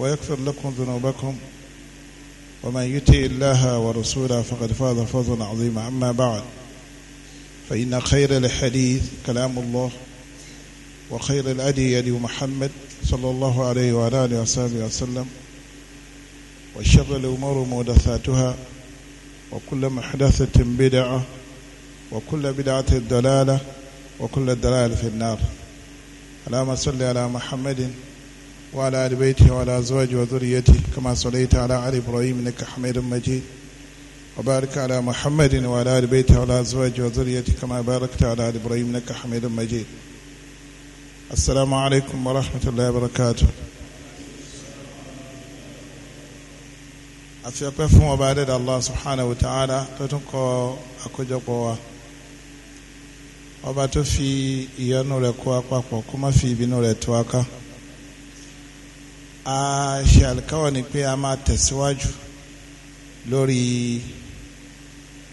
ويغفر لكم ذنوبكم ومن يطع الله ورسوله فقد فاز فوزا عظيما أما بعد فإن خير الحديث كلام الله وخير الأدي يدي محمد صلى الله عليه وعلى آله وصحبه وسلم وشر الأمور محدثاتها وكل محدثة بدعة وكل بدعة ضلالة وكل الضلال في النار اللهم صل على محمد وعلى آل بيته وعلى أزواجه وذريته كما صليت على آل إبراهيم إنك حميد مجيد وبارك على محمد وعلى آل بيته وعلى أزواجه وذريته كما باركت على آل إبراهيم إنك حميد مجيد السلام عليكم ورحمة الله وبركاته àfi ọpẹ́ fún ọba adẹ́dàá allah subhanahu wa ta'ala tó tún kọ àkójọpọ̀ wa ọba tó fi ìyọ́nú rẹ̀ kó apapọ̀ kó má fi ìbínú rẹ̀ tó aká. a ṣe àlùkáwọ̀ ni pé a máa tẹ̀síwájú lórí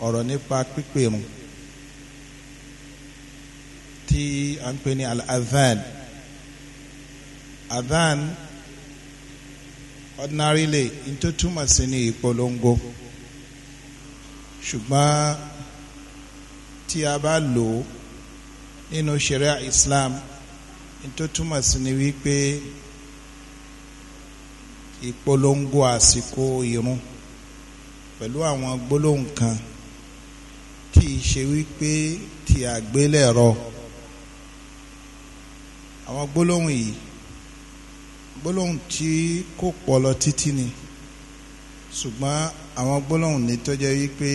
ọ̀rọ̀ nípa pípè mu tí a ń pè ní al-adhan adhan ordinarily n tó túmọ̀ sí ní ìpolongo ṣùgbọ́n tí a bá lò ó sharia Islam n tó túmọ̀ sí ní wípé ìpolongo àsìkò ìrun pẹ̀lú àwọn gbólóhùn kan kì í ṣe wípé ti àgbélẹ̀rọ àwọn gbólóhùn yìí gbólóhùn tí kò pọ̀ lọ títí ni ṣùgbọ́n àwọn gbólóhùn ní tó jẹ́ wípé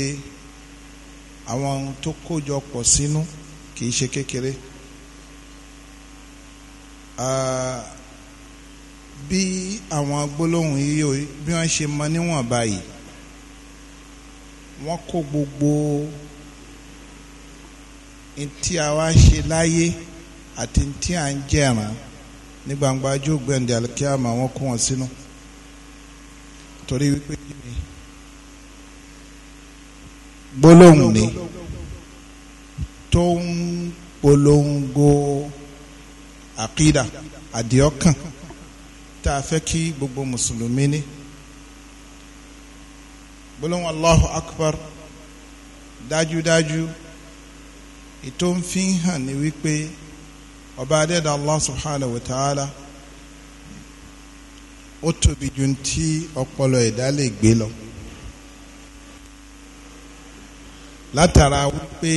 àwọn ohun tó kójọ pọ̀ sínú kì í ṣe kékeré. Uh, bí àwọn gbólóhùn yíyó bí wọ́n ṣe mọ níwọ̀n báyìí wọ́n kó gbogbo ntí a wá ṣe láyé àti ntí à ń jẹ̀ràn ní gbangba ajó gbẹ̀ǹdẹ̀ alikiyama wọ́n kó wọn sínú torí wípé gbólóhùn ni tó ń polongo àkídà àdìọ́kàn tá a fẹ́ kí gbogbo mùsùlùmí ní gbólóhùn Allahu Akbar dájúdájú ìtò ń fi hàn ní wípé ọba adẹ́dà Allah subhanahu wa ta'ala ó tóbi ju ti ọpọlọ ẹ̀dá lè gbé lọ látara wípé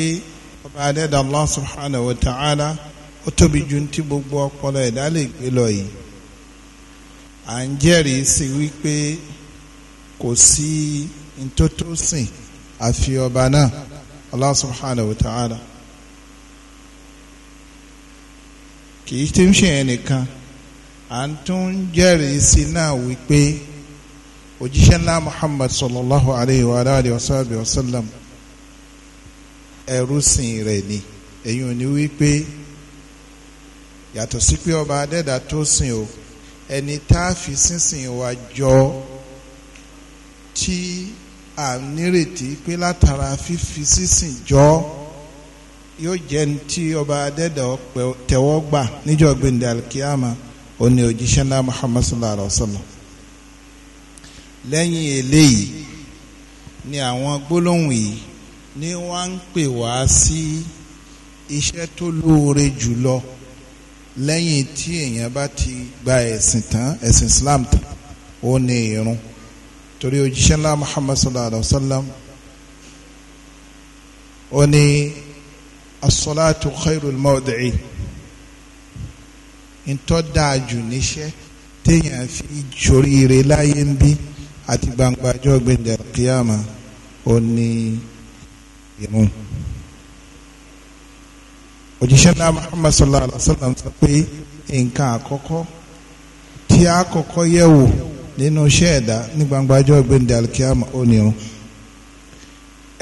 ọba adẹ́dà Allah subhanahu wa ta'ala ó tóbi ju ti gbogbo ọpọlọ ẹ̀dá lè gbé lọ yìí à ń jẹ́rìí sí wípé kò sí ntótósìn àfi ọba náà Allah subhanahu wa ta'ala kì í ti ń ṣe yẹn nìkan à ń tún jẹ́rìí sí náà wípé òjíṣẹ́ ńlá Muhammad sallallahu alayhi wa alayhi wa sallam ẹrú sìn rẹ̀ ni èyí ò ní wípé yàtọ̀ sí pé ọba adẹ́dà tó sìn o ẹni tá a fi sínsìn wa jọ tí à ń nírètí pé látara fífi sínsìn jọ yóò jẹ́ ní tí ọba adẹ́dàá tẹ́wọ́ gbà níjọ́ gbẹ̀ndẹ̀ alikiyama òní òjíṣẹ́ náà Muhammad sallallahu alaihi wa sallam lẹ́yìn eléyìí ni àwọn gbólóhùn yìí ni wọ́n ń pè wá sí iṣẹ́ tó lóore jùlọ lẹ́yìn tí èèyàn bá ti gba ẹ̀sìn tán ẹ̀sìn islam tán ó ní irun torí òjíṣẹ́ ńlá muhammad sallallahu alayhi wa sallam ó ní asọ́láàtú khairul mawdi'i ntọ́ dáa jù níṣẹ́ téèyàn fi ṣoríire láyé ń bí àti gbangba ọjọ́ gbẹ̀dẹ̀ kíyàmá ó ní irun òjíṣẹ́ náà Muhammad sallallahu alaihi wa sallam sọ pé nǹkan àkọ́kọ́ tí a kọ́kọ́ yẹ̀ wò nínú iṣẹ́ ẹ̀dá ní gbangba ọjọ́ gbẹ̀ndẹ̀ alikiyama ó ní o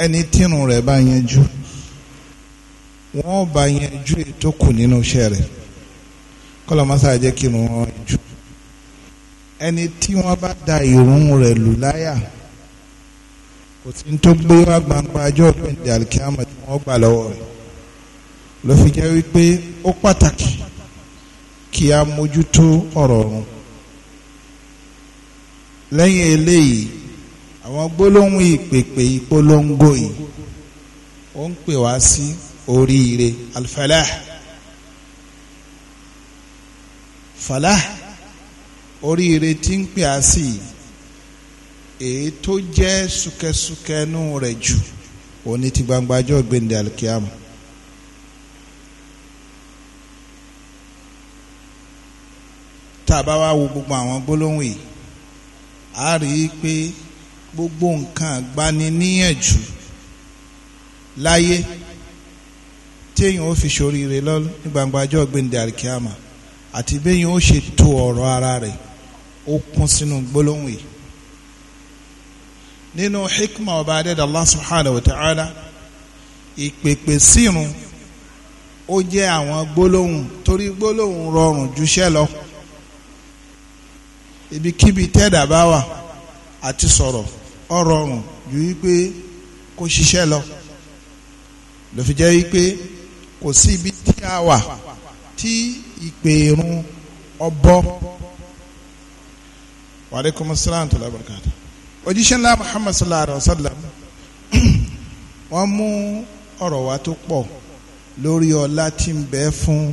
ẹni tírun rẹ̀ bá yanjú wọ́n bá yanjú ètò kù nínú iṣẹ́ rẹ̀ kọ́lọ́ mọ́sá jẹ́ kí irun wọn yanjú ẹni tí wọ́n bá da ìrun rẹ̀ lù láyà kò sí ní tó gbé wá gbangba ọjọ́ gbẹ̀ndẹ̀ alikiyama tí wọ́n gbà lọ́wọ́ rẹ̀ ló fi jẹ́ wípé ó pàtàkì kí a mójútó ọ̀rọ̀ ọ̀run lẹ́yìn eléyìí àwọn gbólóhùn ìpèpè ìpolongo yìí ó ń pè wá sí oríire alfalah falah oríire tí ń pè á sí èyí tó jẹ́ súkẹsúkẹ nù rẹ̀ jù òní ti gbangba ọjọ́ gbẹ̀ndẹ̀ alikiamu tá a bá wá wo gbogbo àwọn gbólóhùn yìí a rí i pé gbogbo nǹkan àgbaniníyànjú láyé téèyàn ó fi ṣoríire lọ ní gbangba ọjọ́ gbẹ̀ndẹ̀ àríkíámà àti béèyàn ó ṣe to ọ̀rọ̀ ara rẹ̀ ó kún sínú gbólóhùn yìí nínú hikma ọba adẹ́dàá Allah subhanahu wa ta'ala ìpèpè sírun ó jẹ́ àwọn gbólóhùn torí gbólóhùn rọrùn jùṣẹ́ lọ ibikíbi tẹ́ẹ̀dá bá wà àti sọ̀rọ̀ ọ̀rọ̀ ọ̀rùn ju wípé kó ṣiṣẹ́ lọ ló jẹ́ wípé kò sí ibi tí a wà tí ìpè irun ọbọ wàlẹ́kùn mọ́sálàmù tó lábàkàtà òjíṣẹ́ ńlá Muhammad sallallahu alayhi wa sallam wọ́n mú ọ̀rọ̀ wa tó pọ̀ lórí ọlá tí ń bẹ fún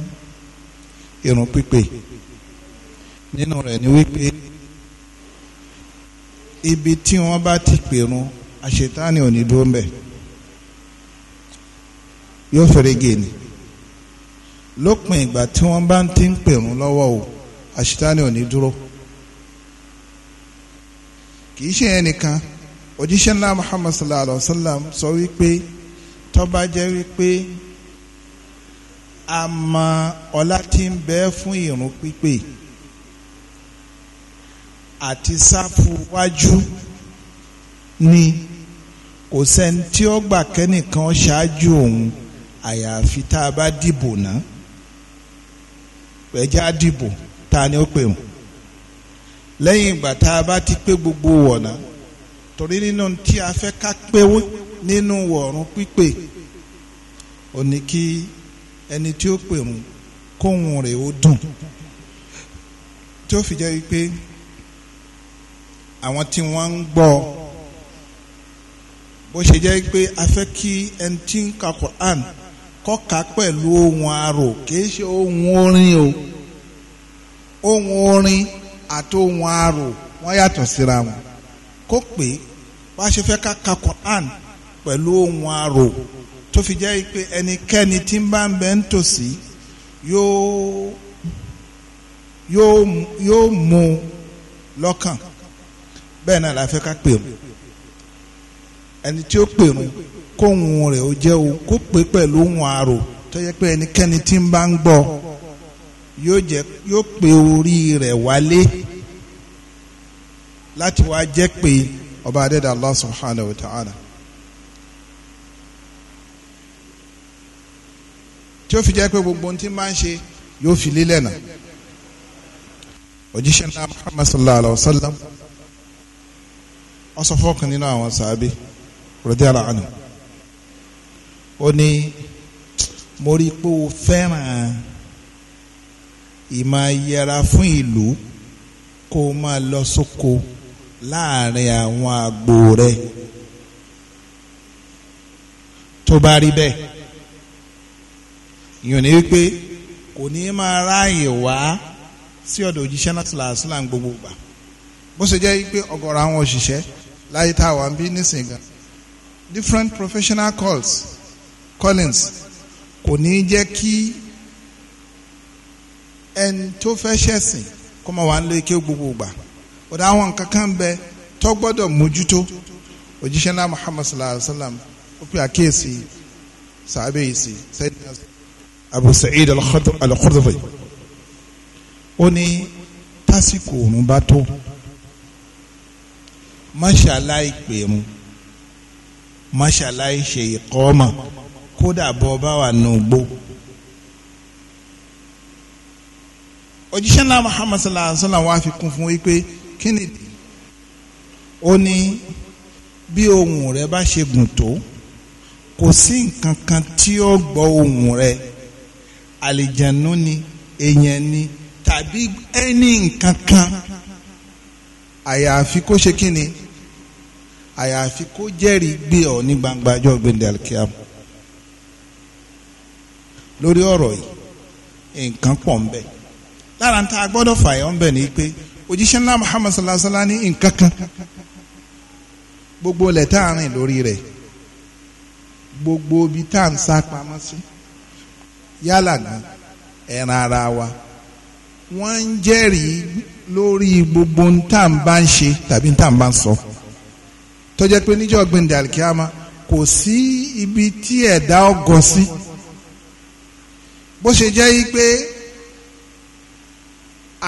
irun pípé nínú rẹ̀ ni wípé ibi tí wọ́n bá ti pèrun àṣetáni ò ní dúró mbẹ̀ yóò fẹ́rẹ̀ gèèní lópin ìgbà tí wọ́n bá ti ń pèrun lọ́wọ́ o àṣetáni ò dúró kì í ṣe ẹnìkan òjíṣẹ́ ńlá muhammad sallallahu alayhi wa sallam sọ wípé tó bá jẹ́ wípé a mọ ọlá tí ń bẹ fún ìrun pípé àti sáfù wájú ni kò sẹ́ni tí ó gbà kẹ́nìkan ṣáájú òun àyàfi tá a bá dìbò náà ẹjá dìbò ta ni ó pè wọn lẹ́yìn ìgbà tá a bá ti pé gbogbo wọ̀nà torí nínú tí a fẹ́ ká pé nínú wọ̀ọ̀rùn pípé ò kí ẹni tí ó pè wọn kóhun rẹ̀ ó dùn tí ó fi jẹ́ wípé àwọn tí wọ́n ń gbọ́ bó ṣe jẹ́ pé a fẹ́ kí ẹni tí ń ka Quran kọ́ka pẹ̀lú ohun arò kìí ṣe ohun orin o ohun orin àti ohun arò wọ́n yàtọ̀ síra wọn kó pé bá ṣe fẹ́ ká ka Quran pẹ̀lú ohun arò tó fi jẹ́ pé ẹnikẹ́ni tí ń bá ń bẹ ń tòsí yóò yóò mú lọ́kàn bẹ́ẹ̀ náà la fẹ́ ká pè mu ẹni tí ó pè mu kó ohun rẹ̀ ó jẹ́ o kó pè pẹ̀lú ohun àrò tó pé ẹnikẹ́ni tí ń bá ń gbọ́ yóò jẹ́ yóò pè orí rẹ̀ wálé láti wá jẹ́ pé ọba adẹ́dàá Allah subhanahu wa ta'ala. tí ó fi jẹ́ pé gbogbo ohun tí máa ń ṣe yóò fi lílẹ̀ náà òjíṣẹ́ náà Muhammad sallallahu alayhi wọ́n sọ fọ́ọ̀kan nínú àwọn sàábé radiyallahu anhu ó ní mo rí i pé o fẹ́ràn ìmọ̀ yẹra fún ìlú kó o máa lọ sóko láàrin àwọn àgbò rẹ tó bá rí bẹ́ẹ̀ ìyọ̀n ní wípé kò ní máa ráàyè wá sí ọ̀dọ̀ òjíṣẹ́ náà tìlà sílà gbogbo gbà bó ṣe jẹ́ wípé ọ̀gọ̀rọ̀ àwọn òṣìṣẹ́ láyé tá a wà ń bí nísìnyí gan different professional calls callings kò ní jẹ́ kí ẹni tó fẹ́ ṣẹ̀sìn kó máa wà ń lo ike gbogbo ìgbà àwọn nǹkan kan bẹ tó gbọ́dọ̀ mójútó òjíṣẹ́ náà Muhammad sallallahu alayhi wa sallam ó pè àkíyèsí sàábẹ̀ yìí sí Abu Sa'id al-Khudri ó ní tásìkò òun bá tó mọ́ṣálá ìpèrún mọ́ṣálá ìṣe ìkọ́mọ̀ kódà bọ́ bá wà nù gbó. òjíṣẹ́ náà Muhammad sallallahu wa sallam wá fi kún fún wípé kí ni ó ní bí ohùn rẹ bá ṣe gùn tó kò sí nǹkan kan tí ó gbọ́ ohùn rẹ àlìjànú ni èèyàn ni tàbí ẹni nǹkan kan. kan àyàfi kó ṣe kíni àyàfi kó jẹ́rìí gbé ọ ní gbangba ọjọ́ gbẹ̀ndẹ̀ alikiam lórí ọ̀rọ̀ yìí nǹkan pọ̀ ń bẹ lára ń ta gbọ́dọ̀ fàyọ̀ ń bẹ ni pé òjíṣẹ́ ńlá Muhammad sallallahu alayhi wa sallam ní nǹkan kan gbogbo ilẹ̀ tá a rìn lórí rẹ̀ gbogbo ibi tá a ń sá pamọ́ sí yálà gan ẹran ara wa wọ́n ń jẹ́rìí lórí gbogbo ń tà ń bá ń ṣe tàbí ń tà ń bá ń sọ tó jẹ́ pé níjọ́ gbẹ̀ndẹ̀ àlìkíyàmá kò sí ibi tí ẹ̀dá ọgọ́ sí bó ṣe jẹ́ yí pé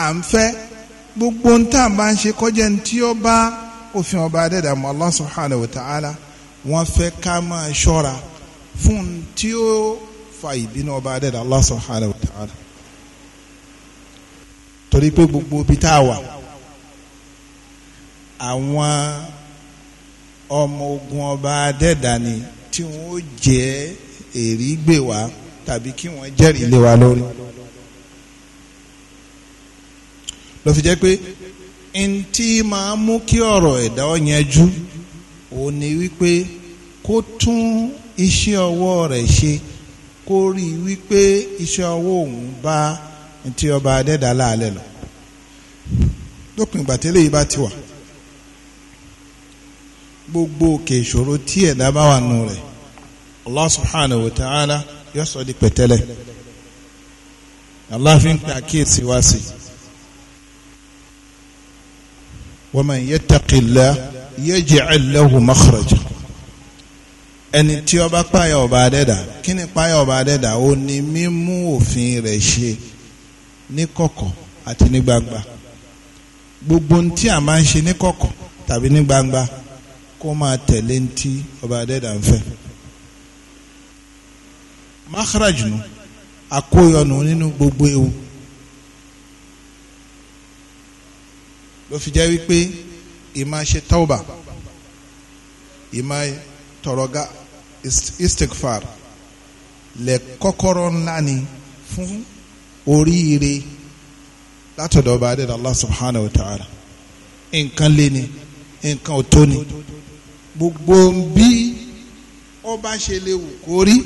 à ń fẹ́ gbogbo ń tà ń bá ń ṣe kọjá ní tí ó bá òfin ọba adẹ́dàmọ́ Allah subhanahu wa ta'ala wọ́n fẹ́ ká máa ṣọ́ra fún tí ó fa ìbínú ọba adẹ́dàmọ́ Allah subhanahu wa ta'ala torí pé gbogbo ibi tá a wà àwọn ọmọ ogun ọba adẹ́dàni tí wọ́n jẹ́ èrí gbè wá tàbí kí wọ́n jẹ́rìí lé wa lórí. ló fi jẹ́ pé ntí máa mú kí ọ̀rọ̀ ẹ̀dá ọ̀yẹ́jú òun ni wípé kó tún iṣẹ́ ọwọ́ rẹ̀ ṣe kó rí i wípé iṣẹ́ ọwọ́ òun bá ntí ọba adẹ́dà láàlẹ́ lọ lópin ìgbà tẹ́lẹ̀ yìí bá ti wà gbogbo òkè ìṣòro tí ẹ̀dá bá wà nù rẹ̀ Allah subhanahu wa ta'ala yóò sọ di pẹ̀tẹ́lẹ̀ Allah fi ń pe àkíyèsí wá sí wa man yattaqillah yaj'al lahu makhraja ẹni tí ọba páyà ọba adẹ́dà kí ni páyà ọba adẹ́dà ó ní mímú òfin rẹ̀ ṣe ní kọ̀kọ̀ àti ní gbangba gbogbo ohun tí a máa ń ṣe ní kọ̀kọ̀ tàbí ní gbangba kó máa tẹ̀lé ń tí ọba adẹ́dà ń fẹ́ makhraju nu akóyọnu nínú gbogbo ewu ló fi jẹ́ wípé ìmá ṣe tọ́ọ̀bà ìmá tọrọga istikfar lẹ kọ́kọ́rọ́ ńlá ni fún oríire látọ̀dọ̀ ọba adẹ́dàá Allah subhanahu wa ta'ala nǹkan lé ni ò tó gbogbo bí ọba ṣe lè wù kó rí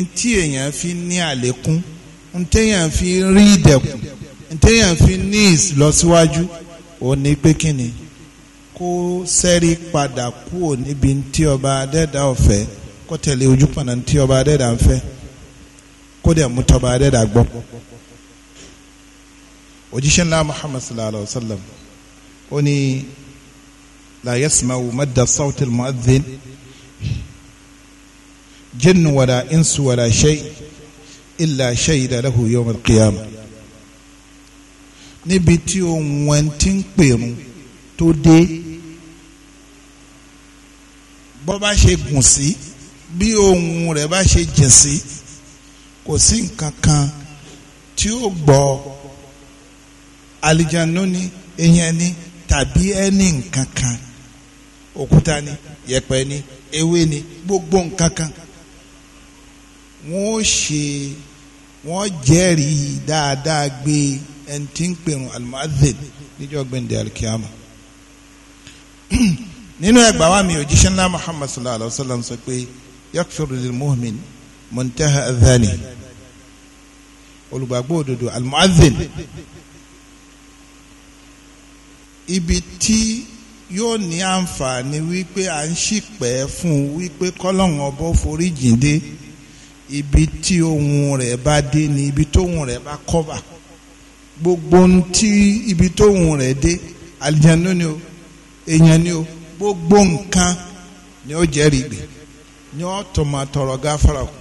ntí èèyàn fi ní àlékún ntẹ́yàn fi rí ìdẹ̀kùn ntẹ́yàn fi ní ìlọsíwájú ò ní pé kí ni kó sẹ́rí padà kúò níbi ntí ọba adẹ́dàá ọ̀fẹ́ kó tẹ̀lé ojú pọ̀nà ntí ọba adẹ́dàá ń kó dẹ̀ mú tọba adẹ́dà gbọ́. òjíṣẹ́ ńlá muhammad sallallahu alayhi wa sallam ó ní la yasma'u madda sawti al-mu'adhdhin jinnu wala insu wala shay illa shahida lahu yawm al-qiyamah. níbi tí ohun wọn ti ń pèrún tó dé bọ́ bá ṣe gùn sí bí ohun rẹ̀ bá ṣe jìn sí kò sí nǹkan kan tí ó gbọ́ alìjánu ní ìyẹn ní tàbí ẹni nǹkan kan òkúta ní yẹ̀pẹ̀ ní ewé ní gbogbo nǹkan kan wọ́n ṣe wọ́n jẹ́rìí dáadáa gbé ẹni tí ń pèrún almu'adhdhin níjọ́ gbẹ̀ndẹ̀ alikiyama nínú ẹgbà wa mi òjíṣẹ́ ńlá muhammad sallallahu alaihi wa sallam sọ pé yakfuru lil mu'min muntaha adhani olùgbàgbọ́ òdodo almuazin ibi tí yóò ní àǹfààní wípé à ń ṣìpẹ́ fún un wípé kọ́lọ́hún ọbọ̀ foríjìn dé ibi tí ohun rẹ̀ bá dé ni ibi tóhun rẹ̀ bá kọ́bà gbogbo ohun tí ibi tóhun rẹ̀ dé àlìjánu ni o èèyàn ni o gbogbo nǹkan ni ó jẹ́rìí gbè ni ó tọmọ tọrọ gáfárà kù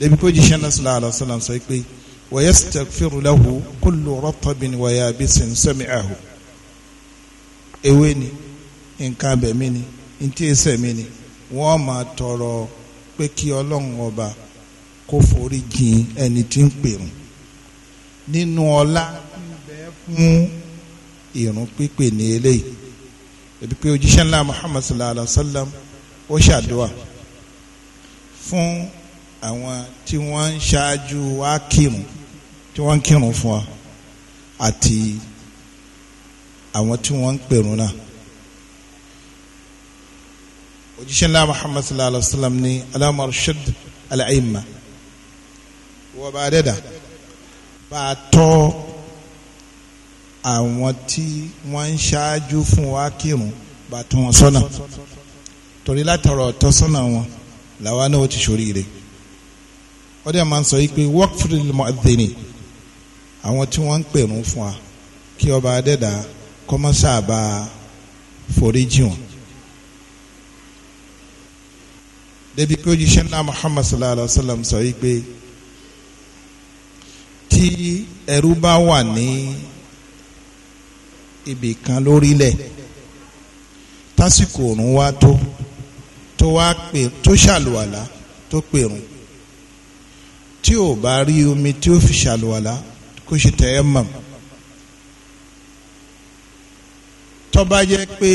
débi kó jíṣẹ́ náà sallallahu alaihi wasallam sọ pé. ويستغفر له كل رطب ويابس سمعه ewéni nǹkan كان بميني، ntí ẹsẹ̀mí ni wọ́n máa tọrọ pé kí ọlọ́run ọba kó forí jìn ẹni tí ń pèrún nínú ọlá ń bẹ fún ìrun pípè ní eléyìí ebi pé òjíṣẹ́ ńlá Muhammad sallallahu alaihi wa sallam ó ṣàdúrà fún àwọn tí wọ́n ń ṣáájú wá tí wọ́n ń kírun fún wa àti àwọn tí wọ́n ń pèrún náà òjíṣẹ́ ńlá muhammad sallallahu alayhi wa sallam ní alamarshid alaima wọ́n bá dẹ́dà bá a tọ́ àwọn tí wọ́n ń ṣáájú fún wa kírun bá a tọ́ wọn sọ́nà torí látara ọ̀tọ́ sọ́nà wọn làwa náà ti ṣoríire wọ́n dẹ́ máa ń sọ yìí pé waqfir lil mu'adhdhini àwọn tí wọ́n ń pèrún fún wa kí ọba adẹ́dà kọ́mọ́sà bá foríjì wọn. débi pé ojúṣe ńlá Muhammad sallallahu alaihi wa sallam sọ yìí pé tí ẹrú bá wà ní ibì kan lórílẹ̀ tásìkò òrùn wá tó tó wá pè tó ṣàlùwàlá tó pèrún tí ò bá rí omi tí ó fi ṣàlùwàlá kó ṣe tayammum tó bá jẹ́ pé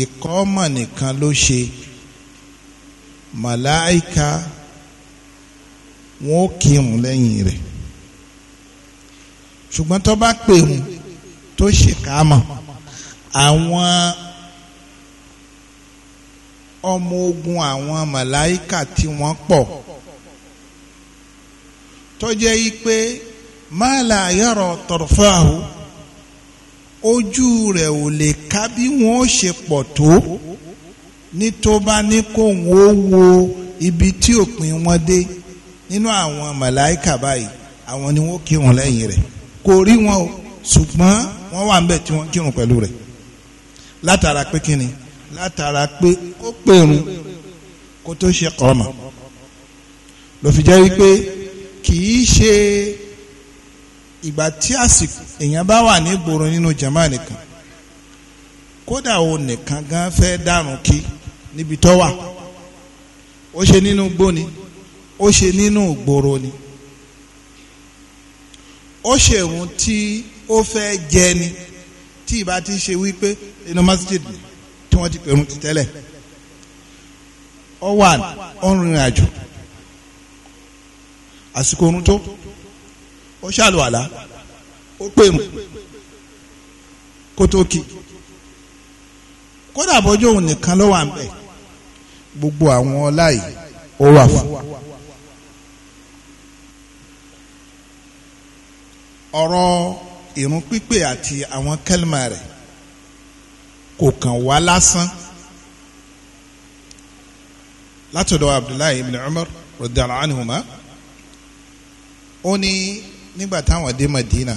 ìkọ́mọ̀ nìkan ló ṣe màláìka wọn ó kírun lẹ́yìn rẹ̀ ṣùgbọ́n tó bá pèrún tó ṣèkámọ̀ àwọn ọmọ ogun àwọn màláìka tí wọ́n pọ̀ tó jẹ́ pé ma la yara tarfahu ojú rẹ̀ ò lè ká bí wọ́n ó ṣe pọ̀ tó ní tó ní kó wọ́n ó wo ibi tí òpin wọn dé nínú àwọn màláìkà báyìí àwọn ni wọ́n kírun lẹ́yìn rẹ̀ kò rí wọn o ṣùgbọ́n wọ́n wà níbẹ̀ tí wọ́n kírun pẹ̀lú rẹ̀ látara pé kíni látara pé ó pèrún kó tó ṣe kọ́mà ló fi jẹ́ wípé kì í ṣe ìgbà tí àsìkò èèyàn bá wà ní gbòòrò nínú jama nìkan kódà o nìkan gan fẹ́ dànù kí níbi tó wà ó ṣe nínú igbó ni ó ṣe nínú gbòòrò ni ó ṣe òun tí ó fẹ́ jẹ ni tí ìbá ti ṣe wípé inú masjid ni tí wọ́n ti pẹ̀rù ti tẹ́lẹ̀ ọ wà ó rìnrìn àjò àsìkò orun tó ó ṣàlùwàlà ó pè mú kó tó kì kódà bọ́jú òun nìkan ló wà ń bẹ̀ gbogbo àwọn ọlá yìí ó wà fún. ọ̀rọ̀ ìrun pípé àti àwọn kẹ́lìmà rẹ̀ kò kàn wá lásán látọ̀dọ̀ Abdullahi ibn Umar radiyallahu anhuma ó ní nígbà táwọn dé Madina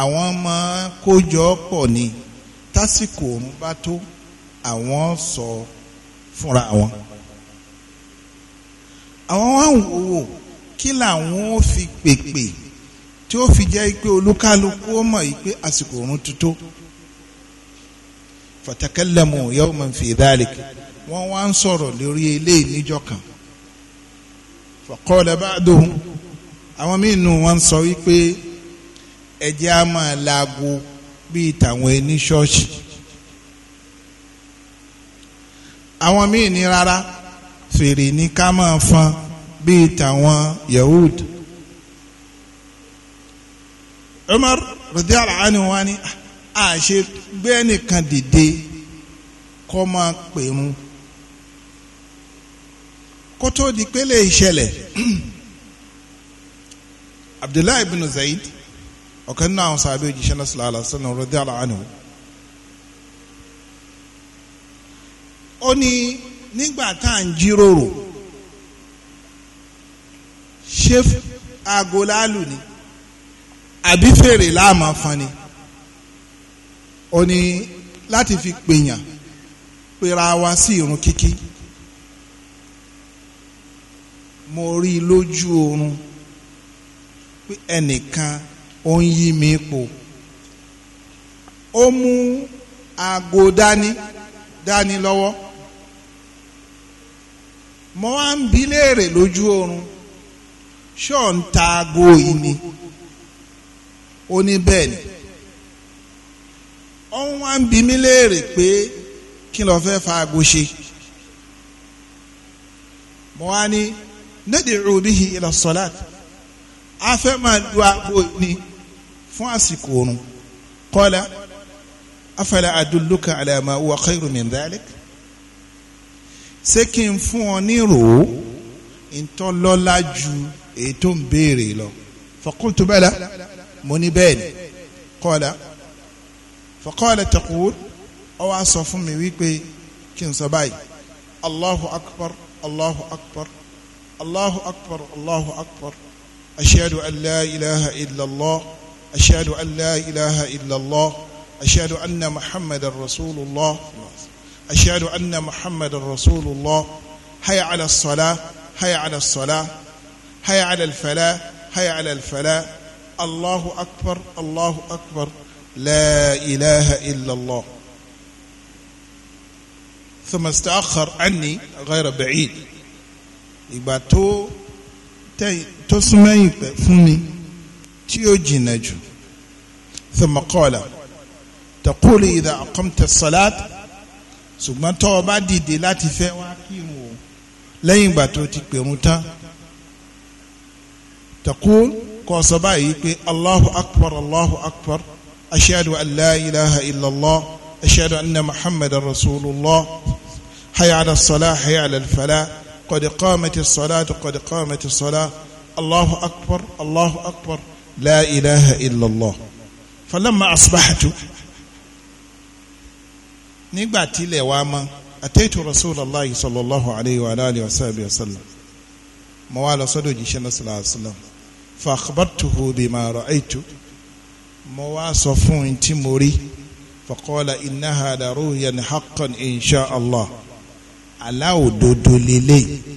àwọn máa kójọ pọ̀ ni tásìkò òun bá tó àwọn sọ fúnra wọn àwọn wá ń wò kí làwọn ó fi pèpè tí ó fi jẹ́ pé olúkálukú ó mọ̀ yìí pé àsìkò òun ti tó fatakallamu yawman fi dhalik wọ́n wá ń sọ̀rọ̀ lórí eléyìí níjọ́ kan faqala ba'duhum àwọn míì nù wọn sọ wípé ẹ̀jẹ̀ á máa laago bíi tàwọn ẹni ṣọ́ọ̀ṣì àwọn míì ní rárá fèrè ní ká máa fọn bíi tàwọn Yahud Umar radiyallahu anhu wa ni àṣe gbé ẹnìkan dìde kọ́ máa pèrun kó tó di pé lè ṣẹlẹ̀ abdullahi ibn zayd ọ̀kan nínú àwọn sàbẹ̀ òjíṣẹ́ náà sallallahu alaihi wasallam radiyallahu anhu ó ní nígbà tá à ń jíròrò ṣé aago láàlù ni àbí fèrè láàmà fan ni ó ní láti fi pèèyàn pera wa sí irun kíkí mo rí i lójú oorun pé ẹnìkan ó ń yí mi po ó mú aago dání dání lọ́wọ́ mo wá ń bi léèrè lójú oorun ṣọ́ọ̀ ń ta aago yìí ni ó ní bẹ́ẹ̀ ni ó ń wá ń bi mí léèrè pé kí ló fẹ́ fa aago ṣe mo wá ní nídìí rúbíhì ila salat a fẹ́ máa lu aago ni fún àsìkò oorun kọ́lá afala adulluka ala ma huwa khairu min dhalik ṣé kí n fún ọ ní rò ó ìtọ́lọ́lá ju èyí tó ń béèrè lọ faqultu bala mo ní bẹ́ẹ̀ ni kọ́lá faqala taqul ọ wá sọ fún mi wípé kí n sọ báyìí allahu akbar allahu akbar allahu akbar allahu akbar. أشهد أن لا إله إلا الله أشهد أن لا إله إلا الله أشهد أن محمد رسول الله أشهد أن محمد رسول الله هيا على الصلاة هيا على الصلاة هيا على الفلاح هيا على الفلاح الله أكبر الله أكبر لا إله إلا الله ثم استأخر عني غير بعيد يباتو tó súnmẹ́yìn pẹ̀ fún ni tí ó jìnà jù thumma qala taqulu idha aqamta salat ṣùgbọ́n tọ́ ọ bá dìde láti fẹ́ wá kírun o lẹ́yìn ìgbà tó ti pèrún tán taqul kọ́ sọ báyìí pé allahu akbar allahu akbar ashadu an la ilaha illallah ashadu anna muhammadan rasulullah hayya ala salah hayya ala al falah qad qamati salat qad qamati allahu akbar allahu akbar la ilaha illallah falamma asbahatu nígbà tilẹ̀ wá mọ́ ataitu rasulallah sallallahu alayhi wa alihi wa sahbihi wa sallam mo wá lọ sọ́dọ̀ òjíṣẹ́ náà sallallahu alayhi wa sallam fa akhbartuhu bima ra'aytu mo wá sọ fún un tí mo rí fa qala innaha la ru'yan haqqan insha allah aláwòdodo lélẹ́yìí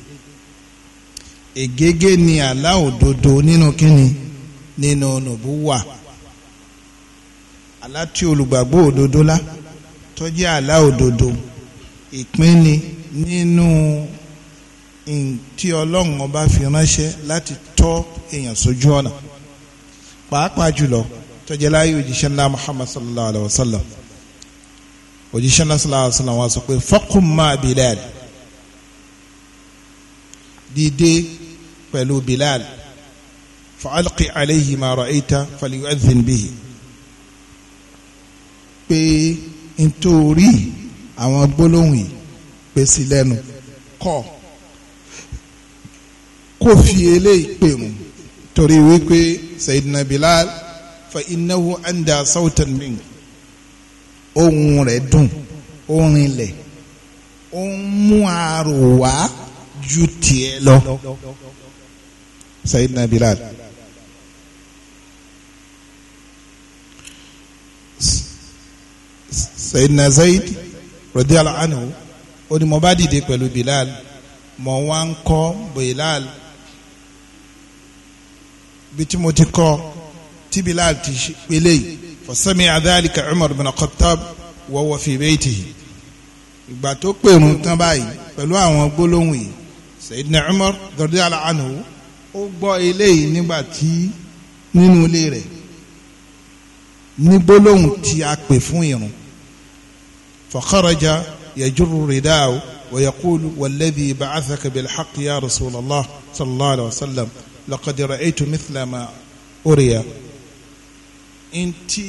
ègégé ni àlá òdodo nínú kíni nínú nùbúwà àlá tí olùgbàgbọ́ òdodo la tó jẹ́ àlá òdodo ìpínni nínú tí ọlọ́run ọba fi ránṣẹ́ láti tọ́ èèyàn sójú ọ̀nà pàápàá jùlọ tó láyé òjíṣẹ́ ńlá Muhammad sallallahu alayhi wa sallam òjíṣẹ́ ńlá sallallahu alayhi wa sallam wá sọ pé faqum ma Bilal dìde pẹ̀lú Bilal fa'alqi alayhi ma ra'ayta falyu'adhin bihi pé nítorí àwọn gbólóhùn yìí pé sí lẹ́nu kọ́ kó fi eléyìí pèrún torí wípé Sayyidina Bilal fa innahu anda sautan min ohun rẹ̀ dùn ó rinlẹ̀ ó ń mú àrò wá ju tiẹ̀ lọ. Sayyidina Bilal Sayyidina Zaid radiyallahu anhu ó ní mo bá dìde pẹ̀lú Bilal mo wá ń kọ́ Bilal bí tí mo ti kọ́ tí Bilal ti pélé yìí fasami'a dhalika Umar bin Khattab wa huwa fi baytihi ìgbà tó pèrún tán báyìí pẹ̀lú àwọn gbólóhùn yìí Sayyidina Umar radiyallahu anhu ó gbọ́ eléyìí nígbà tí nínú ilé rẹ̀ ní gbólóhùn tí a pè fún irun fọkàrọjà yẹjúrú rìdáwó wọ̀yẹ̀kúlù wọ̀lẹ́bí bàcàfẹ́kẹ́ bẹ̀lẹ́ xaqiya rasulallah sallallahu alayhi wa sallam lọ́kọ̀dẹ̀rẹ̀ ètò mìtìlámà òrìyà ntí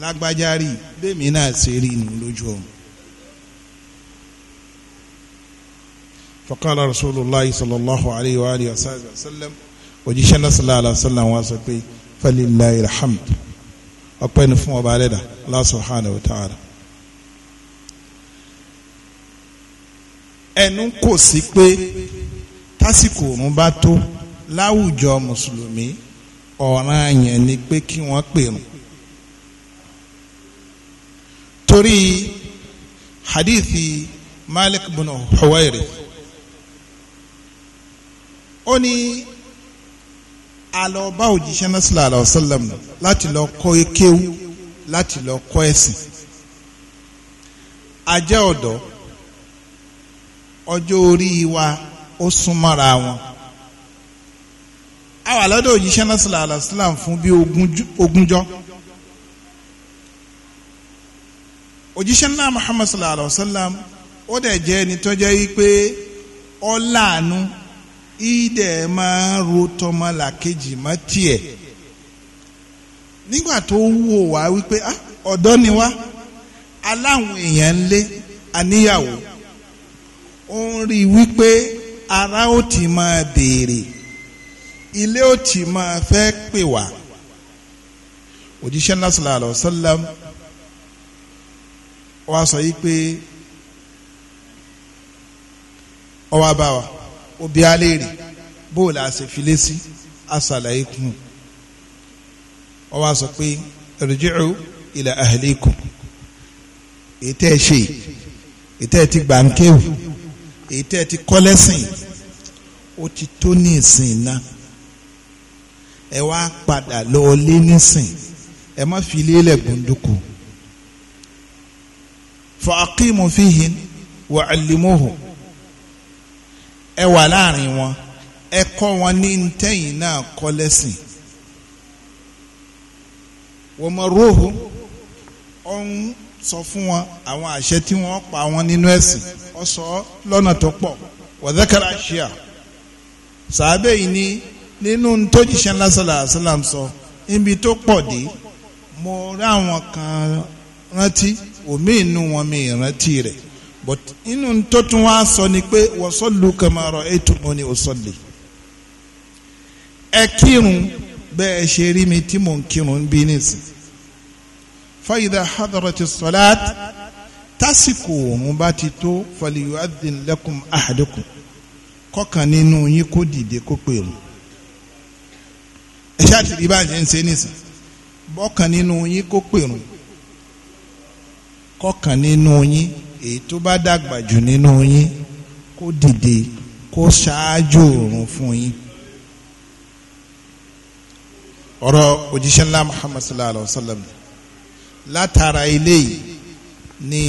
lágbájárì bẹ́ẹ̀ mi náà ṣe rí inú lójú ọ̀hún. faqala rasulillah sallallahu alayhi wa alihi wa sallam òjíṣẹ́ náà sallallahu alayhi wa sallam wa sọ pé falilayi alhamd ọpẹ́ ni fún ọba alẹ́dà Allah subhanahu wa ta'ala. ẹnu kò sí pé tásìkò òrùn bá tó láwùjọ mùsùlùmí ọ̀ràn yẹn ni pé kí wọ́n pèrún torí hadithi malik bin huwairi. ó ní alọba òjíṣẹ́ náà sílẹ̀ àlọ́ láti lọ kọ́ kéwú láti lọ kọ́ ẹ̀sìn ajẹ́ ọ̀dọ́ ọjọ́ orí wa ó wọn a wà lọ́dọ̀ òjíṣẹ́ náà sílẹ̀ àlọ́ fún bí ogúnjọ́ òjíṣẹ́ náà Muhammad sílẹ̀ ala ó dẹ̀ jẹ́ ẹni tó jẹ́ o ó láàánú ìdẹ̀ máa ro tọmọ làkejì mọ́ tiẹ̀ nígbà tó wò wá wípé ah, ọ̀dọ́ ni wá aláwọn èèyàn ń lé àníyàwó ó ń rí i wípé ara ó ti máa béèrè ilé ó ti máa fẹ́ pè wá òjíṣẹ́ náà sallallahu alaihi wasallam wá sọ yìí pé ó wá òbí aléèrè bóòlù àṣefilé sí àṣàlàyé kùn ọ wá sọ pé irji'u ila ahlikum ètẹ́ ẹ ṣe ètẹ́ ẹ ti gbàǹkéwù ètẹ́ ẹ ti kọ́lẹ́sìn ó ti tó ní ìsìn náà ẹ wá padà lọ lé nísìn ẹ má fi lélẹ̀ gbòǹdùkú fa aqimu fihin wa allimuhu. ẹ wà láàrin wọn ẹ kọ́ wọn ní ntẹ́yìn náà kọ́ lẹ́sìn wọ́n mọ róòhù sọ fún wọn àwọn àṣẹ tí wọ́n pa wọn nínú ẹ̀sìn ọ lọ́nà tó pọ̀ wọ́dẹ́kẹ́rẹ́ àṣìyà sàbẹ̀ yìí ni nínú ntọ́jíṣẹ́ sọ níbi tó pọ̀ dé mo rí àwọn kan rántí òmíì but inú tó tún wá sọ ni pé wasallu kama ra'aytumuni usalli ẹ kírun bẹ́ẹ̀ ṣe rí mi tí mò ń kírun bí nísìn fa idha hadarati salat tásìkò òun bá ti tó falyu'adhdhin lakum ahadukum kọ̀ọ̀kan nínú yín kó dìde kó pè mí ẹ ṣáà ti rí báyìí ń ṣe nísìn bọ́kan nínú yín kó pè mí nínú yín èyí tó bá dàgbà jù nínú yín kó dìde kó ṣáájú òrùn fún yín. ọ̀rọ̀ òjíṣẹ́ ńlá Muhammad sallallahu alayhi wa sallam látara eléyìí ni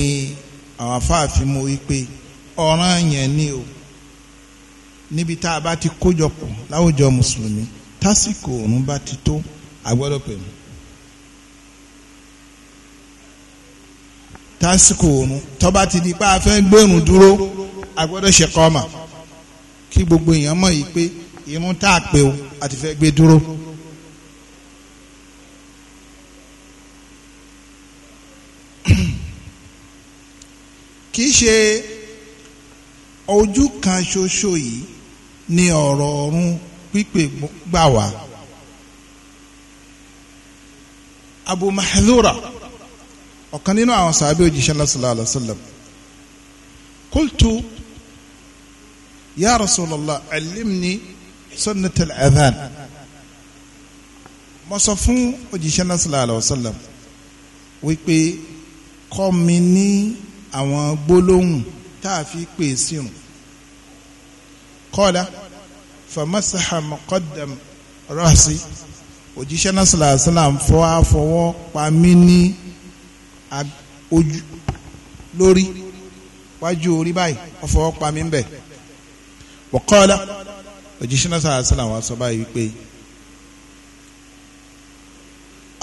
àwọn afáàfin mú wípé ọ̀ràn yẹn ni o níbi tá a bá ti kójọpọ̀ láwùjọ mùsùlùmí tásìkò òrùn bá ti tó a pẹ̀lú. tásìkò òrùn tó bá ti di pé a fẹ́ gbẹ̀rùn dúró a gbọ́dọ̀ ṣe kọ́mà kí gbogbo èèyàn mọ̀ yìí pé irun tá a pè o a ti fẹ́ gbé dúró. kì í ṣe ojú kan ṣoṣo yìí ni ọ̀rọ̀ ọ̀run pípé gbà wá. Abu Mahdura ọ̀kan nínú àwọn sàábé òjíṣẹ́ lọ́sọ̀lá àlọ́sọ̀lá kultu ya rasulallah alimni sunnat al-adhan mo sọ fún òjíṣẹ́ lọ́sọ̀lá àlọ́sọ̀lá wípé kọ́ mi ní àwọn gbólóhùn tá a fi pè sírun kọ́lá famasaha muqaddam rasi òjíṣẹ́ lọ́sọ̀lá àlọ́sọ̀lá fọ́ pa mí ní ojú lórí wájú orí báyìí ọ̀fọ̀ pa mí bẹ̀ wọ́kọ́lá òjíṣẹ́ náà sàrà sílẹ̀ àwọn sọ báyìí wípé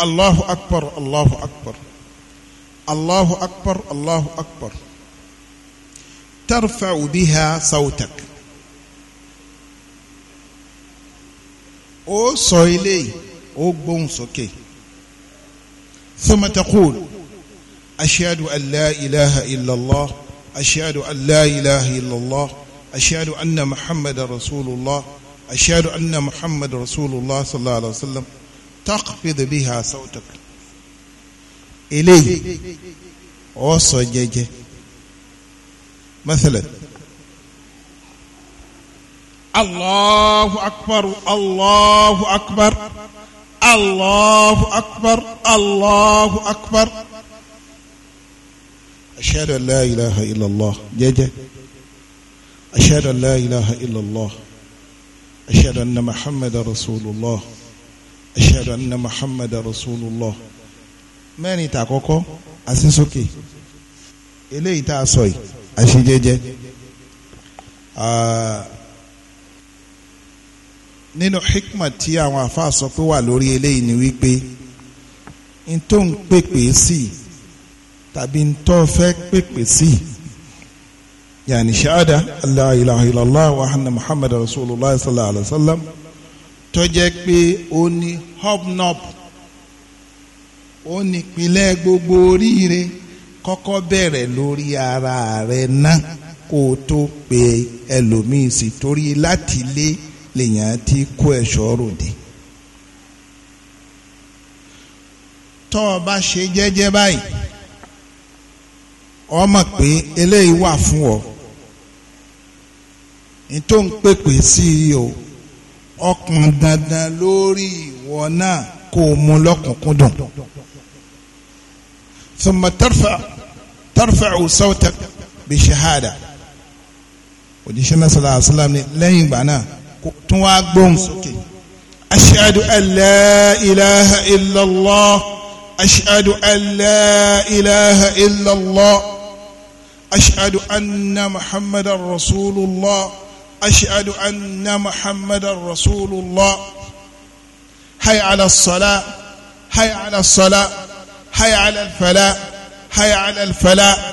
allahu akbar allahu akbar allahu akbar allahu akbar tarfa biha sautak ó sọ eléyìí ó gbóhùn sókè thumma أشهد أن لا إله إلا الله أشهد أن لا إله إلا الله أشهد أن محمد رسول الله أشهد أن محمد رسول الله صلى الله عليه وسلم تخفض بها صوتك إليه وصجج مثلا الله أكبر الله أكبر الله أكبر الله أكبر ashhadu an la ilaha illallah jẹ́jẹ́ ashhadu an la ilaha illallah ashhadu anna muhammadu rasulullah ashhadu anna muhammadu rasulullah mẹ́rin ta kọ́kọ́ asínsókè eléyìí tá a sọ yìí àṣejẹ́jẹ́ nínú hikma tí àwọn afa sọ pé wà lórí eléyìí ni wípé n tó ń pèpè sí i tàbí ntọ́ fẹ́ pèpè sí yàní ṣáàdà la ilaha illallah wa anna muhammad rasulillah sallallahu alayhi wa sallam tó jẹ́ pé ó ní hobnob ó ní ìpìlẹ̀ gbogbo oríire kọ́kọ́ bẹ̀rẹ̀ lórí ara rẹ̀ náà kó o tó pe ẹlòmíì sí torí láti lé lèèyàn ti kó ẹ̀ṣọ́ ròde. tọ́ ọ bá ṣe jẹ́jẹ́ báyìí ọ mọ̀ pé eléyìí wà fún ọ nítò ń pèpè sí i o ọkàn dandan lórí ìwọ náà kó o mú lọ́kùnkúndùn thumma tarfa tarfa'u sawtak bi shahada òjíṣẹ́ náà sallallahu alaihi ni lẹ́yìn ìgbà náà tún wá gbóhùn sókè ashhadu an la ilaha illallah ashhadu an la ilaha illallah. أشهد أن محمد رسول الله أشهد أن محمد رسول الله حي على الصلاة حي على الصلاة حي على الفلاح حي على الفلاح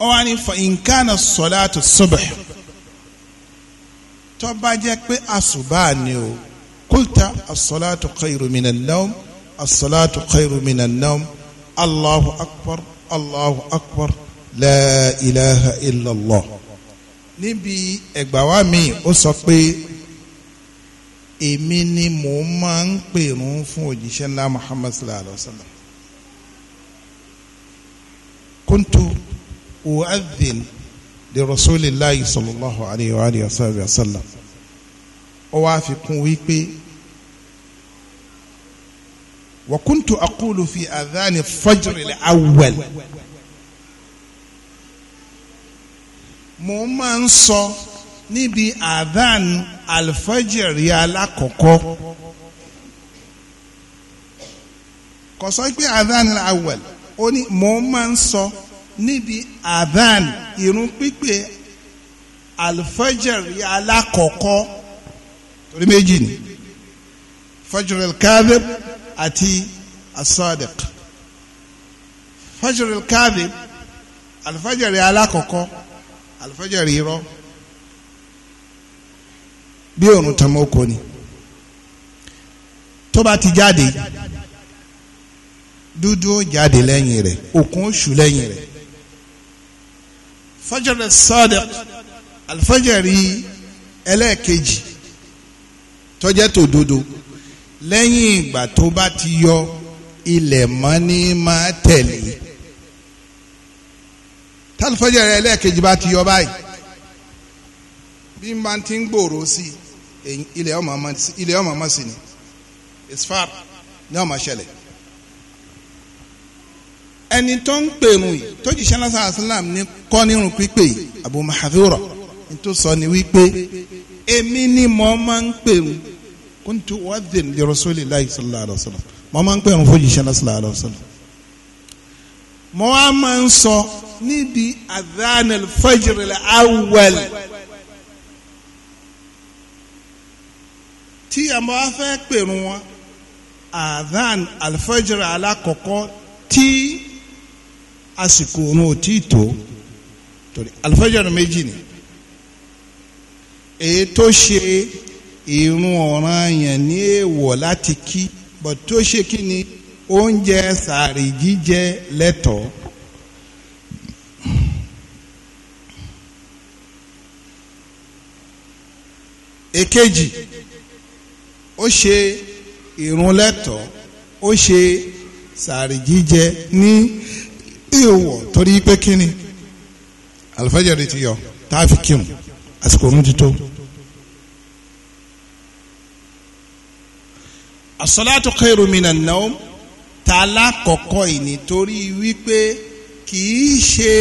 wọ́n ní fa'in kana sọ́láàtù subh tó bá jẹ́ pé àṣùbà ni o kúlta as-salatu khairu minan nawm as-salatu khairu minan nawm allahu akbar allahu akbar la ilaha illallah níbi ẹgbà wa mi ó sọ pé èmi ni mò ń máa ń pèrún fún òjíṣẹ́ ńlá muhammad sallallahu alaihi wa sallam kuntu uadhin li rasulillahi sallallahu alaihi wa sallam ó wá fi kún wípé. وكنت أقول في أذان الفجر الأول mo máa ń sọ níbi adhan alfajiri alákọ̀ọ́kọ́ kò sọ pé adhan awal ó ní mo máa ń sọ níbi adhan irun pípé alfajiri alákọ̀ọ́kọ́ torí méjì ni fajiri kadhib àti asadiq fajr al-kadhib alifajari alakọkọ alifajari irọ́ bí òrùn tán mọ́ kò ní tó bá ti jáde dúdú ó jáde lẹ́yìn rẹ̀ òkun ó ṣú lẹ́yìn rẹ̀ fajr as-sadiq alifajari ẹlẹ́ẹ̀kejì tó jẹ́ lẹ́yìn ìgbà tó bá ti yọ ilẹ̀ mọ́ ní máa tẹ̀lé tálífọ́jà rẹ lẹ́ẹ̀kejì bá ti yọ báyìí bí n bá ti ń gbòòrò sí ilẹ̀ ọmọ ọmọ sí ni isfar ní ọmọ ṣẹlẹ̀ ẹni tó ń pèrún yìí tó jíṣẹ́ lásán àṣàlám ní kọ́ nírun pípé yìí Abu Mahadura ní tó sọ ni wípé èmi ni mo máa ń pèrún kuntu wadhin li rasulillahi sallallahu alaihi wa sallam mo máa ń pè wọn fún jíṣẹ́ náà sallallahu alaihi wa sallam mo wá máa ń sọ níbi adhan al-fajr al-awwal tí àmọ́ wá fẹ́ pèrún wọn adhan al-fajr alákọ̀ọ́kọ́ tí àsìkò òun ò tí ì ni èyí tó ṣe irun ọ̀ranyàn ní èèwọ̀ láti kí bọ̀ tó ṣe kí ni oúnjẹ sàárì jíjẹ lẹ́tọ̀ọ́. èkejì ó ṣe irun lẹ́tọ̀ọ́ ó ṣe sàárì jíjẹ ní èèwọ̀ torí pé kí ni àlùfáàjì rẹ ti yọ tá a fi kírun àsìkò òun ti tó. as-salatu khairu minan naum ta lákọ̀ọ́kọ́ ìní torí wípé kì í ṣe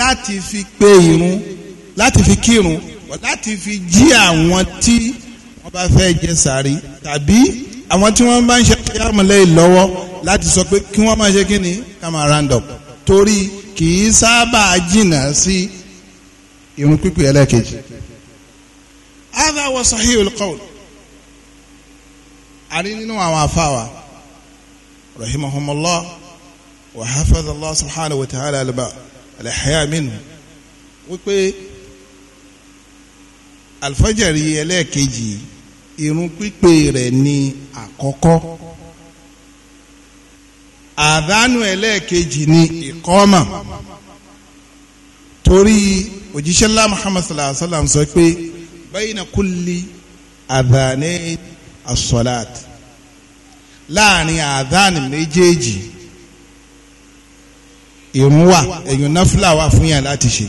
láti fi pé irun láti fi kírun láti fi jí àwọn tí wọ́n bá fẹ́ jẹ sàrí tàbí àwọn tí wọ́n bá ń ṣe àmọ́lẹ́yìn lọ́wọ́ láti sọ pé kí wọ́n máa ṣe kí ni ká máa round up torí kì í sábà jìnnà sí irun pípé ẹlẹ́ẹ̀kejì. hadha wa sahihul qawl àrí nínú àwọn afáwa rahimahumullah wa hafadhallah subhanahu wa ta'ala alba alahaya minhu wípé alfajari ẹlẹ́ẹ̀kejì irun pípé rẹ̀ ni àkọ́kọ́ àdánù ẹlẹ́ẹ̀kejì ni ìkọ́mà torí òjíṣẹ́lá muhammad sallallahu alaihi wa sallam sọ pé bayna kulli àdánù asọ́láàt láàrin àdán méjèèjì ìrun wà ẹ̀yùn náfìlà wà fún yàn láti ṣe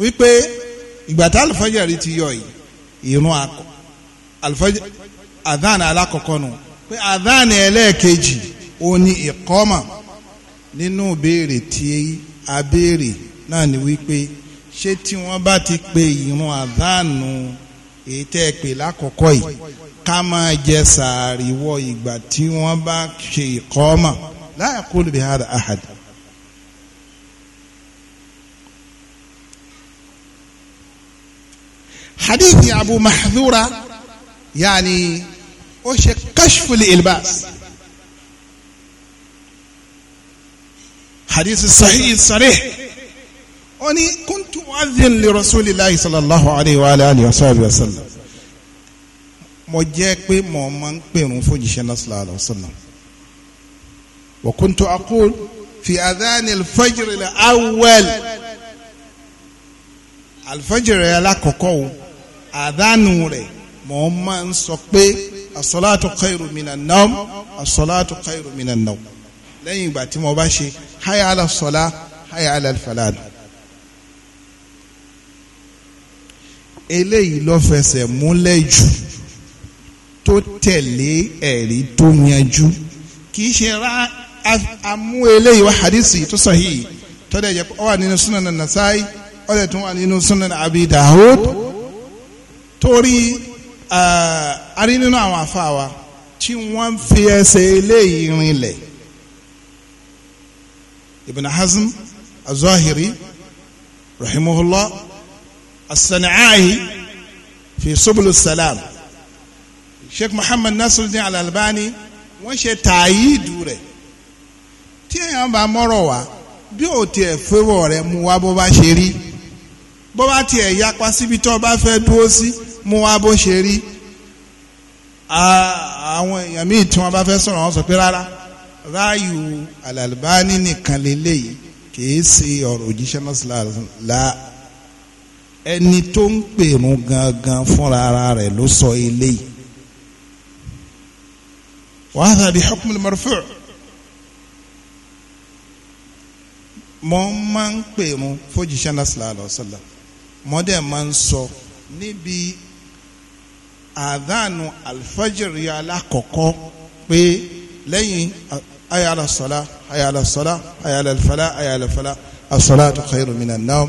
wípé ìgbà tá àlùfájàrí ti yọ yìí ìrun àdán alákọ̀ọ́kọ́ nù pé àdán ẹlẹ́ẹ̀kejì ó ní ìkọ́mà nínú ìbéèrè tí a béèrè náà ni wípé ṣé tí wọ́n bá ti pe ìrun àdánù èyí tẹ́ ẹ pè lákọ̀ọ́kọ́ yìí ká máa jẹ sàárì wọ ìgbà tí wọ́n bá ṣe ìkọ́mà la yaqulu bi hada ahad. hadithi abu mahdura yaani ó ṣe kashfu ilbas. hadith sahih sarih ó ní kuntu adhin li rasulillahi sallallahu alayhi wa alihi wa sahbihi wa sallam mo jẹ́ pé mo máa ń pèrún fún jíṣẹ́ náà sallallahu alayhi wa sallam wa kuntu aqul fi adhan al-fajr al-awwal al-fajr alákọ̀ọ́kọ́ o àdánù rẹ̀ mo máa ń sọ pé as-salatu khairu minan nawm as-salatu khairu minan nawm lẹ́yìn mo bá ṣe hayya ala as-salah ala al eléyìí ló fẹsẹ̀ múlẹ̀ jù tó tẹ̀lé ẹ̀rí tó yanjú kì í ṣe ra amú eléyìí wá hadisi tó sahih tó dẹ̀ jẹ́ ó wà nínú sunan nasai ó dẹ̀ tún wà nínú sunan abi dahud torí arí nínú àwọn afa tí wọ́n fi ẹsẹ̀ eléyìí rinlẹ̀ ibn hazm az rahimahullah as-San'a'i fi subul salam sheikh muhammad nasiruddin al-Albani wọ́n ṣe tààyídù rẹ̀ tí èèyàn bá mọ́rọ̀ wá bí ò tiẹ̀ fẹ́wọ̀ rẹ̀ mu wá bó bá ṣe rí bó bá tiẹ̀ yapa síbi tó bá fẹ́ dúró sí mu wá bó ṣe rí àwọn èèyàn míì tí wọ́n bá fẹ́ sọ̀rọ̀ wọ́n sọ pé rárá ráàyù al-Albani nìkan lélẹ́yìí kì í ṣe ọ̀rọ̀ òjíṣẹ́ mọ́sálà ẹni tó ń pèrún gangan fúnra ara rẹ̀ ló sọ eléyìí wa hadha bi hukm al-marfu' mo máa ń pèrún fójíṣẹ́ náà sallallahu alaihi wasallam mo dẹ̀ máa ń sọ níbi àdánù alfajiri alákọ̀ọ́kọ́ pé lẹ́yìn ayala sọlá ayala sọlá ayala alfalá ayala alfalá as-salatu khairu minan nawm.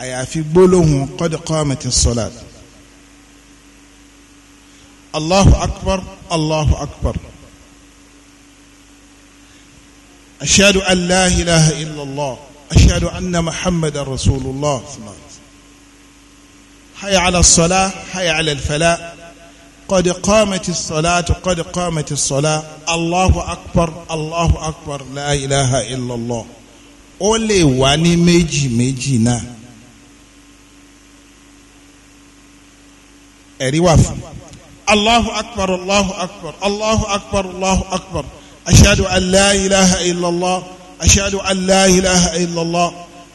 àyàfi gbólóhùn qad qamatis salat allahu akbar allahu akbar ashadu an la ilaha illallah ashadu anna muhammadan rasulullah hayya ala salah hayya ala falah قد قامت الصلاة قد قامت الصلاة الله أكبر الله أكبر لا إله إلا الله ó lè wà ní méjì ẹ̀rí wà fún allahu akbar allahu akbar allahu akbar allahu akbar ashadu an la ilaha illallah ashadu an la ilaha illallah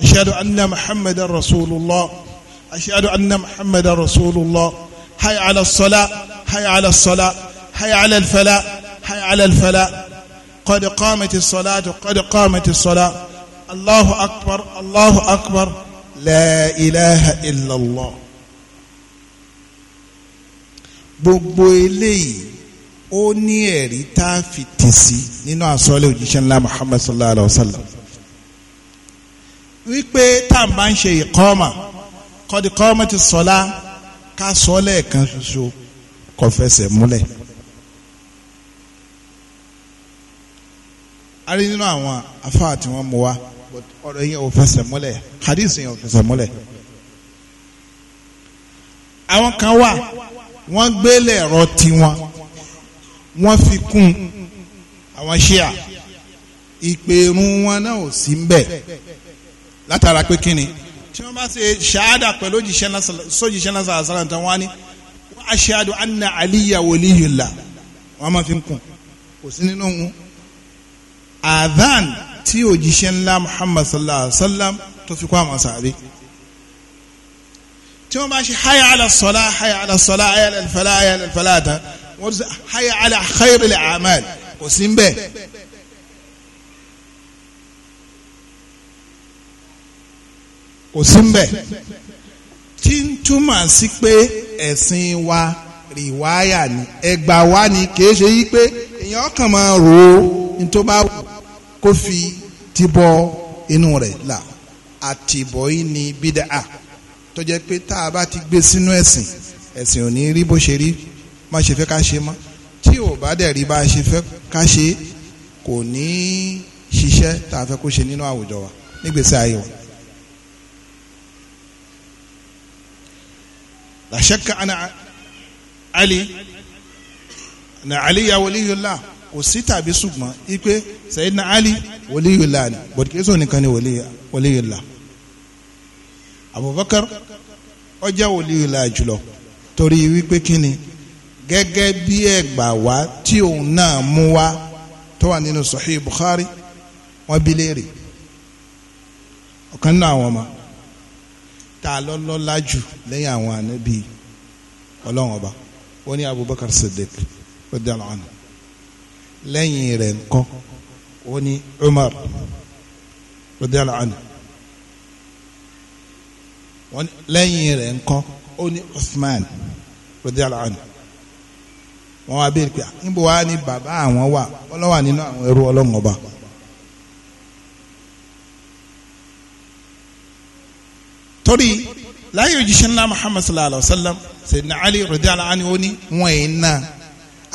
ashadu anna muhammadan rasulullah ashadu anna muhammadan rasulullah hay ala salat hay ala salat hay ala alfala hay ala alfala قد قامت الصلاة قد قامت الصلاة الله أكبر الله أكبر لا إله إلا الله gbogbo eléyìí ó ní ẹ̀rí tá a fi tì sí nínú àsọlẹ̀ òjíṣẹ́ ńlá Muhammad sallallahu alayhi wa sallam wípé tá à ń bá ń ṣe ìkọ́mà kọ́díkọ́mà ti sọ́lá ká sọ́lẹ̀ kan ṣoṣo kò fẹsẹ̀ múlẹ̀. a rí nínú àwọn afáà tí wọ́n mú wa ọ̀rọ̀ yẹn ò fẹsẹ̀ múlẹ̀ hadith yẹn ò fẹsẹ̀ múlẹ̀. àwọn kan wà wọ́n gbélé ẹ̀rọ tiwọn wọ́n fi kún àwọn ṣíà ìpèrún wọn náà ò sí ń bẹ̀ látara pé kíni tí wọ́n bá ṣe ṣáádà pẹ̀lú sójìṣẹ́ náà sàlàsàlà tán wọ́n á ní wọ́n á ṣáádù anna aliya wòlíyìlá wọ́n máa fi ń kún kò sí nínú wọn. àdán tí òjìṣẹ́ ńlá muhammad sallallahu alayhi wa sallam tó fi kọ́ àwọn sàbẹ̀ tí wọ́n bá ṣe hayya ala sọlá hayya ala sọlá hayya ala fẹlá hayya ala fẹlá tán wọ́n ti sọ hayya ala khayril amal kò sí ń bẹ́ẹ̀. kò sí mbẹ tí ń túmọ̀ sí pé ẹ̀sìn wa rìwáyà ni ẹgbà wa ni kìí ṣe yí pé èèyàn kàn máa rò ó nítorí bá kó fi tibọ inú rẹ̀ là àtibọ̀ yìí ni bídà tó jẹ́ pé tá a bá ti gbé sínú ẹ̀sìn ẹ̀sìn ò ní rí bó ṣe rí má ṣe fẹ́ ká ṣe mọ́ tí ò bá dẹ̀ rí bá a ṣe fẹ́ ká ṣe kò ní ṣiṣẹ́ tá a fẹ́ kó ṣe nínú àwùjọ wa nígbèsè ayé wa. la shakka ana ali na ali ya waliyullah kò sí tàbí ṣùgbọ́n ipe sayyidina ali waliyullah ni bọ̀dùkẹ́sọ̀ nìkan ni waliyullah. Abubakar ọjà wòlíì la jùlọ torí wípé kíni gẹ́gẹ́ bí ẹgbà wá tí òun náà mú wá tó wà nínú Sahih Bukhari wọ́n bi léèrè ọ̀kan náà àwọn ọmọ tá a lọ́lọ́lá jù lẹ́yìn àwọn ànábì ọlọ́run ọba ó ní Abubakar Siddiq radiyallahu anhu lẹ́yìn rẹ̀ ńkọ́ ní Umar radiyallahu anhu wọ́n lẹ́yìn rẹ̀ ńkọ́ ó ní Usman radiyallahu anhu wọ́n wá béèrè pé ah, níbo wá ní bàbá àwọn wà wọ́n lọ́wọ́ nínú àwọn ẹrú ọlọ́run torí láyé òjíṣẹ́ ńlá Muhammad sallallahu alayhi wa sallam sayyidina Ali radiyallahu anhu ó ní wọ́n ẹ̀ ń náà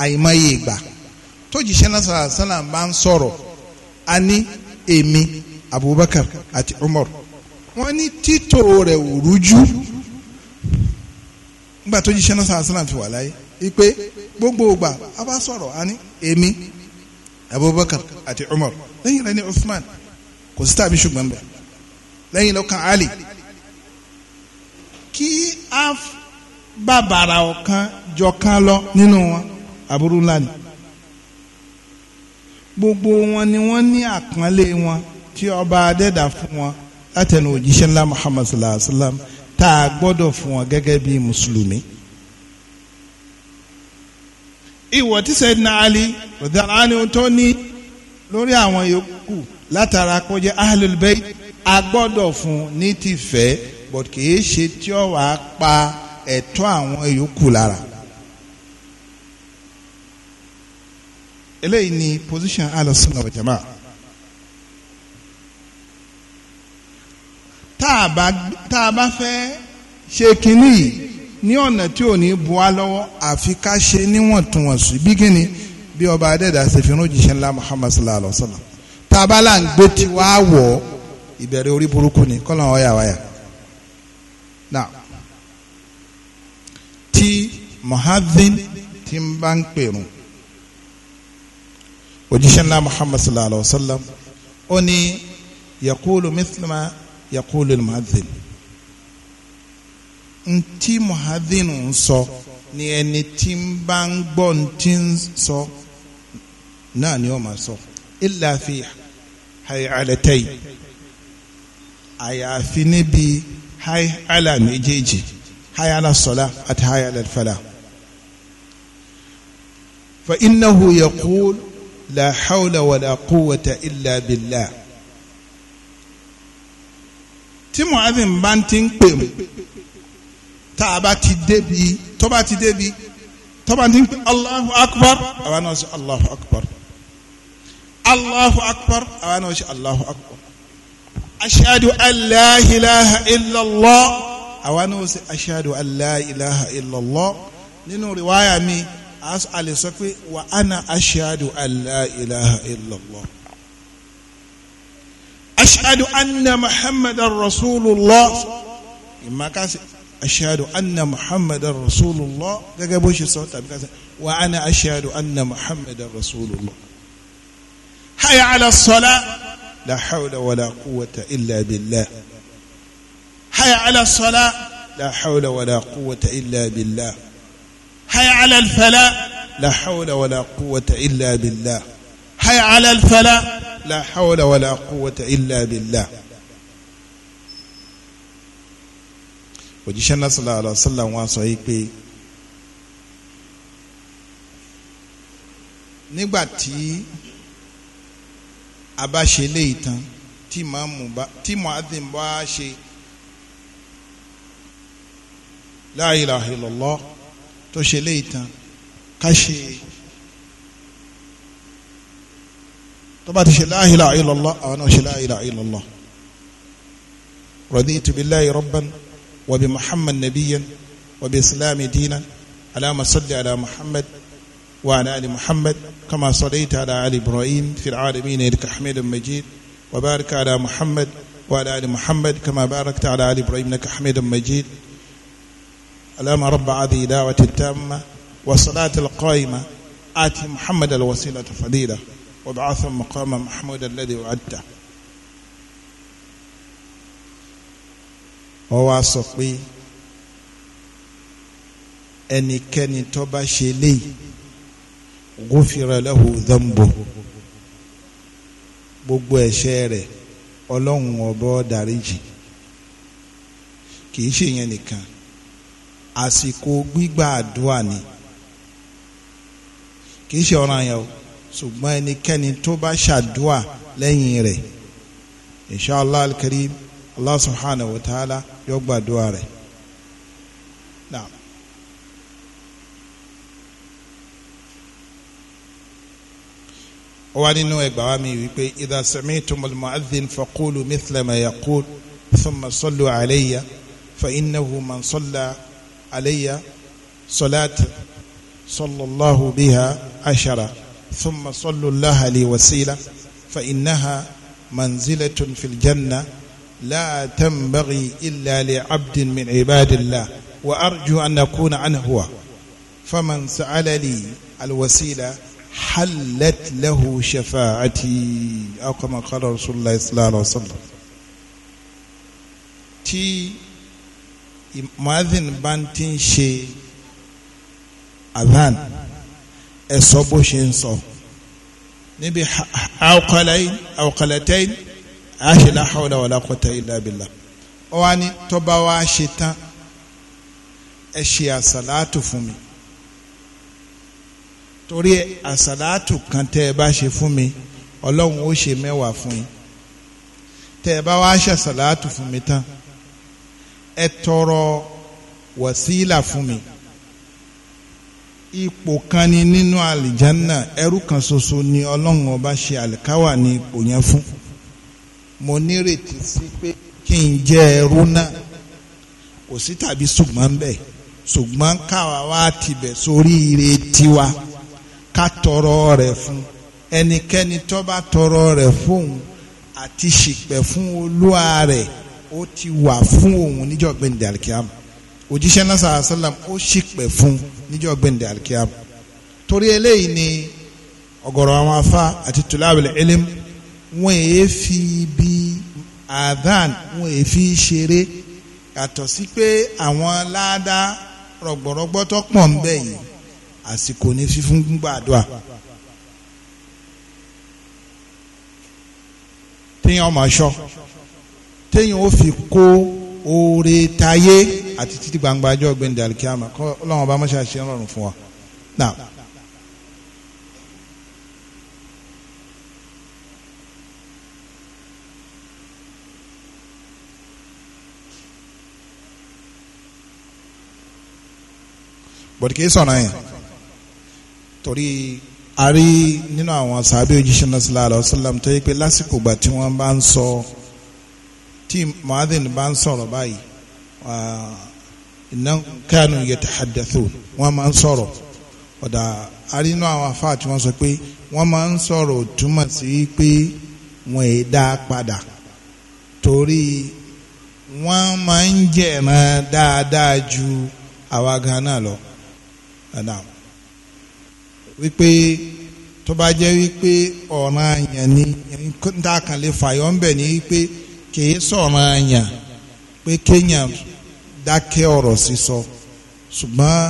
àìmọye ìgbà tójìṣẹ́ náà sallallahu alayhi wa sallam bá ń sọ̀rọ̀ a ní èmi Abubakar àti Umar wọ́n ní títò rẹ̀ ò rújú nígbà tó jíṣẹ́ náà sàásìlà fi wà láyé ipe gbogbo ògbà a bá sọ̀rọ̀ a ní èmi Abubakar àti Umar lẹ́yìn rẹ̀ ní Usman kò sí tàbí ṣùgbọ́n bẹ́ẹ̀ lẹ́yìn lọ́kàn Ali kí a bàbàrà ọ̀kan jọ̀kan lọ nínú wọn aburú ńlá ni gbogbo wọn ni wọ́n ní àpọ́nlé wọn tí ọba adẹ́dà fún wọn látẹnu òjíṣẹ́ ńlá muhammad sallallahu alayhi wa sallam tá a gbọ́dọ̀ fún wọn gẹ́gẹ́ bí mùsùlùmí. ìwọ tí sayyidina ali rọ̀dàlánì tó ní lórí àwọn yòókù látara kó jẹ́ ahlul a gbọ́dọ̀ fún ní ti fẹ́ but kì í ṣe tí ó wàá pa ẹ̀tọ́ àwọn yòókù lára. eléyìí ni position ahlus sunnah wal tá a bá fẹ́ ṣe kínní yìí ní ọ̀nà tí ò ní bu wá lọ́wọ́ àfi ká ṣe níwọ̀ntúnwọ̀nsì bí kínní bí ọba adẹ́dà ṣe fi rán òjíṣẹ́ ńlá Muhammad sallallahu alayhi wa sallam tá a bá là ń gbé tí wàá wọ̀ ìbẹ̀rẹ̀ orí burúkú ni kọ́lọ̀ ọ̀yà wáyà. tí muhammed ti ń bá ń pèrún òjíṣẹ́ ńlá Muhammad sallallahu alayhi wa sallam ó ní yakulu mithlima yaqulu al-mu'adhdhin ntí mu'adhdhin ń sọ ni ẹni tí ń bá ń gbọ́ ntí ń sọ náà ni ó máa sọ illa fi hay'alatayn àyàfi níbi hay'ala méjèèjì hay'ala as-salah àti hay'ala al-falah. فإنه يقول لا حول ولا قوة إلا بالله tí muhammed bá ti ń pè mí tá a bá ti débi tó bá ti débi tó bá ti ń pè allahu akbar àwa náà sọ allahu akbar allahu akbar àwa náà sọ allahu akbar ashadu an la ilaha illallah àwa náà sọ ashadu an la ilaha nínú riwaya mi a lè sọ pé wa ana ashadu an la ilaha illallah. أشهد أن محمد رسول الله إما كان أشهد أن محمد رسول الله جابوش الصوت وأنا أشهد أن محمد رسول الله حي على الصلاة لا حول ولا قوة إلا بالله حي على الصلاة لا حول ولا قوة إلا بالله حي على الفلاح لا حول ولا قوة إلا بالله حي على الفلاح لا حول ولا قوة إلا بالله. òjíṣẹ́ صلى الله عليه وسلم wọn sọ yìí pé nígbà tí a bá ṣe léyìí tán tí mu'adhin bá ṣe la ilaha tó ṣe léyìí tán ká ṣe. tó bá لا اله الا الله آه، انا اشهد لا اله الا الله رضيت بالله ربا وبمحمد نبيا bi دينا nabiyyan wa bi islami وعلى آل محمد كما صليت على آل إبراهيم في العالمين إنك حميد مجيد وبارك على محمد وعلى آل محمد كما باركت على آل إبراهيم إنك حميد مجيد اللهم رب هذه دعوة التامة والصلاة القائمة آتي محمد الوسيلة الفضيلة وابعثه مقام محمود الذي وعدته ó wá كان pé شلي غفر له ذنبه léyìí gufira lahu dhanbu gbogbo ẹ̀ṣẹ̀ rẹ̀ ọlọ́run ọba dáríjì kì í ṣe yẹn nìkan àsìkò gbígbà àdúrà ni kì í ṣe ọ̀ràn yẹn o. ṣùgbọ́n ẹnikẹ́ni tó bá ṣàdúà lẹ́yìn rẹ̀ inshallah alkarim allah subhanahu wa ta'ala yóò gbàdúà rẹ̀. Naam. ó wá nínú ẹgbà wa mi wípé idha sami'tumul mu'adhdhin faqulu mithla ma yaqul thumma sallu alayya fa innahu man salla alayya salat sallallahu biha ashara. ثم صلوا الله لي وسيلة فإنها منزلة في الجنة لا تنبغي إلا لعبد من عباد الله وأرجو أن أكون عنه هو فمن سأل لي الوسيلة حلت له شفاعتي أو كما قال رسول الله صلى الله عليه وسلم tí muadhin bá ń تي muadhin بانتين شي أذان ẹ sọ bó ṣe ń sọ níbi àwòkàlẹ́tẹ́yìn àṣìlá hawla wàlá quwwata illa billah ọ wá ní tọ́ba wa ṣe tán ẹ ṣe àṣàlátù fún mi torí àṣàlátù kan tẹ́ ẹ bá ṣe fún mi ọlọ́run ó ṣe mẹ́wàá fún yín tẹ́ ẹ bá wá ṣe àṣàlátù fún mi tán ẹ tọrọ wàsílà fún mi ipò kan ni nínú àlìjánà ẹrú kan ṣoṣo ni ọlọ́run ọba ṣe àlìkáwà ní ipò yẹn fún mo nírètí sí pé kí n jẹ́ ẹrú náà kò sí tàbí ṣùgbọ́n bẹ́ẹ̀ ṣùgbọ́n káwa wá tibẹ̀ sórí ire tiwa ká tọrọ rẹ̀ fún ẹnikẹ́ni tó bá tọrọ rẹ̀ fóun àti ṣìpẹ̀ fún olúwa rẹ̀ ó ti wà fún òun níjọ́ gbẹ̀ndẹ̀ àlìkíyàmù òjíṣẹ́ náà sàrà sálàm ó ṣìpẹ̀ fún níjọ́ gbẹ̀ndẹ̀ àríkíyàm torí eléyìí ni ọ̀gọ̀rọ̀ àwọn afá àti tùlábìlì ẹlẹ́m wọ́n èé fi bí adhan wọ́n èé fi ṣeré yàtọ̀ sí pé àwọn ládá rọ̀gbọ̀rọ̀gbọ́ tó pọ̀ ń bẹ̀ yìí àsìkò ní fífún gbàdúrà. téèyàn máa ṣọ́ téèyàn ó fi kó oore tayé àti títí gbangba ajọ́ ọ̀gbẹ́ni dàlkíámà kọ́ ọlọ́run ọba mọ́ṣáà ṣe ń rọrùn fún wa. now bọ̀dì kìí sọ̀nà yẹn torí a rí nínú àwọn sàbẹ̀ òjíṣẹ́ náà sallallahu alaihi wasallam tó yẹ pé lásìkò gbà tí wọ́n bá ń sọ. So, tí muadhin bá ń sọ̀rọ̀ báyìí iná kánú yatahaddathun wọ́n máa ń sọ̀rọ̀ ọ̀dà arínú àwọn afáà tí wọ́n sọ pé wọ́n máa ń sọ̀rọ̀ túmọ̀ sí pé wọ́n è dá padà torí wọ́n máa ń jẹ̀ràn dáadáa ju àwa gan náà lọ wípé tó bá jẹ́ wípé ọ̀ràn àyàn ni nǹkan tá ń bẹ̀ ni wípé kìí sọ̀rọ̀ àyàn pé kéèyàn dákẹ́ ọ̀rọ̀ sísọ ṣùgbọ́n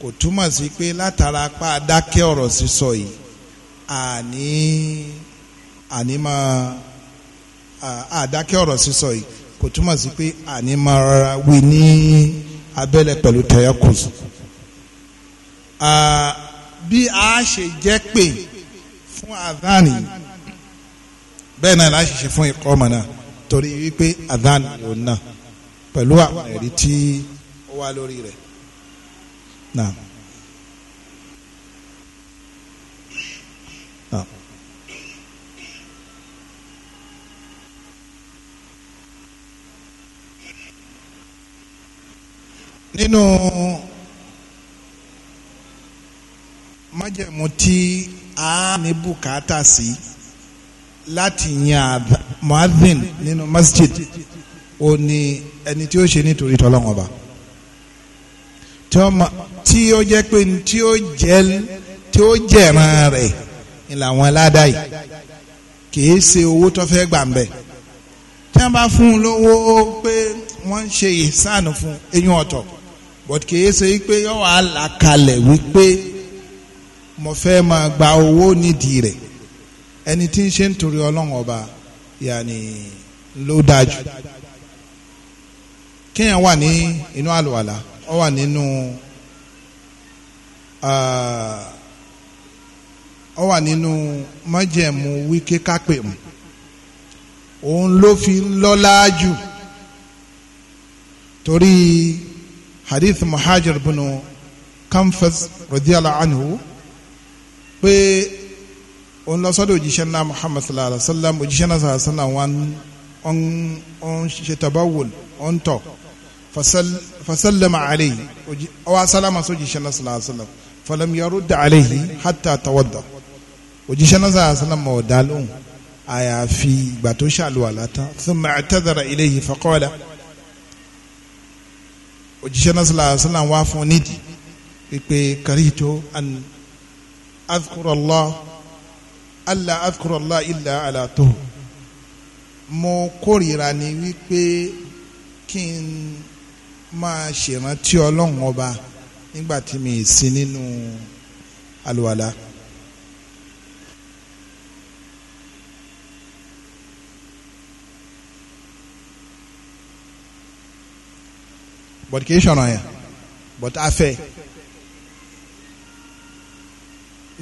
kò túmọ̀ sí pé látara apá dákẹ́ ọ̀rọ̀ sísọ yìí àní àní máa àdákẹ́ ọ̀rọ̀ sísọ yìí kò túmọ̀ sí pé àní máa rárá wí ní abẹ́lẹ̀ pẹ̀lú tayakuz. bí a ṣe jẹ́ pé fún azani bẹ́ẹ̀ náà láṣìṣe fún ikọ́ ọmọ náà torí wípé adhan yóò nà pẹ̀lú àwọn ẹ̀rí tí ó wà lórí rẹ̀ náà. nínú májẹ̀mú tí a ní bùkátà sí láti yan muadhin nínú masjid ó ní ẹni tí ó ṣe nítorí tọ́lọ́wọ́n ọba tí ó jẹ́ pé tí ó jẹ́ tí ó jẹ̀ràn rẹ̀ ni làwọn aládàá yìí kìí ṣe owó tó fẹ́ gbà ń bẹ̀ tí wọ́n bá fún un lówó pé wọ́n ń ṣe ìsànù fún eyín ọ̀tọ̀ but kìí ṣe pé yọ wà á là kalẹ̀ wípé mo fẹ́ máa gba owó nídìí rẹ̀ ẹni tí ń ṣe ń torí ọlọ́run ọba yàní ló dáa jù kéèyàn wà ní inú àlùwàlà ó wà nínú ah, ó wà nínú májẹ̀mú wíké kápẹ̀ mu òun ló fi lọ́lá jù torí hadith muhajir bunu kamfas radiyallahu anhu pé ó ń lọ sọ́dọ̀ òjíṣẹ́ ńlá muhammad sallallahu alayhi wa sallam òjíṣẹ́ náà sallallahu alayhi wa sallam wọn ń ṣe tabawul ń tọ̀ fasallama alayhi ọwọ́ asálàmà sọ òjíṣẹ́ náà sallallahu alayhi wa sallam falam yarudda alayhi hatta tawadda òjíṣẹ́ náà sallallahu alayhi wa sallam ọ̀ dá lóhùn àyàfi ìgbà tó ṣàlùwàlá tán thumma i'tadhara ilayhi faqala náà sallallahu alayhi wa sallam wá fún nídìí pípé karihtu an adhkura allah afkurallah illa ala tuhu mo kórìíra ni wípé kí n máa ṣèrántí ọlọ́run ọba nígbà tí mi ì sí nínú àlùwàlá. but kì í ṣọ̀nà yẹn but a fẹ́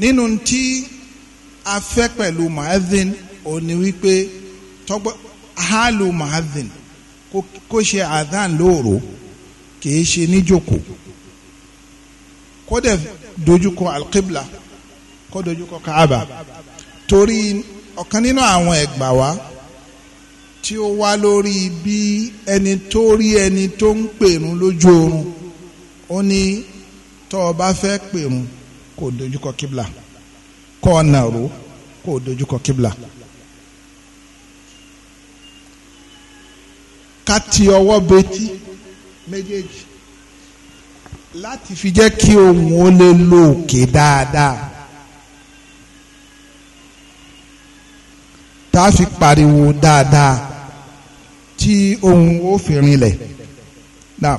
nínú tí afẹ́ pẹ̀lú mu'adhin òní wípé tọ́gbọ́ hálù mu'adhin kó ṣe adhan lóòrò kìí ṣe níjòkó kó dẹ̀ dojúkọ alqibla kó dojúkọ kaaba torí ọ̀kan nínú àwọn ẹ̀gbà wa tí ó wá lórí bí ẹni tó rí ẹni tó ń pèrún lójú oorun ó ní tọ́ ọ bá fẹ́ pèrún kó dojúkọ kíbla kọ́ ọ nàró kó o dojúkọ kíbla. ká ti ọwọ́ betí méjèèjì láti fi jẹ́ kí ohùn ó lè lo òkè dáadáa. tá a fi pariwo dáadáa tí ohùn ó fi rinlẹ̀ náà.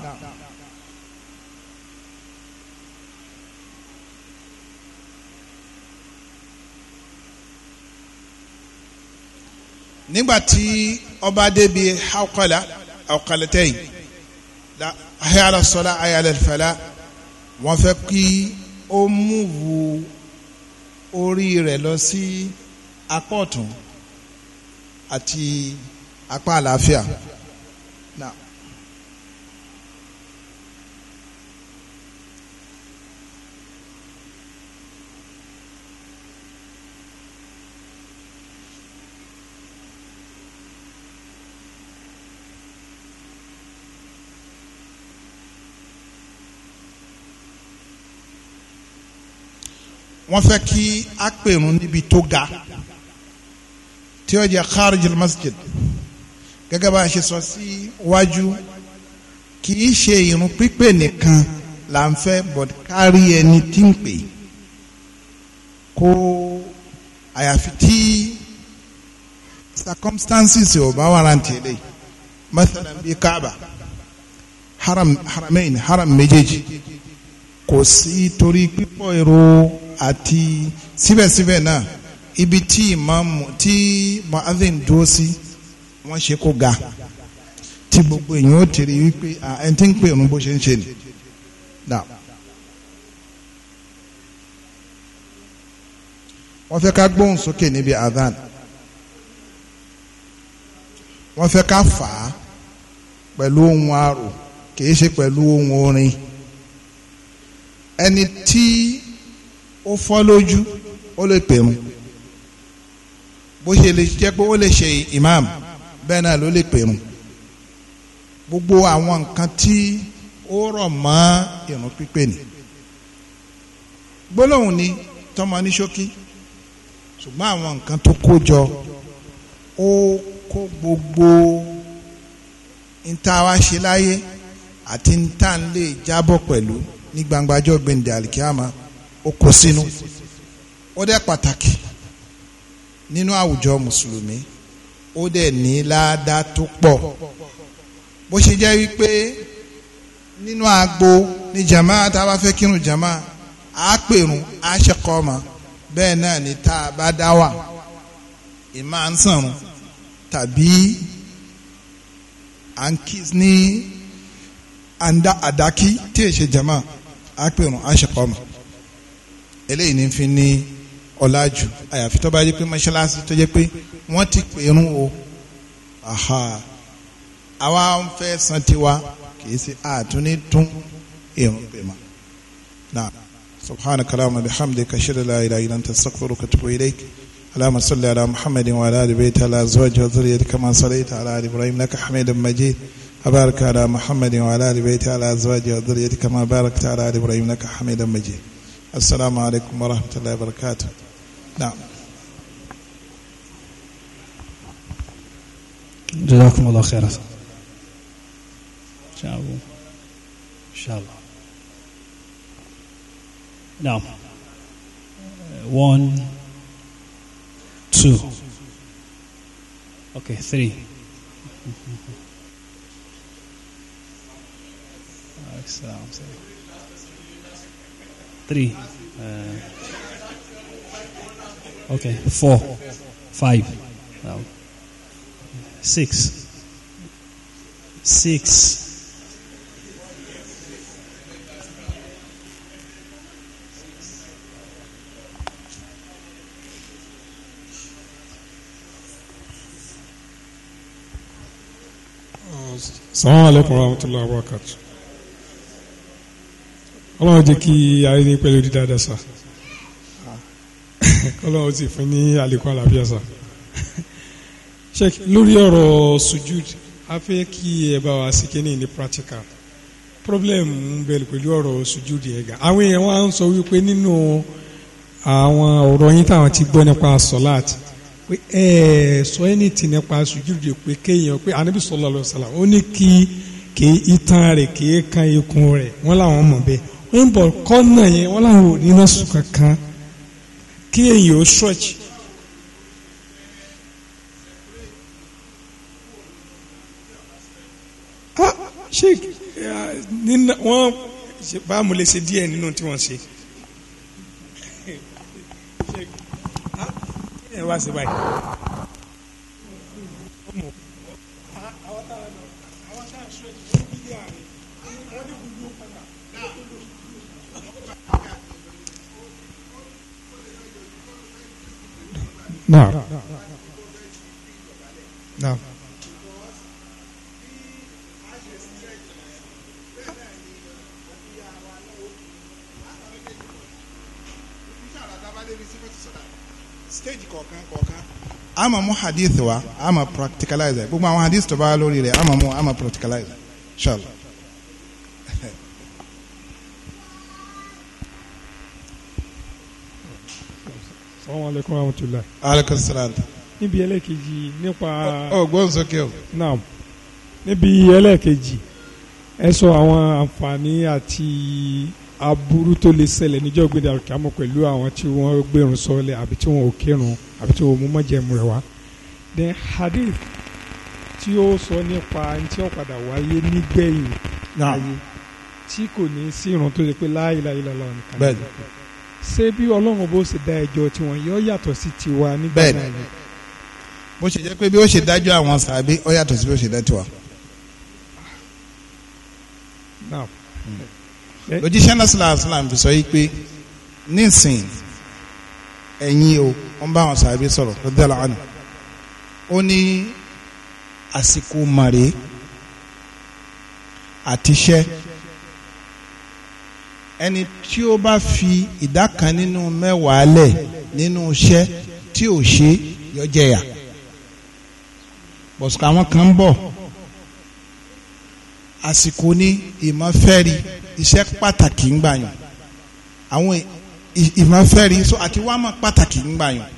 nígbàtí ọba débi hawkala hawkalatain ayala sọlá ayala fẹlá wọ́n fẹ́ kí ó mú wu orí rẹ̀ lọ sí apá ọ̀tún àti apá àlàáfíà. wọ́n fẹ́ kí a pèrún níbi tó ga tí ó jẹ́ kharijil masjid gẹ́gẹ́ bá a ṣe sọ sí wájú kì í ṣe irun pípé nìkan là ń fẹ́ bọ̀d kárí ẹni tí ń pè kó àyàfi tí circumstances ò bá warranty lè masalan bíi kaaba haram haramain haram méjèèjì kò sí torí pípọ̀ èrò. àti síbẹ̀síbẹ̀ náà ibi tí ìmáàmù tí muhammed dúró sí wọ́n ṣe kó ga tí gbogbo èèyàn ó tèrè wípé ẹni tí ń pè òun bó ṣe ń ṣe ni. wọ́n fẹ́ ká gbóhùn sókè níbi adhan wọ́n fẹ́ ká fà á pẹ̀lú ohun arò kìí ṣe pẹ̀lú ohun orin ẹni tí ó fọ́ lójú ó lè pèrún bó ṣe lè jẹ́ pé ó lè ṣe imam bẹ́ẹ̀ náà ló lè pèrún gbogbo àwọn nǹkan tí ó rọ̀ mọ́ ìrun pípé ni gbólóhùn ni tọmọ ní ṣókí ṣùgbọ́n àwọn nǹkan tó kó jọ ó kó gbogbo nta wa ṣe láyé àti nta ń lè jábọ̀ pẹ̀lú ní gbangbajọ́ gbẹ̀ǹdẹ̀ àlìkíyàmá ó kó sínú ó dẹ̀ pàtàkì nínú àwùjọ mùsùlùmí ó dẹ̀ ní ládàá tó pọ̀ bó ṣe jẹ́ wípé nínú agbo ní jama tá a bá fẹ́ kírun jama á pèrún á ṣe ọmọ bẹ́ẹ̀ náà ni tá a bá dá wà ìmá ń sànrun tàbí à ń kí ní àdákí tí èṣe jama á pèrún á ṣe ọmọ eléyìí ní fi ní ọlá jù àyàfi tó bá jẹ́ pé mọ́ṣáláṣí tó jẹ́ pé wọ́n ti pèrún o àwa ń fẹ́ san tiwa kì í ṣe àtúní tún irun pè mọ́ náà subhanaka allahumma bihamdika ashhadu an la ilaha illa anta astaghfiruka wa atubu ilayk اللهم صل على محمد وعلى ال بيته على ازواجه وذريته كما صليت على ال ابراهيم لك حميد مجيد وبارك على محمد وعلى ال بيته على ازواجه وذريته كما باركت على ال ابراهيم لك حميد مجيد السلام عليكم ورحمة الله وبركاته نعم جزاكم الله خيرا إن شاء الله إن شاء الله نعم one two okay three Excellent three, uh, okay, four, five, now, six, six. Assalamu alaikum warahmatullahi wabarakatuh. ọlọ́run jẹ́ kí ayé ní pẹ̀lú dídá dẹ́sà ọlọ́run sì fún ní àlékún àlàáfíà sà lórí ọ̀rọ̀ sujud a fẹ́ kí ẹ bá wa sí kíní ní practical problem ń bẹ̀rẹ̀ pẹ̀lú ọ̀rọ̀ sujud yẹn gan àwọn èèyàn wa ń sọ wípé nínú àwọn ọ̀rọ̀ yín táwọn ti gbọ́ nípa sọ́láàtì pé ẹ sọ ẹ́ ní ti nípa sujud yẹn pé kéèyàn pé anábì sallallahu alaihi ó ní kí kì í tán rẹ̀ kì í kan ikùn rẹ̀ wọ́n láwọn mọ̀ bẹ́ẹ̀ ń bọ̀ kọ́nà yẹn wọ́n làwọn ò ní náà sùn kankan kí èyí ó ṣọ́ọ̀ṣì. sheik eh, wọ́n bá mo lè ṣe díẹ̀ nínú tí wọ́n ṣe. ẹ wá sí báyìí. náà náà. stage kọ̀ọ̀kan kọ̀ọ̀kan a máa mú hadith wa a máa practicalize gbogbo àwọn hadith tó bá lórí rẹ̀ a máa mú a máa practicalize inshallah. salaamaleykum wa rahmatulah. alaikasalam. níbi ẹlẹ́kejì nípa. ọ gbọ́n sókè o. naam níbi ẹlẹ́kejì ẹ sọ àwọn àǹfààní àti aburú tó lè ṣẹlẹ̀ níjọ́ gbẹ̀dẹ̀ àrùkámọ́ pẹ̀lú àwọn tí wọ́n gbẹ̀rùn sọ́lẹ̀ àbí tí wọ́n ò kírun àbí tí wọ́n mú mọ́jẹ̀mú rẹ̀ wá. then hadith tí ó sọ nípa ẹni tí ó padà wáyé nígbẹ̀yìn ayé tí kò ní sí ìrun tó ṣe pé láìláìláìlá nìkan. bẹ́ẹ̀ni ṣé bí ọlọ́run bó ṣe dá ẹjọ́ tiwọn yóò yàtọ̀ sí tiwa nígbà náà. bẹ́ẹ̀ni bó ṣe jẹ́ pé bí ó ṣe dájọ́ àwọn sàbí ó yàtọ̀ sí bí ó ṣe dá tiwa. Hmm. lójíṣẹ́ náà sílá sílám fi sọ yìí pé nísìn ẹ̀yin o wọ́n bá àwọn sàbí sọ̀rọ̀ lọ́dọ̀ àná ó ní àsìkò màrè àtiṣẹ́ ẹni tí ó bá fi ìdá kan nínú mẹ́wàá lẹ̀ nínú iṣẹ́ tí ò ṣe yọjẹyà bọ̀sùkà àwọn kan ń bọ̀ àsìkò ní ìmọ̀fẹ́ri iṣẹ́ pàtàkì ń gbàyàn àwọn ìmọ̀fẹ́ri so àti wàá mọ̀ pàtàkì ń gbàyàn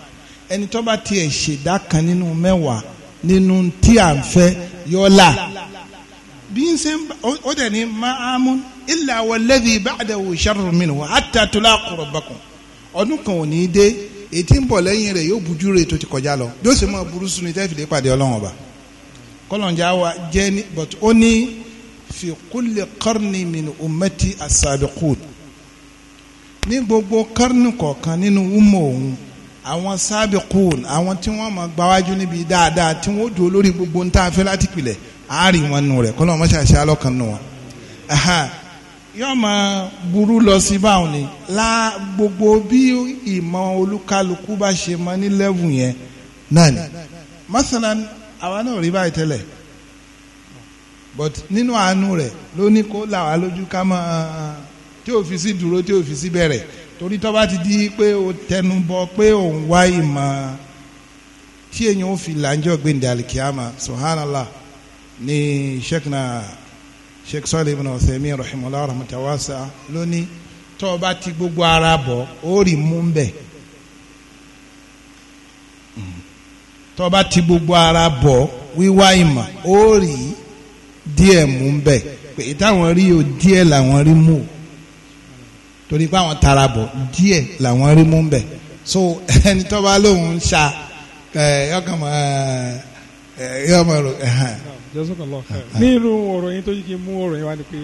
ẹni tó bá tiẹ̀ ṣèdá kan nínú mẹ́wàá nínú tí à ń fẹ́ yọ́là bí ń ṣe ń bá ó dẹ̀ ní máàmú ilà wàlẹ́dì báàdàwò sharrun minhu hatta tulaqu rabbakum ọdún kan ò ní dé ètí ń bọ̀ lẹ́yìn rẹ̀ yóò bujú rẹ̀ tó ti kọjá lọ yóò sì máa burú sunni tẹ́ fìdí pàdé ọlọ́run ọba kọlọ̀njà wa jẹ́ ní but ó ní fi kulli qarni min ummati as-sabiqun ní gbogbo kọ́rìnì kọ̀ọ̀kan nínú ummah òun àwọn sabiqun àwọn tí wọ́n máa gbáwájú níbi dáadáa tí wọ́n dúró lórí gbogbo ń tá a fẹ́ láti pilẹ̀ àárín wọn nù rẹ̀ kọ́lọ̀ mọ́ṣáṣá lọ́kàn nù wọn. yóò máa burú lọ sí báwọn la gbogbo bí ìmọ̀ olúkálukú bá ṣe mọ ní lẹ́wù yẹn náà ni masalan àwa náà rí báyìí tẹ́lẹ̀ but nínú àánú rẹ ló ní kó lójú ká tí ò fi sí dúró tí ò fi sí bẹ̀rẹ̀ torí tó ti di pé o tẹnu bọ pé wá ìmọ̀ tí ò fi làǹjọ́ sheikh sọ́ọ̀lì ibn Uthaymin rahimahullah rahmatan wasi'a lónìí tó o bá ti gbogbo ara bọ̀ ó rì mú ń bẹ̀ mm-hmm. tó o bá ti gbogbo ara bọ̀ wíwá ìmọ̀ ó rì díẹ̀ mú ń bẹ̀ pé táwọn rí o díẹ̀ làwọn rí mú o torí pé àwọn tara bọ̀ díẹ̀ làwọn rí mú ń bẹ̀ so ẹni tó bá lóun ń ṣa ẹ yọkàn mọ ẹ yọkàn mọ ẹ hàn. Jazakallah khair ah, ah. nínú ọ̀rọ̀ yín tó yí kí mú ọ̀rọ̀ yín wá ni pé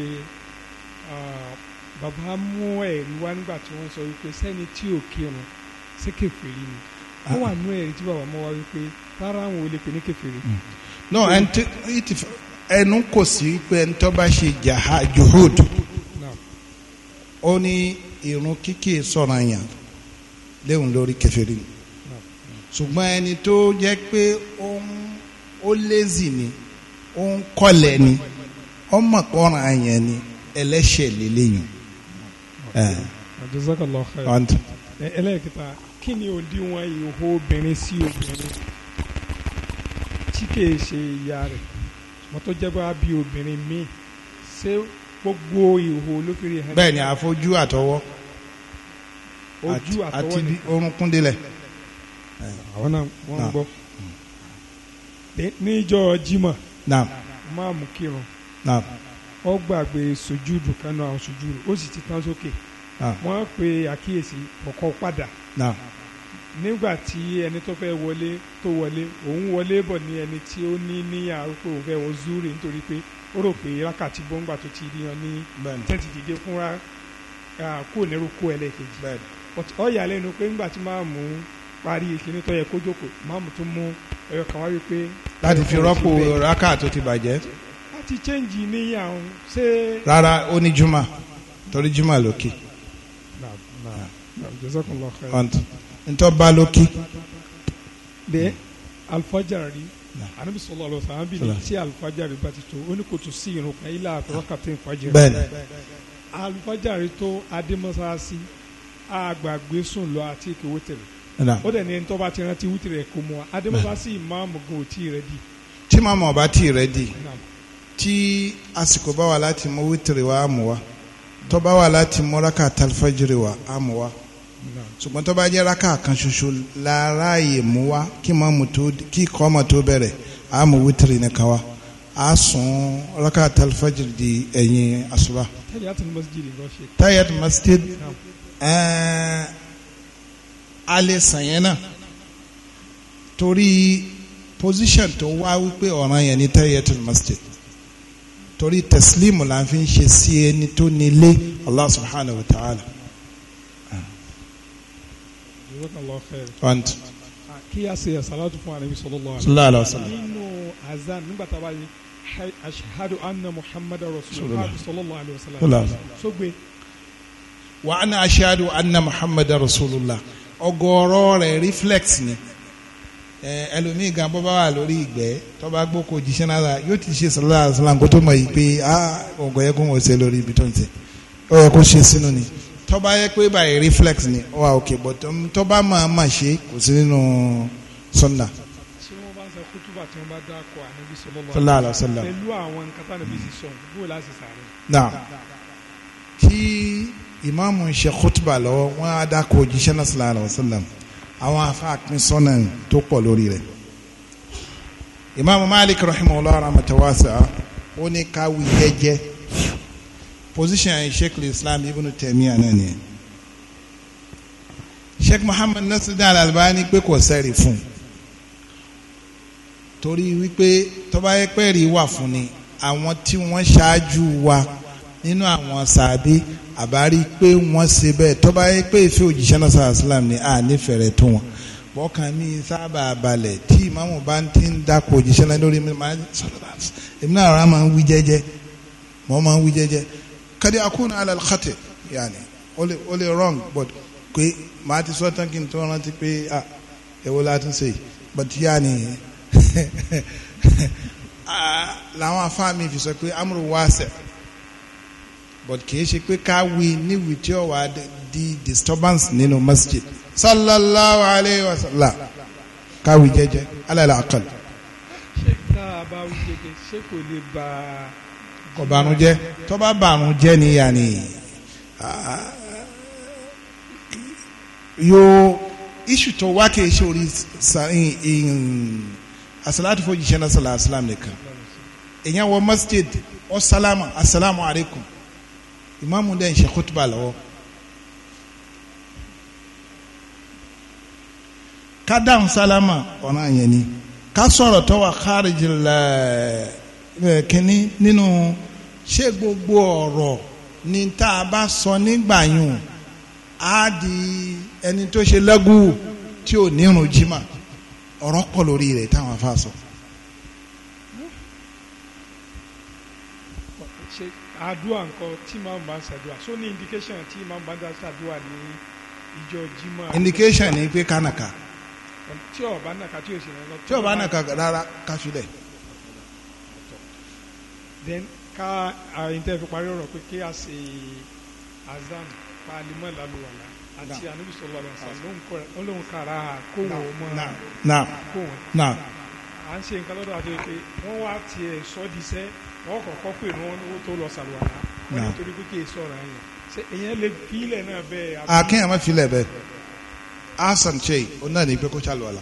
bàbá mú ẹ̀rí wá nígbà tí wọ́n sọ wípé sẹ́ni tí ò kírun sí kèfèrí ni wọ́n ah. wà nú ẹ̀rí tí bàbá mú wá wípé rárá àwọn ò pè ní kèfèrí. Hmm. no ẹnu kò sí pé ẹni tó bá ṣe jaha juhud ó ní irun kíkì sọ̀rọ̀ yàn léwu lórí kèfèrí ni ṣùgbọ́n ẹni tó jẹ́ pé ó lézì ni. ó ń kọ́lẹ̀ ni ọmọ pọ́nrán àyàn ni ẹlẹ́ṣẹ̀ lélẹ́yìn. ẹlẹ́kìtà kí ni òdiwọ̀n ìhó obìnrin sí obìnrin tí kìí ṣe ìyá rẹ̀ mo tó jẹ́ bá bí obìnrin míì ṣé gbogbo ìhó ló fi rí àfojú àtọwọ́ di àtọwọ́ ni délẹ̀. àwọn náà wọ́n ń gbọ́ hmm. naam máàmù kírun naam ó gbàgbé sojúdù kanu àwọn sojúdù ó sì ti tán sókè naam pe àkíyèsí ọkọ padà naam nígbà tí ẹni tó fẹ́ wọlé tó wọlé òun wọlé bọ̀ ní ẹni tí ó ní ní àrùkò òun fẹ́ wọ zúrì nítorí pé ó rò pé rákàtí tó ti rí yan ní tẹ́tì dìde fúnra kó nírú kó ẹlẹ́kejì parí kíní tó yẹ kó jókòó ìmáàmù tún mú ẹyọ kan wá wípé. láti fi rọ́pò rákà tó ti bàjẹ́. láti chẹ́ǹjì ní àwọn ṣé. rárá ó ní juma torí juma lókè. ntọ́ bá lókè. bẹ́ẹ̀ alfajari anabi sọlọ alọ sàn án bí ní tí alfajari bá ti tó ó ní kò tún sí irun kan ilé àtọwọ́kàtẹ́ ìfajari. bẹ́ẹ̀ni alfajari tó adé mọ́sáàsì àgbàgbé sùn lọ àti ìkẹwé tẹ̀lé ó ni ní tó bá ti rántí wútì rẹ̀ kó mu wa adébọ́bá sì máàmù gan òtí rẹ̀ di. tí máàmù ọba tí rẹ̀ di tí àsìkò bá wà láti mú wútì rẹ̀ wá mú wa tó bá wà láti mú rákà tàlfàjìrì wá á mú wa ṣùgbọ́n tó bá jẹ́ rákà kan ṣoṣo láráàyè mú wa kí máàmù tó kí kọ́mọ tó bẹ̀rẹ̀ á mú wútì rẹ̀ nìkan wa a sùn rákà tàlfàjìrì di ẹ̀yìn àsùbá. tayat masjid. tayat a lè sàn yẹn náà torí position tó wá wípé ọ̀ràn yẹn ní tahiyatul masjid torí tẹ̀sílímù la fi ń ṣe sí ẹni tó nílé Allah subhanahu wa ta'ala. kí a ṣe salatu fún anabi sallallahu alaihi wasallam nínú azan nígbà tá a bá yẹ ashhadu anna muhammad rasulullah sọgbẹ. wa ana ashhadu anna muhammad rasulullah. ọgọ́rọ́ rẹ̀ reflex ni ẹlòmíì gan bọ́ bá wà lórí ìgbẹ́ tó bá jíṣẹ́ yóò ti ṣe sọlá àṣàlàn tó mọ̀ yìí pé ọgọ́ yẹ kó wọ́n ṣe lórí ibi tó ń ṣe yẹ kó ṣe sínú ni tó yẹ pé reflex ni wà um, òkè ìmáàmù ń ṣe kútùbà lọ́wọ́ ada á dákò òjíṣẹ́ náà sallallahu alaihi wasallam àwọn afáàpin sọ́nà tó pọ̀ lórí Malik rahimahullah rahmatan wasi'a ó ní káwí jẹ́jẹ́ position sheikh islam ibn Taymiyyah náà nìyẹn sheikh muhammad nasiru al-Albani pé kò fun, fún un torí wípé tọ́ba ẹ̀pẹ́ rí wà fún ni àwọn tí wọ́n ṣáájú wa nínú àwọn sàbí àbárí pé wọ́n ṣe bẹ́ẹ̀ tó bá yẹ pé ìfẹ́ òjíṣẹ́ náà sàrà sílám ni a nífẹ̀ẹ́rẹ́ tó wọn bọ́kàn mi sábà balẹ̀ tí ìmáàmù bá ti ń dákọ̀ òjíṣẹ́ náà lórí mi máa ń sọ̀rọ̀ èmi náà rà máa ń wí jẹ́jẹ́ mọ́ máa ń wí jẹ́jẹ́ kadi akuna ala alkhati yaani o wrong but pé màá ti sọ tán kí n tó rántí pé ah èwo la ṣe but yaani làwọn afáàmì fi sọ pé amúrò wá sẹ́ẹ̀ but kì í ṣe pé ká wí níwì tí ó wà di disturbance nínú masjid sallallahu alayhi wa sallam ká wí jẹ́jẹ́ alẹ́ àkàl. ṣé tá a bá wí jẹ́jẹ́ ṣé kò lè ba. kò bàrùn jẹ́ tó bá bàrùn jẹ́ níyà ni yóò iṣu tó wá kì í ṣe orí asalaatu fojì ṣẹlẹ sọlá asilam nìkan èèyàn wọ masjid ọ salama asalaamu alaykum ìmáàmù dẹ̀ ń ṣe kútùbà lọ́wọ́ ká dáhùn sálámà ọ̀ràn yẹn ni ká sọ̀rọ̀ tó wà kárìjì lẹ́ẹ̀ kínní nínú gbogbo ọ̀rọ̀ ni tá a bá sọ nígbà yùn di ẹni tó ṣe lẹ́gùn tí ò ní irun jimá ọ̀rọ̀ kọ lórí rẹ̀ táwọn àdúrà nǹkan tí màá bá ń ṣàdúrà so ní indication tí màá bá ń ṣàdúrà ní ìjọ jimá. indication ni pé kánàkà. tí o bá nàka tí o sì nàka. tí o bá nàka rárá ká filẹ̀. then ká àyìntẹ́ fi parí ọ̀rọ̀ pé kí a ṣe azam paalimọ̀ lálùwàlà àti ànábì sọlọ lọ sàn lóhùn kàrà kóhùn ọmọ kóhùn. à ń ṣe nǹkan lọ́dọ̀ àti pé wọ́n wá tiẹ̀ sọ́ di sẹ́ wọ́n kọ́kọ́ pè ní wọ́n tó lọ sàlùwàlá wọ́n ní torí pé kí èso ọ̀ràn yẹn ṣe èyàn lè filẹ̀ náà bẹ́ẹ̀. àkínyàn máa filẹ̀ bẹ́ẹ̀ asan chey o náà ní pé kó sàlùwàlá.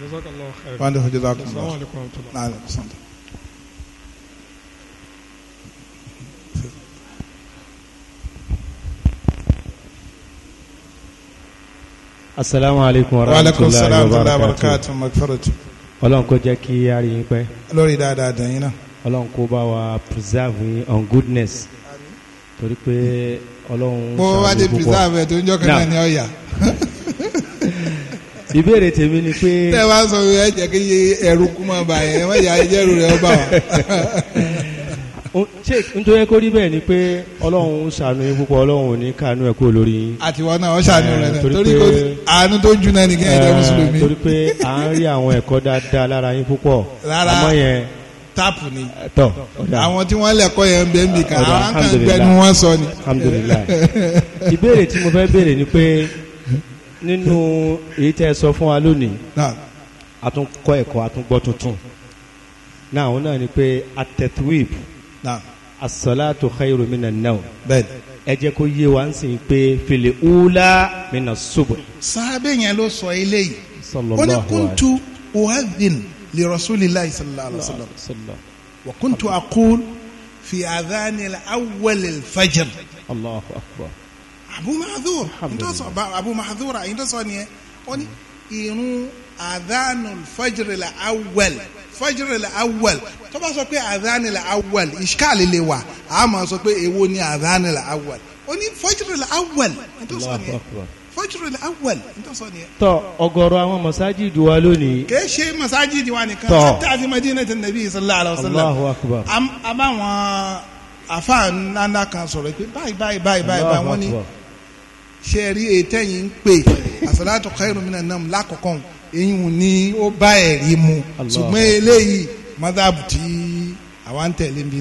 jazakallahu khairan. wàá dẹ́kun jazakallahu khairan. asalaamu aleykum wa rahmatulahi wa barakatu. wa aleykum salaam wa rahmatulahi wa barakatu. lórí dáadáa dẹ̀yìn náà ọlọ́run kó bá wa preserve yín on goodness torí pé ọlọ́run Mo pọ̀. bó wá dé preserve ẹ̀ tó ń jọ́ kan ní ọ̀yà. ìbéèrè tèmi ni pé. tẹ́ wá sọ ẹ jẹ́ kí ẹ̀rù kú máa bà yẹn wọ́n yà ẹjẹ́rù rẹ̀ ọba wa. ṣé nítorí kó rí bẹ́ẹ̀ ni pé ọlọ́run ṣàánú yín púpọ̀ ọlọ́run ò ní kàánú ẹ̀ kúrò lórí yín. àtiwọ́ náà wọ́n ṣàánú rẹ̀ náà torí pé àánú tó jù náà nìkan ẹ̀jẹ̀ mùsùlùmí. torí pé à ń rí àwọn ẹ̀kọ́ dáadáa lára yín púpọ̀ àmọ́ yẹn táàpù ni eh, àwọn tí wọ́n lẹ̀kọ́ yẹn ń bẹ ń bì kan àwọn kan gbẹnu wọn sọ ni. ìbéèrè tí mo fẹ́ béèrè ni pé nínú èyí tẹ́ ẹ sọ fún wa lónìí a tún kọ́ ẹ̀kọ́ a tún gbọ́ tuntun náà òun náà ni pé atẹ̀túwìp asọ́látò khairu minan náà ẹ jẹ́ kó yé wa ń sìn pé fèlè úlá minas subu. sábẹ́ yẹn ló sọ eléyìí ó ní kúntu uhadin li rasulillahi sallallahu alaihi wa sallam wa kuntu aqul fi adhani awwal al-fajr. allahu akbar. abu mahadura ntọ́sọ̀ abu mahadura ntọ́sọ̀ ni ẹ ọ ní irun adhanu al-fajr al-awwal fajr al-awwal tó bá sọ pé adhan al-awwal ishkaali lè wà á máa sọ pé èwo ni adhan al-awwal ó ní fajr al-awwal ntọ́sọ̀ ni ẹ fajrul awwal tọ ọ̀gọ̀rọ̀ àwọn masajidu wa lónìí. kì í ṣe masajidu wa nìkan tọ hatta fi madinati nabi sallallahu alaihi wa sallam Allahu akbar a bá wọn àfáà ńláńlá kan sọ̀rọ̀ pé báyìí báyìí báyìí báyìí wọ́n ní ṣe rí ètẹ́ yìí ń pè as-salatu khairun minan naum lákọ̀ọ́kọ́ eyín ni ó bá ẹ̀rí mu ṣùgbọ́n eléyìí madhabu tí àwa ń tẹ̀lé ń bí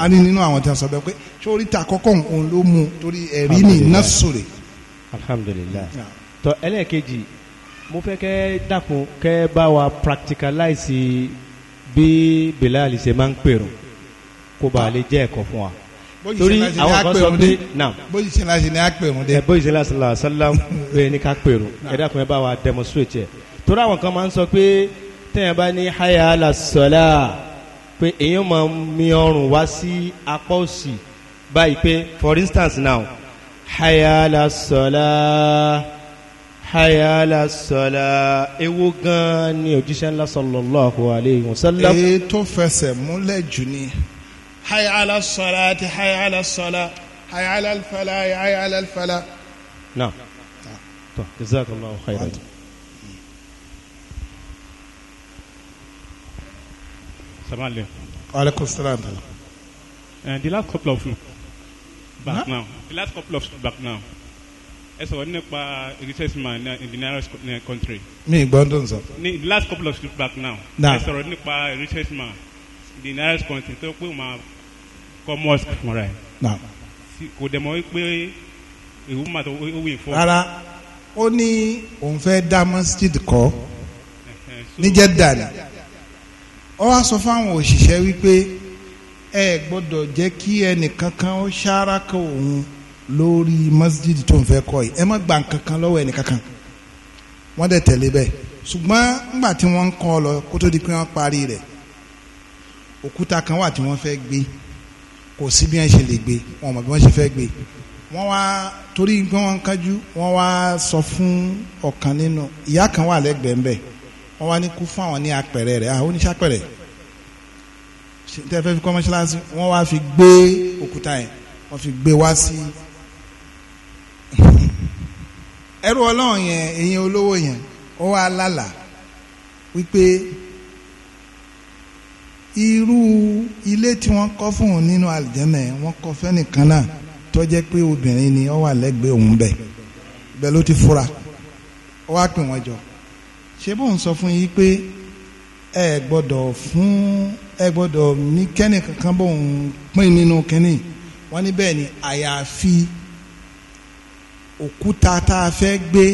a ní nínú àwọn tí a sọ bẹ́ẹ̀ pé sórí ta kọ́kọ́ òun ló mú torí ẹ̀rí ni násòrè. alhamdulilayi tọ ẹlẹ́ẹ̀kejì mo fẹ́ kẹ́ dàkún kẹ́ bá wa practicalize bí Bilal ṣe máa ń pèrò kó ba lè jẹ́ ẹ̀kọ́ fún wa torí àwọn kan sọ pé na bóyì sẹ́la ni a pèrò dé. bóyì sẹ́la ṣe sálá bẹ́ẹ̀ ni ká pèrò ẹ dàkún ẹ bá wa demonstrate ẹ̀ torí àwọn kan máa ń sọ pé tẹ̀yìn bá ní hayala sọ́lá pé èèyàn máa mi ọrùn wá sí apá òsì báyìí pé for instance now hayala sọlá hayala sọlá ewo gan ni òjíṣẹ́ ńlá sallallahu alayhi wa sallam. èyí tó fẹsẹ̀ múlẹ̀ jù ni hayala sọlá àti hayala sọlá hayala fẹlá hayala fẹlá. náà tó jazakallahu khairan. Salam alaikum. salam. Uh, the last couple of back huh? now. The last couple of back now. Ẹ sọ̀rọ̀ nípa richest man in the nearest eh, country. Mi gbọ́dọ̀ sọ. Ní the last couple of weeks back now. Na. Ẹ sọ̀rọ̀ nípa richest man in the nearest country tó pé ma kọ́ mosque fúnra ẹ̀. Na. Kò dẹ̀ mọ́ pé ìwú màtó ó wí fọ́. Rárá, ó ní òun fẹ́ dá masjid kọ́ níjẹ́ dàní ó wá sọ fáwọn òṣìṣẹ́ wípé ẹ gbọ́dọ̀ jẹ́ kí ẹnìkankan ó ṣáraka òun lórí masjid tó ń fẹ́ kọ́ yìí ẹ má gba nǹkankan lọ́wọ́ ẹnìkankan wọ́n dẹ̀ tẹ̀lé bẹ́ẹ̀ ṣùgbọ́n ńgbà tí wọ́n ń kọ́ ọ lọ kó tó di pé wọ́n parí rẹ̀ òkúta kan wà tí wọ́n fẹ́ gbé kò sí bí wọ́n ṣe lè gbé wọn mọ̀ bí wọ́n ṣe fẹ́ gbé wọ́n wá torí pé wọ́n ń kájú wọ́n wá sọ fún ọ̀kan nínú ìyá kan wà lẹ́gbẹ̀ẹ́ ńbẹ̀ wọ́n wá ní kú fún àwọn ní apẹ̀rẹ̀ rẹ̀ àwọn ah, oníṣẹ́ apẹ̀rẹ̀ tẹ́ fẹ́ fi kọ́ mọ́ṣáláṣí wọ́n wá fi gbé òkúta yẹn wọ́n fi gbé wá sí ẹrú ọlọ́run yẹn ẹ̀yin olówó yẹn ó wá lálàá wípé irú ilé tí wọ́n kọ́ fún un nínú àlìjẹ́nà wọ́n kọ́ fẹ́nìkan náà tó jẹ́ pé obìnrin ni ó wà lẹ́gbẹ̀ẹ́ òun bẹ̀ bẹ́ẹ̀ ló ti fura ó wá pè wọ́n jọ ṣé bó ń sọ fún yín pé ẹ gbọ́dọ̀ fún ẹ gbọ́dọ̀ ní kẹ́nì kankan bó ń pín nínú kínní wọ́n ní bẹ́ẹ̀ ni àyàfi òkúta tá a fẹ́ gbé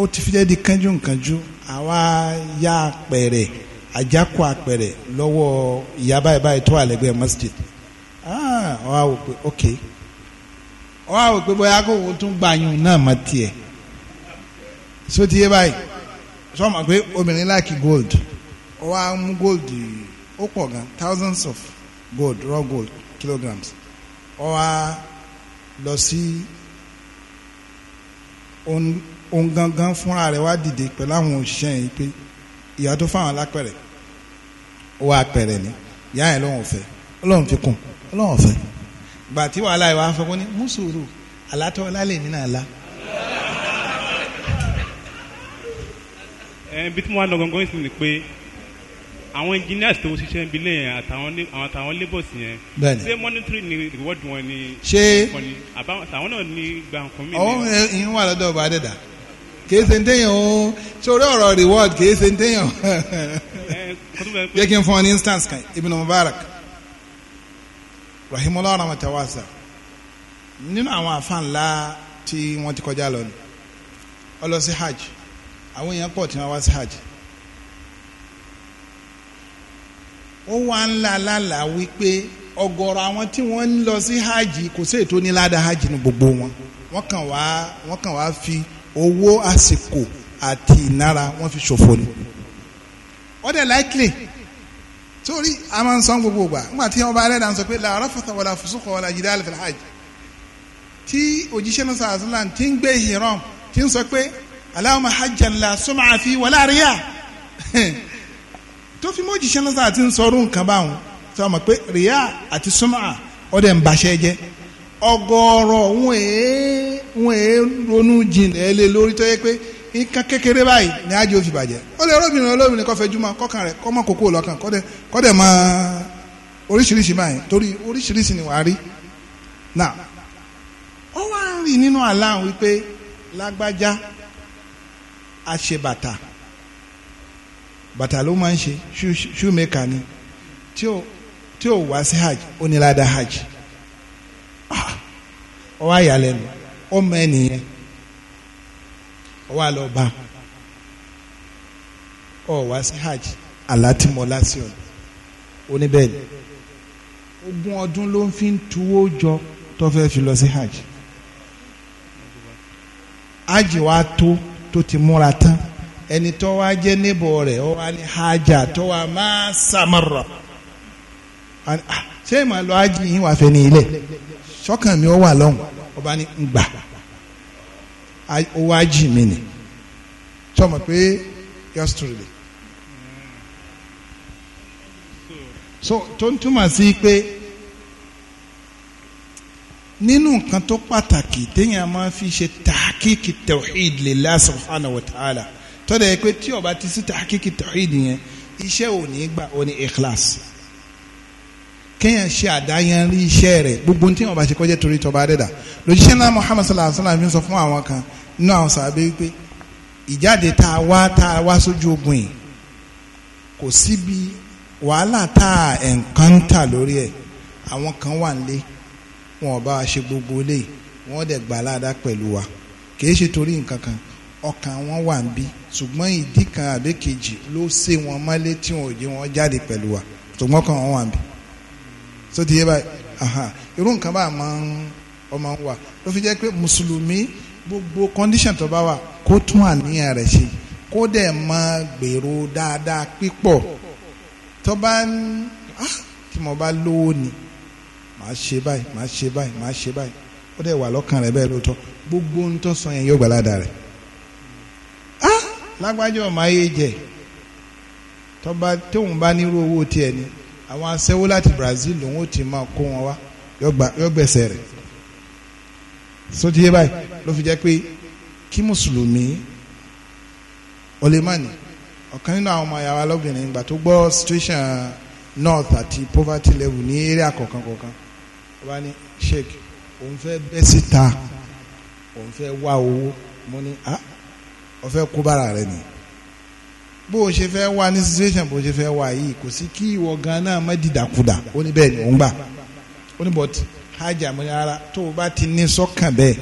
ó ti fi jẹ́ di kánjúǹkanjú àwa ya apẹ̀rẹ̀ àjákò apẹ̀rẹ̀ lọ́wọ́ ìyá báyìí báyìí tó wà lẹ́gbẹ̀ẹ́ masjid ah ọ̀ á wò pé ok ọ̀ á wò pé bóyá kò tún gbàyàn náà mọ̀ tiẹ̀ sótìyé báyìí sọ́mọ̀ pé obìnrin láìkí gold ó wá mú gold ó pọ̀ gan thousands of gold raw gold kilograms ó wá lọ sí ohun gangan fúnra rẹ̀ wá dìde pẹ̀lú àwọn òṣìṣẹ́ yìí pé ìyá tó fáwọn lápẹ̀rẹ̀ ó wá pẹ̀rẹ̀ ni ìyá yẹn lòun ò fẹ́ ọlọ́run fi kún ọlọ́run ò fẹ́ gbàtí wàhálà yìí wá fẹ́ kó ní mú sùúrù ọlá lè nínú àlá ibi tí mo wá lọ gangan sí ni pé àwọn engineers tó ṣiṣẹ́ ibi lẹ́yìn àtàwọn àtàwọn labours yẹn. bẹ́ẹ̀ni ṣé monitoring ni reward wọn ni. ṣé àtàwọn náà ni gba nǹkan mi. ọ̀hún ìyún wà lọ́dọ̀ ọba àdẹ́dà kìí ṣe ń téèyàn o sórí ọ̀rọ̀ reward kìí ṣe ń téèyàn. jẹ́ kí n fún ọ ní instance kan Ibn Mubarak rahimullah rahmatawasa nínú àwọn àfa ńlá tí wọ́n ti kọjá lọ ni ó lọ hajj àwọn èèyàn pọ̀ tí wọ́n wá sí hajj ó wá ń la lálàá wípé ọ̀gọ̀rọ̀ àwọn tí wọ́n ń lọ sí hajj kò sí ètò níláda hajj ní gbogbo wọn wọ́n kàn wá wọ́n kàn wá fi owó àsìkò àti ìnara wọ́n fi ṣòfò ni ó dẹ̀ likely torí a máa ń san gbogbo gbà nígbà tí ọba alẹ́dàá ń sọ pé la rafatha wala fusuqa wala jidala fil hajj tí òjíṣẹ́ náà sàásìlà ti ń gbé ìhìrán ti ń sọ pé Allahumma hajjan la sum'a fi wala riya tó fi mọ́ òjìṣẹ́ náà àti ń sọrú nǹkan báwọn pé riya àti sum'a ọ̀dẹ̀ ń baṣẹ́ jẹ́ ọgọ́rọ̀ wọn èé wọn èé ronú jinlẹ̀ lé lórí tó yẹ pé nǹkan kékeré báyìí ni ájì ó fi bàjẹ́ ó lè rọ́bìnrin olóbìnrin kọ́ fẹ́ júmọ́ kọ́kàn rẹ̀ kọ́ mọ́ kókó lọ́kàn kọ́dẹ̀ mọ́ oríṣiríṣi báyìí torí oríṣiríṣi ni wàá rí náà ó wá ń rìn nínú àlá wípé lágbájá a ṣe bàtà bàtà ló máa ń ṣe ṣúmẹ́kà ni tí ò tí ò wá sí hajj ó ní ládà hajj ah, ó wá yàlẹ́nu ó mọ ẹnìyẹn ó wá lọ bá ó wá sí hajj aláàtìmọ́lá sí ọ̀nà ogún ọdún ló fi ń tuwó jọ tó fẹ́ fi lọ sí hajj hajj wa tó tó ti múra tán ẹni tó wá jẹ́ níbọ̀ rẹ̀ ó wá ní hajà tó wá máa samara ah, ṣé màá lọ ájì yín wà fẹ́ ilẹ̀ sọ́kàn mi ó wà lọ́hùn ọba ní gbà ó wá jì mí ni tọmọ pé yesterday so tó ń túmọ̀ sí pé nínú nǹkan tó pàtàkì téèyàn máa fi ṣe tàà tahqiqi tawhid lillah subhanahu wa ta'ala tọ́da yẹ pé tí ó bá ti sí tahqiqi tawhid yẹn iṣẹ́ ò ní gbà ó ní ikhlas kéèyàn ṣe àdáyanrí iṣẹ́ rẹ̀ gbogbo tí ó bá ṣe kọjá torí tọba adẹ́dà lójúṣẹ́ náà Muhammad sallallahu alayhi wa sallam fi sọ fún àwọn kan inú àwọn sàbẹ̀ wípé ìjáde tá a wá tá a wá sójú ogun yìí kò síbi wàhálà tá a ẹ̀ǹkan tà lórí ẹ̀ àwọn kan wà ń lé wọn ò ṣe gbogbo eléyìí wọn dẹ̀ gbà ládàá pẹ̀lú wa kìí ṣe torí nǹkan kan ọkàn wọn wà ń bí ṣùgbọ́n ìdí kan àbí kejì ló ṣe wọn mọ́lé tí wọn ò jẹ́ wọn jáde pẹ̀lú wa ṣùgbọ́n kan wọn wà ń bí so ti yé báyìí irú nǹkan bá ọmọ wa ló fi jẹ́ pé mùsùlùmí gbogbo condition tó bá wà kó tún àníyàn rẹ̀ ṣe kó dẹ̀ máa gbèrò dáadáa pípọ̀ tó bá ń ah, tí mo bá lówó ni màá ṣe báyìí màá ṣe báyìí màá ṣe báyìí ó dẹ̀ wà lọ́kàn rẹ̀ bẹ́ẹ̀ lóòótọ́ gbogbo ń tọ́ sọ yẹn yóò gbàládà rẹ̀ á ayé jẹ tọba tóun bá nírú owó tiẹ̀ ni àwọn láti Brazil lòun ó ti máa kó wọn wá yọ gbẹ̀sẹ̀ rẹ̀ sotiye báyìí ló fi jẹ́ pé kí mùsùlùmí olemani ọ̀kan nínú àwọn ọmọ tó gbọ́ situation north àti poverty level ní sheik òun fẹ́ bẹ́ òun fẹ́ wá owó mo ní ah ó fẹ́ kó bára rẹ ni bó o ṣe fẹ́ wá ní situation bó o ṣe fẹ́ wá yìí kò sí kí ìwọ gan náà má dìdàkudà ó ní bẹ́ẹ̀ ni òun gbà ó ní but hájà mo ní ara tó o bá ti ní sọ́kàn bẹ́ẹ̀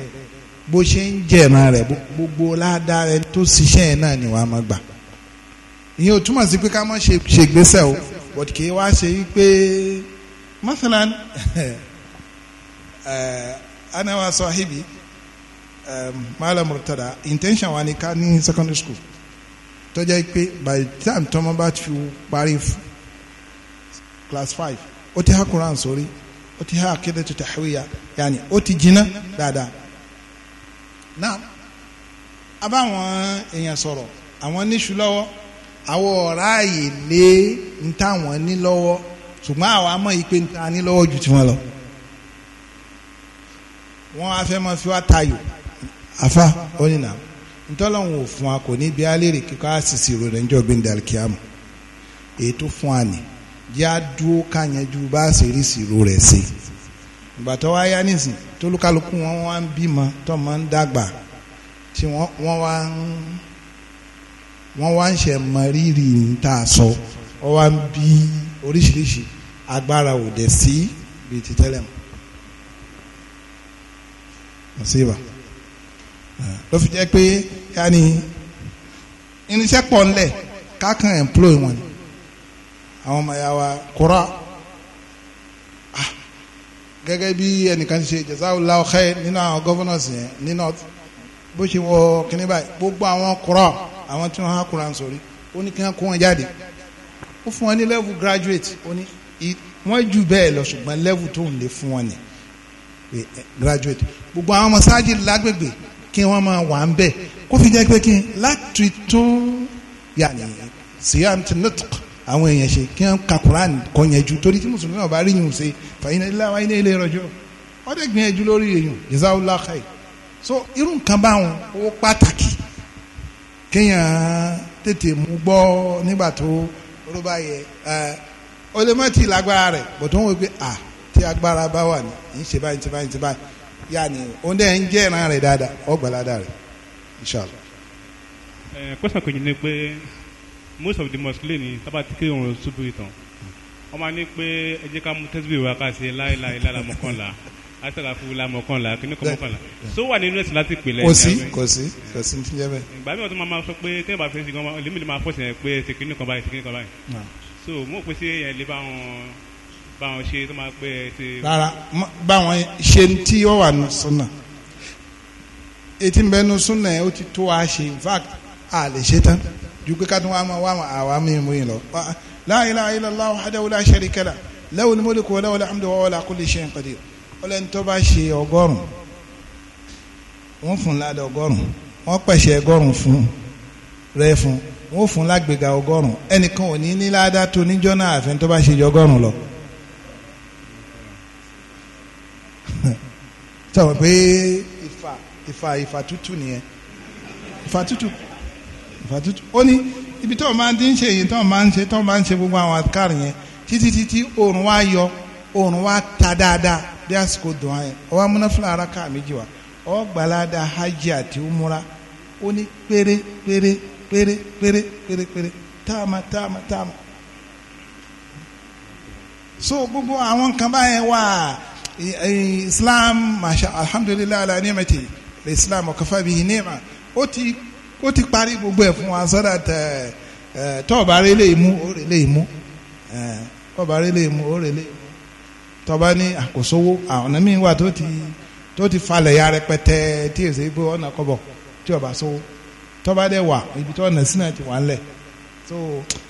bó ṣe ń jẹ̀ràn rẹ̀ gbogbo ládàá rẹ̀ tó ṣiṣẹ́ yẹn náà ni wàá máa gbà ìyẹn ò túmọ̀ sí pé ká má ṣe gbèsè o but kì í wá ṣe wípé masalan eh, anawa sahibi. Um, malamur Murtada intention wa ni ká ní secondary school to jẹ́ pe by the time tọ́mọ bá fi pari class five o ti ha Quran sori o ti ha akéde tó tàwíyà yani o ti jiná dáadáa náà abáwọn èèyàn sọ̀rọ̀ àwọn níṣu lọ́wọ́ àwọn ọ̀rá yìí lé ń táwọn ní lọ́wọ́ ṣùgbọ́n àwọn amọ̀ yìí pé ń ta ní lọ́wọ́ ju fi afa onina ntọ́lọ́hún ò fún wa kò ní bí alérè kíkọ́ àṣìṣe ìròyìn ẹjọ́ bí ndàlí kíámù ètò fún wa ni yá dúró káyanjú bá a ṣe rí ìṣirò rẹ̀ ṣe ìgbà tó wá yá nísìn tólúkálukú wọn wá ń bímọ tó máa ń dàgbà tí wọ́n wá ń wọ́n wá ń ṣe mọ rírì ń tà sọ wọ́n wá ń bí oríṣiríṣi agbára ò sí bíi ti tẹ́lẹ̀ mọ́ ló fi jẹ́ pé yanni irinṣẹ́ pọ̀ ńlẹ̀ kákan employ wọn àwọn ọmọ ya wa kura ah, gẹ́gẹ́ bí ẹnìkan ṣe jazakallahu khair nínú àwọn governors yẹn ní north bó ṣe wọ kíní báyìí gbogbo àwọn kura àwọn tí wọ́n á kura sórí ó ní kí wọ́n kó wọn jáde ó fún wọn ní level graduate ó ní wọ́n jù bẹ́ẹ̀ lọ ṣùgbọ́n level tó ń lè fún wọn ni eh, graduate gbogbo àwọn ọmọ sáájì lágbègbè kí wọ́n máa wà ń bẹ̀ kó fi jẹ́ pé kí n láti tún yàní siyam ti nutq àwọn èèyàn ṣe kí wọ́n ka Quran kọ́ yẹn ju torí tí mùsùlùmí náà bá rí yìnyín ṣe fàyín náà iláwá iná ilé rọjò wọ́n dẹ̀ gbìyànjú lórí èèyàn jazakallahu khair so irú nǹkan báwọn ó pàtàkì kéèyàn tètè mú gbọ́ nígbà tó ló bá yẹ ọ eh, lè má ti lágbára rẹ̀ bọ̀dọ̀ wọn wọ́n gbé à agbára bá wà ní ìṣe ti báyìí ti báyìí yaani òun dẹ́ ń jẹ́ ìran rẹ̀ dáadáa ọgbàládà rẹ̀ inshallah. ẹ eh, kwesàn kejì ni pé most of the mosque lè ní sábà tí kí òun ṣubú ìtàn wọ́n máa ní pé ẹ jẹ́ ká mú tẹ́síbì wá ká ṣe láìláì lára mọ́kànlá asarafu la mọ́kànlá kíní kan mọ́kànlá so wà nínú ẹ̀sìn láti pè lẹ́yìn. kò sí kò sí kò sí ti jẹ́ bẹ́ẹ̀. ìgbà mi ò tún máa sọ pé tẹ́lẹ̀ bá fẹ́ sí gan lèmi lè máa fọ́ sí yẹn pé ṣe kan báyìí ṣe kan báyìí so mo pèsè yẹn lè bá wọn báwọn ṣe tó máa pẹ́ ti. rárá báwọn ṣe tí ó wà nù súnà etí ń bẹnu súnà ó ti tó a ṣe in fact a lè ṣe tán ju pé ká tún wá máa wá àwa mi mú yín lọ. la ilaha illallah wahdahu la sharika lah lahul mulku wa lahul hamdu wa huwa ala kulli shay'in qadir ọlẹ́ni tó bá ṣe ọgọ́rùn-ún wọ́n fún ládàá ọgọ́rùn-ún wọ́n pẹ̀ṣẹ̀ ọgọ́rùn-ún fún rẹ fún wọ́n fún lágbègà ọgọ́rùn-ún ẹnìkan ò ní ní ládàá tó níjọ́ náà àfẹn tó bá ṣe jọ ọgọ́rùn lọ. sọ pé ìfà ìfà ìfà tútù nìyẹn ìfà tútù ìfà tútù ó ní ibi tó máa ń ti ń ṣe yìí tó máa ń ṣe tó máa ń ṣe gbogbo àwọn àkàrà yẹn títí títí oòrùn wa yọ oòrùn wa ta dáadáa bí àsìkò dùn ayẹ ọwọ amúnáfúlà ara ká méjì wa ọwọ gbàládà hajj àti umura ó ní péré péré péré péré péré péré táàmà táàmà táàmà so gbogbo àwọn kan báyẹn wà islam masha alhamdulilayi ala nimati islam ọ̀kọ́fà bíi nima ó ti ó ti parí gbogbo ẹ̀ fún wa sọ́dà tẹ̀ ẹ̀ tọ́ọ̀bà rẹ lè mú ó rẹ lè mú ẹ̀ tọ́ọ̀bà rẹ lè mú ó rẹ lè mú tọ́ọ̀bà ní àkósówó àwọn míín wà tó ti tó ti falẹ̀ ya rẹpẹtẹ tí èsè gbé ọ̀nà kọ́bọ̀ tí ọba sówó tọ́ọ̀bà dẹ̀ wà ibi tí ọ̀nà sínú ti wà ńlẹ̀ so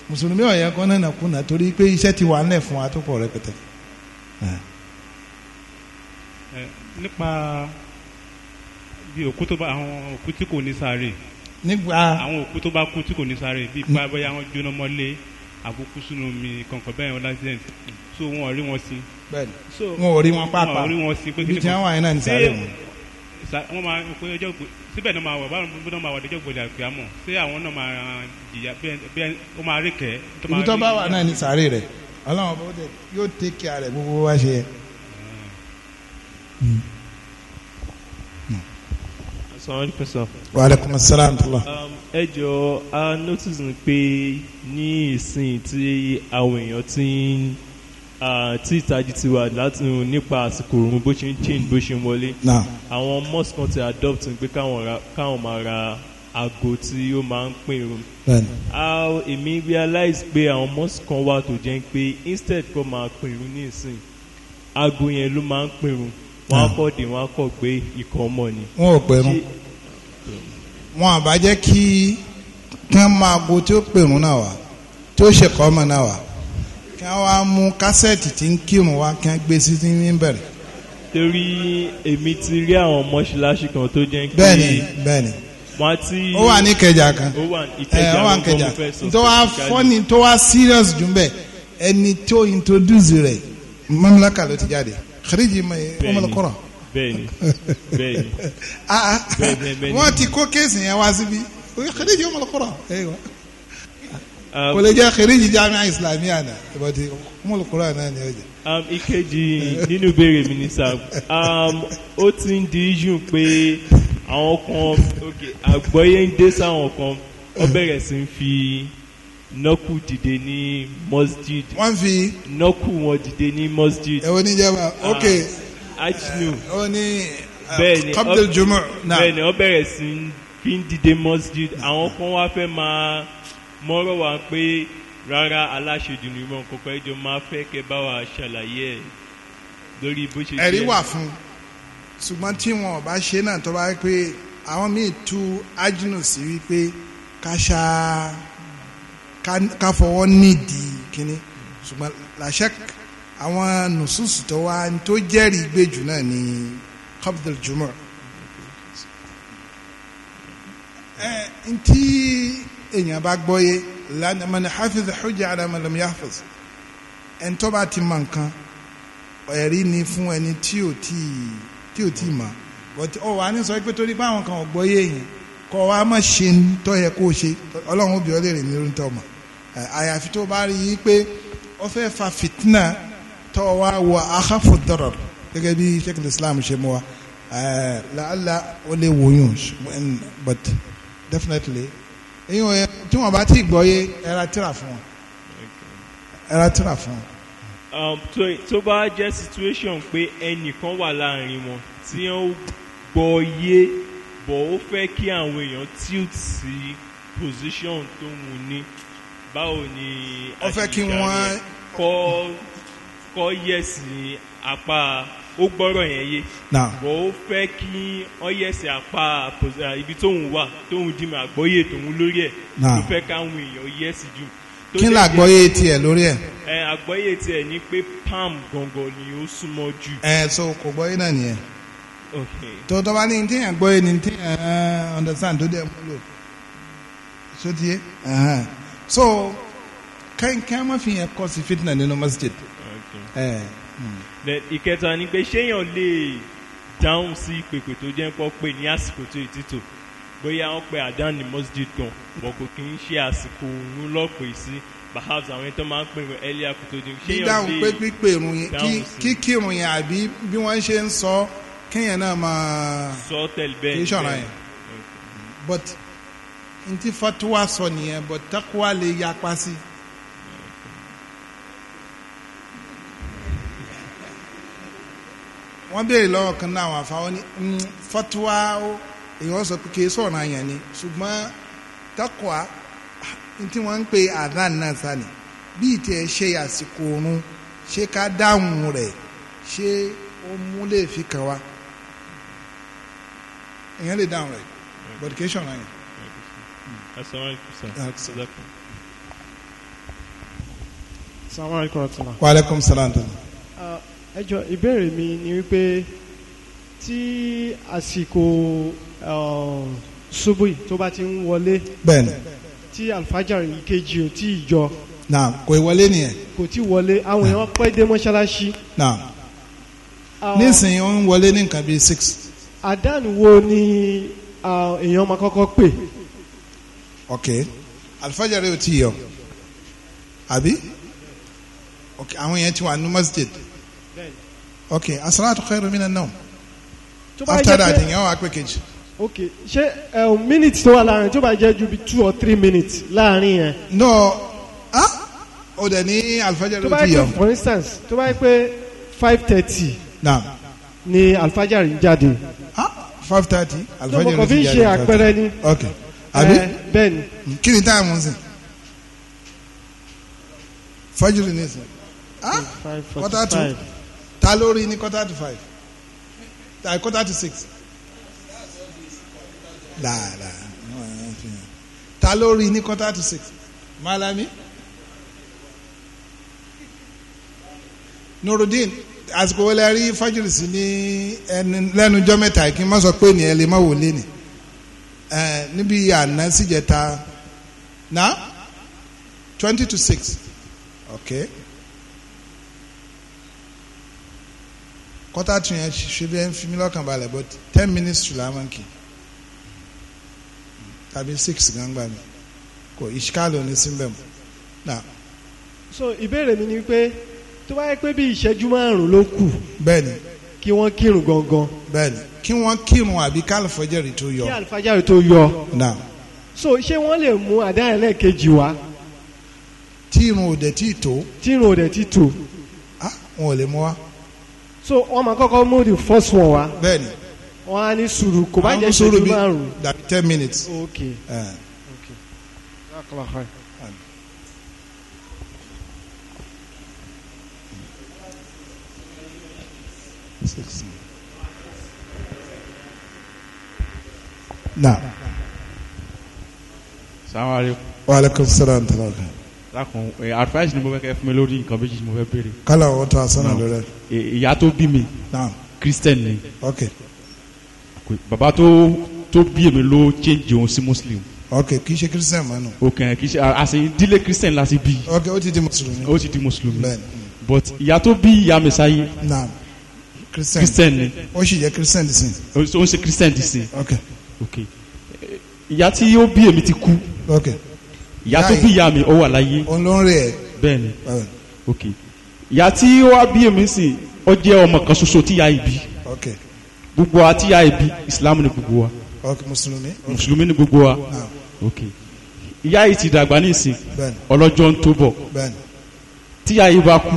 mùsùlùmí ọ̀yẹ́ kan náà kùnà torí pé iṣẹ́ ti wà ńlẹ̀ fún wa tó pọ̀ rẹpẹtẹ. Eh nípa bí òkú tó bá àwọn òkú tí kò ní sáré. nígbà àwọn òkú tó bá kú tí kò ní sáré bíi bóyá wọn jóná mọ́lé àbùkù sínú omi kankan bẹ́ẹ̀ wọn accident so wọn ò rí wọn sí. bẹ́ẹ̀ni wọn ò rí wọn pàápàá wọn ò rí wọn sí pé kí ni kò sí wọ́n máa ń pe ọjọ́ síbẹ̀ náà máa wà báwọn náà máa wà dẹjọ́ gbòdì àgbàmọ̀ ṣé àwọn náà máa jìyà bẹ́ẹ̀ ó máa rí kẹ́. ibi tó bá wà náà ní sàárè rẹ̀ ọlọ́run yóò take care rẹ̀ gbogbo wá ṣe yẹ. Mm. asalaamualeykum sir. waaleykum salaam tala. Um, ẹ jọ a notice ni pé ní ìsìn tí àwọn èèyàn ti ń tí ìtají ti wà láti nípa àsìkò òun bó ṣe ń change bó ṣe ń wọlé. àwọn mosque kan ti adopt pé káwọn máa ra aago tí ó máa ń pín irun. how èmi realize pé àwọn mosque kan wà tó jẹ́ pé instead kó máa pín irun ní ìsìn aago yẹn ló máa ń pín irun wọn á kọ́ hmm. wọn á gbé ikọ̀ ọmọ ni. wọn ò pẹ̀rùn wọn àbá jẹ́ kí kí wọ́n máa go tí ó pèrún náà wá tí ó ṣèkọ́ ọmọ náà wá kí wọ́n wá mú kásẹ̀tì tí ń kírun wá kí wọ́n gbé sí tí bẹ̀rẹ̀. torí èmi ti rí àwọn mọ́ṣáláṣí kan tó jẹ́ kí. bẹ́ẹ̀ni bẹ́ẹ̀ni wọn ti. ó wà ní kẹjà kan ó wà ní kẹjà tó wá fọ́ni tó wá serious jù bẹ́ẹ̀ ẹni tó introduce rẹ̀ mọ́mílákà ló ti jáde kìrìjì mọ̀ ẹ́ ọmọlẹ́kọ̀rọ̀. bẹ́ẹ̀ni bẹ́ẹ̀ni bẹ́ẹ̀ni. wọ́n ti kó kéèsì yẹn wá síbi kìrìjì ọmọlẹ́kọ̀rọ̀ kò lè jẹ́ kìrìjì jamiu islamiyah náà ìbọ̀dì ọmọlẹ́kọ̀rọ̀ náà ni ó jẹ́ um, ìkejì nínú ìbéèrè mi ni sir um, ó ti ń di issue pé àwọn kan okay, àgbọ́yé ń dé sáwọn kan ó bẹ̀rẹ̀ nọ́kù dìde ní masjid. wọ́n fi. nọ́kù wọn dìde ní masjid. ẹ̀wọ̀n ní ìjọba ah, ok. ajinu. ẹ̀wọ̀n ní bẹ́ẹ̀ni qabdul jumu. bẹ́ẹ̀ni ó bẹ̀rẹ̀ sí fi ń dìde masjid àwọn kan wá fẹ́ máa mọ́rọ̀ wá pé rárá aláṣejù ni ìmọ̀ kọ̀ọ̀kan ẹjọ́ máa fẹ́ kẹ́ bá wa ṣàlàyé ẹ̀ lórí bó ṣe jẹ́. ẹ̀rí wà fún ṣùgbọ́n tí wọn ò bá ṣe náà tó bá pé àwọn míì tú ajinu sí wípé ká ṣáá ká fọwọ́ nídìí kínní ṣùgbọ́n làṣẹ àwọn nùsùsù tó wá tó jẹ́rìí gbèjù náà ní qabdul jumur. ẹ ntí èèyàn bá gbọ́yé lánàá mọ̀ ní hafiz hujja ala man lam yahfiz ẹ̀ ń tọ́ bá ti mọ̀ nǹkan ẹ̀rí ni fún ẹni tí ò tí tí ò tí mọ̀ bọ̀tí ọ̀ wá ní sọ pé torí báwọn kan ò gbọ́ yé yẹn kọ́ wa má ṣe tọ́ yẹ kó o ṣe ọlọ́run ó bi ọ́ léèrè ní ló tọ́ mọ̀ àyàfi tó bá rí i pé ó fẹ́ fa fìtínà tó wá wọ akhafu darar gẹ́gẹ́ bí sheikh islam ṣe mú wa làálà ó lè wòyún but definitely èyí tí wọn bá ti gbọ́ yé ẹra tíra fún wọn ẹra tíra fún wọn um, tó bá jẹ́ situation pé ẹnìkan wà láàrin wọn tí wọ́n gbọ́ yé bọ̀ ó fẹ́ kí àwọn èèyàn tilt sí position tó wù ní báwo ni a ṣe gbà kọ́ kọ́ yẹ̀sì apá ó gbọ́rọ̀ yẹn yé bọ́ ó fẹ́ kí ọ yẹ̀sì apá ibi tóun wà tóun dì mí àgbọ́yé tóun lórí ẹ̀ ló fẹ́ káwọn èèyàn yẹ̀sì jù. kí ni àgbọ́yé tiẹ̀ lórí ẹ̀. ẹ àgbọ́yé tiẹ̀ ni pé palm gangan ni ó súnmọ́ jù. ẹ so kò gbọ́yé náà nìyẹn tó tọ́ bá ní ní tíyàn gbọ́yé ní understand tó dẹ̀ mú lò huh so kẹ́ńkẹ́ má fi yẹn kọ́ sí fitna nínú masjid. Hmm. ìkẹta ni pé ṣéyàn lè dáhùn sí ìpèpè tó jẹ́ pọ́ pé ní àsìkò tó yìí títò bóyá wọ́n pe àdán ní masjid gan bọ̀ kò kì í ṣe àsìkò òun lọ́pẹ̀ sí perhaps àwọn tó máa ń pè wọ́n earlier kò tó di ṣéyàn lè dáhùn sí. dídáhùn pé pípè irun yẹn kíkí irun yẹn àbí bí wọ́n ṣe ń sọ kéèyàn náà máa. sọ tẹ̀lé bẹ́ẹ̀ ni bẹ́ẹ̀ but ntí fatuwa sọ nìyẹn e, bọ̀ takuwa le ya sí. wọ́n béèrè lọ́wọ́ kan náà àwọn àfáwọn ni mm, fatuwa èèyàn sọ pé kìí sọ̀rọ̀ àyàn ni ṣùgbọ́n takuwa nti wọ́n ń pe àdán náà sani bí ìtì ẹ̀ ṣe àsìkò oorun ṣé ká dáhùn ó fi kàn wá èèyàn lè dáhùn rẹ̀ bọ̀dùkẹ́sọ̀rọ̀ àyàn. wa aleykum salaam tó. ẹ jọ ìbéèrè mi ni wípé tí àsìkò um, ṣubú tó bá ti ń wọlé. bẹ́ẹ̀ni. tí alfajari ìkejì ò tí ì jọ. naam kò ì wọlé nìyẹn. kò tí ì wọlé àwọn èèyàn pẹ́ dé mọ́ṣáláṣí. naam um, nísìnyí ó ń wọlé ní nǹkan bíi six. àdánù wo ni uh, èèyàn máa kọ́kọ́ pè okay alifajare ò tí yọ àbí okay àwọn yẹn ti wà ní masjid okay asalaatu khairu minan naum after that ìyẹn wà pé kejì. ok ṣé um, minute tó wà láàrin tó bá jẹ́ ju bí two or three minutes láàrin yẹn. no ah o dẹ̀ ní alifajare ò tí yọ. for instance tó bá yẹ pé five thirty. naam ni alifajare jáde. ah five thirty alifajare ti jáde. tó mo kàn fi ṣe àpẹẹrẹ ni. okay àbí eh, bẹ́ẹ̀ni. kí ni táàmù ń sìn fajiri ní sìn ah eh, quarter to ta lórí ní quarter to five ta quarter to six laala ta lórí ní quarter to six malami nurudin àsìkò wọlé rí fajiri sí ní ẹnu lẹ́nu jọ́ mẹ́ta kí n má sọ pé ní ẹ lè má wò lé ni ẹ níbi àná síjẹta na twenty to six okay kọ́tà tún yẹn ṣe bí ẹ ń fi but ten minutes to la máa ń kì six gangba mi kò ìṣkáàlù ní síbẹ̀ na. so ìbéèrè mi ni pé tó bá yẹ pé bí ìṣẹ́jú márùn-ún ló kù. bẹ́ẹ̀ni. kí wọ́n kírun gangan. bẹ́ẹ̀ni kí wọ́n kírun àbí kí alifajari tó yọ. kí alifajari tó yọ. na. so ṣé wọ́n lè mú àdáyà lẹ́ẹ̀kejì wá. tí irun ò dẹ̀ tí tó. tí irun ò tí tó. ah wọn ò lè mú wa. so wọ́n máa kọ́kọ́ mú the first one wá. bẹ́ẹ̀ni. wọ́n á ní sùúrù kò bá jẹ́ sùúrù márùn. dàbí ten minutes. ok uh. ok. Six. na. salaamaaleykum. waaleykum salaam tala. lakun eh, advice ni mo fẹ́ kẹ́ fún mi lórí nǹkan méjì mo fẹ́ béèrè. kálá wọn tó a sánà lórí. Eh, ìyá tó bí mi. naam. christian ni. ok. bàbá tó tó bí èmi ló change òun sí muslim. ok kì í ṣe christian mọ́nà. ok kì í ṣe àṣẹ ìdílé christian la ti bí. ok ó ti di mùsùlùmí. ó ti di mùsùlùmí. bẹ́ẹ̀ni. but ìyá tó bí ìyá mi sáyé. naam christian ni. o sì jẹ́ christian disin. o ń ṣe christian disin. ok. okay okay ìyá tí ó bí èmi ti kú okay ìyá tó bí ìyá mi ó wà láyé òun okay ìyá tí ó wá bí èmi sì ó jẹ́ ọmọ kan ṣoṣo tí ìyá ìbí okay gbogbo wa tí ìyá ìbí islam ni gbogbo wa okay mùsùlùmí mùsùlùmí ni gbogbo wa ah. okay ìyá yìí ti dàgbà nísìn ọlọ́jọ́ ń tó bọ̀ tí ìyá yìí bá kú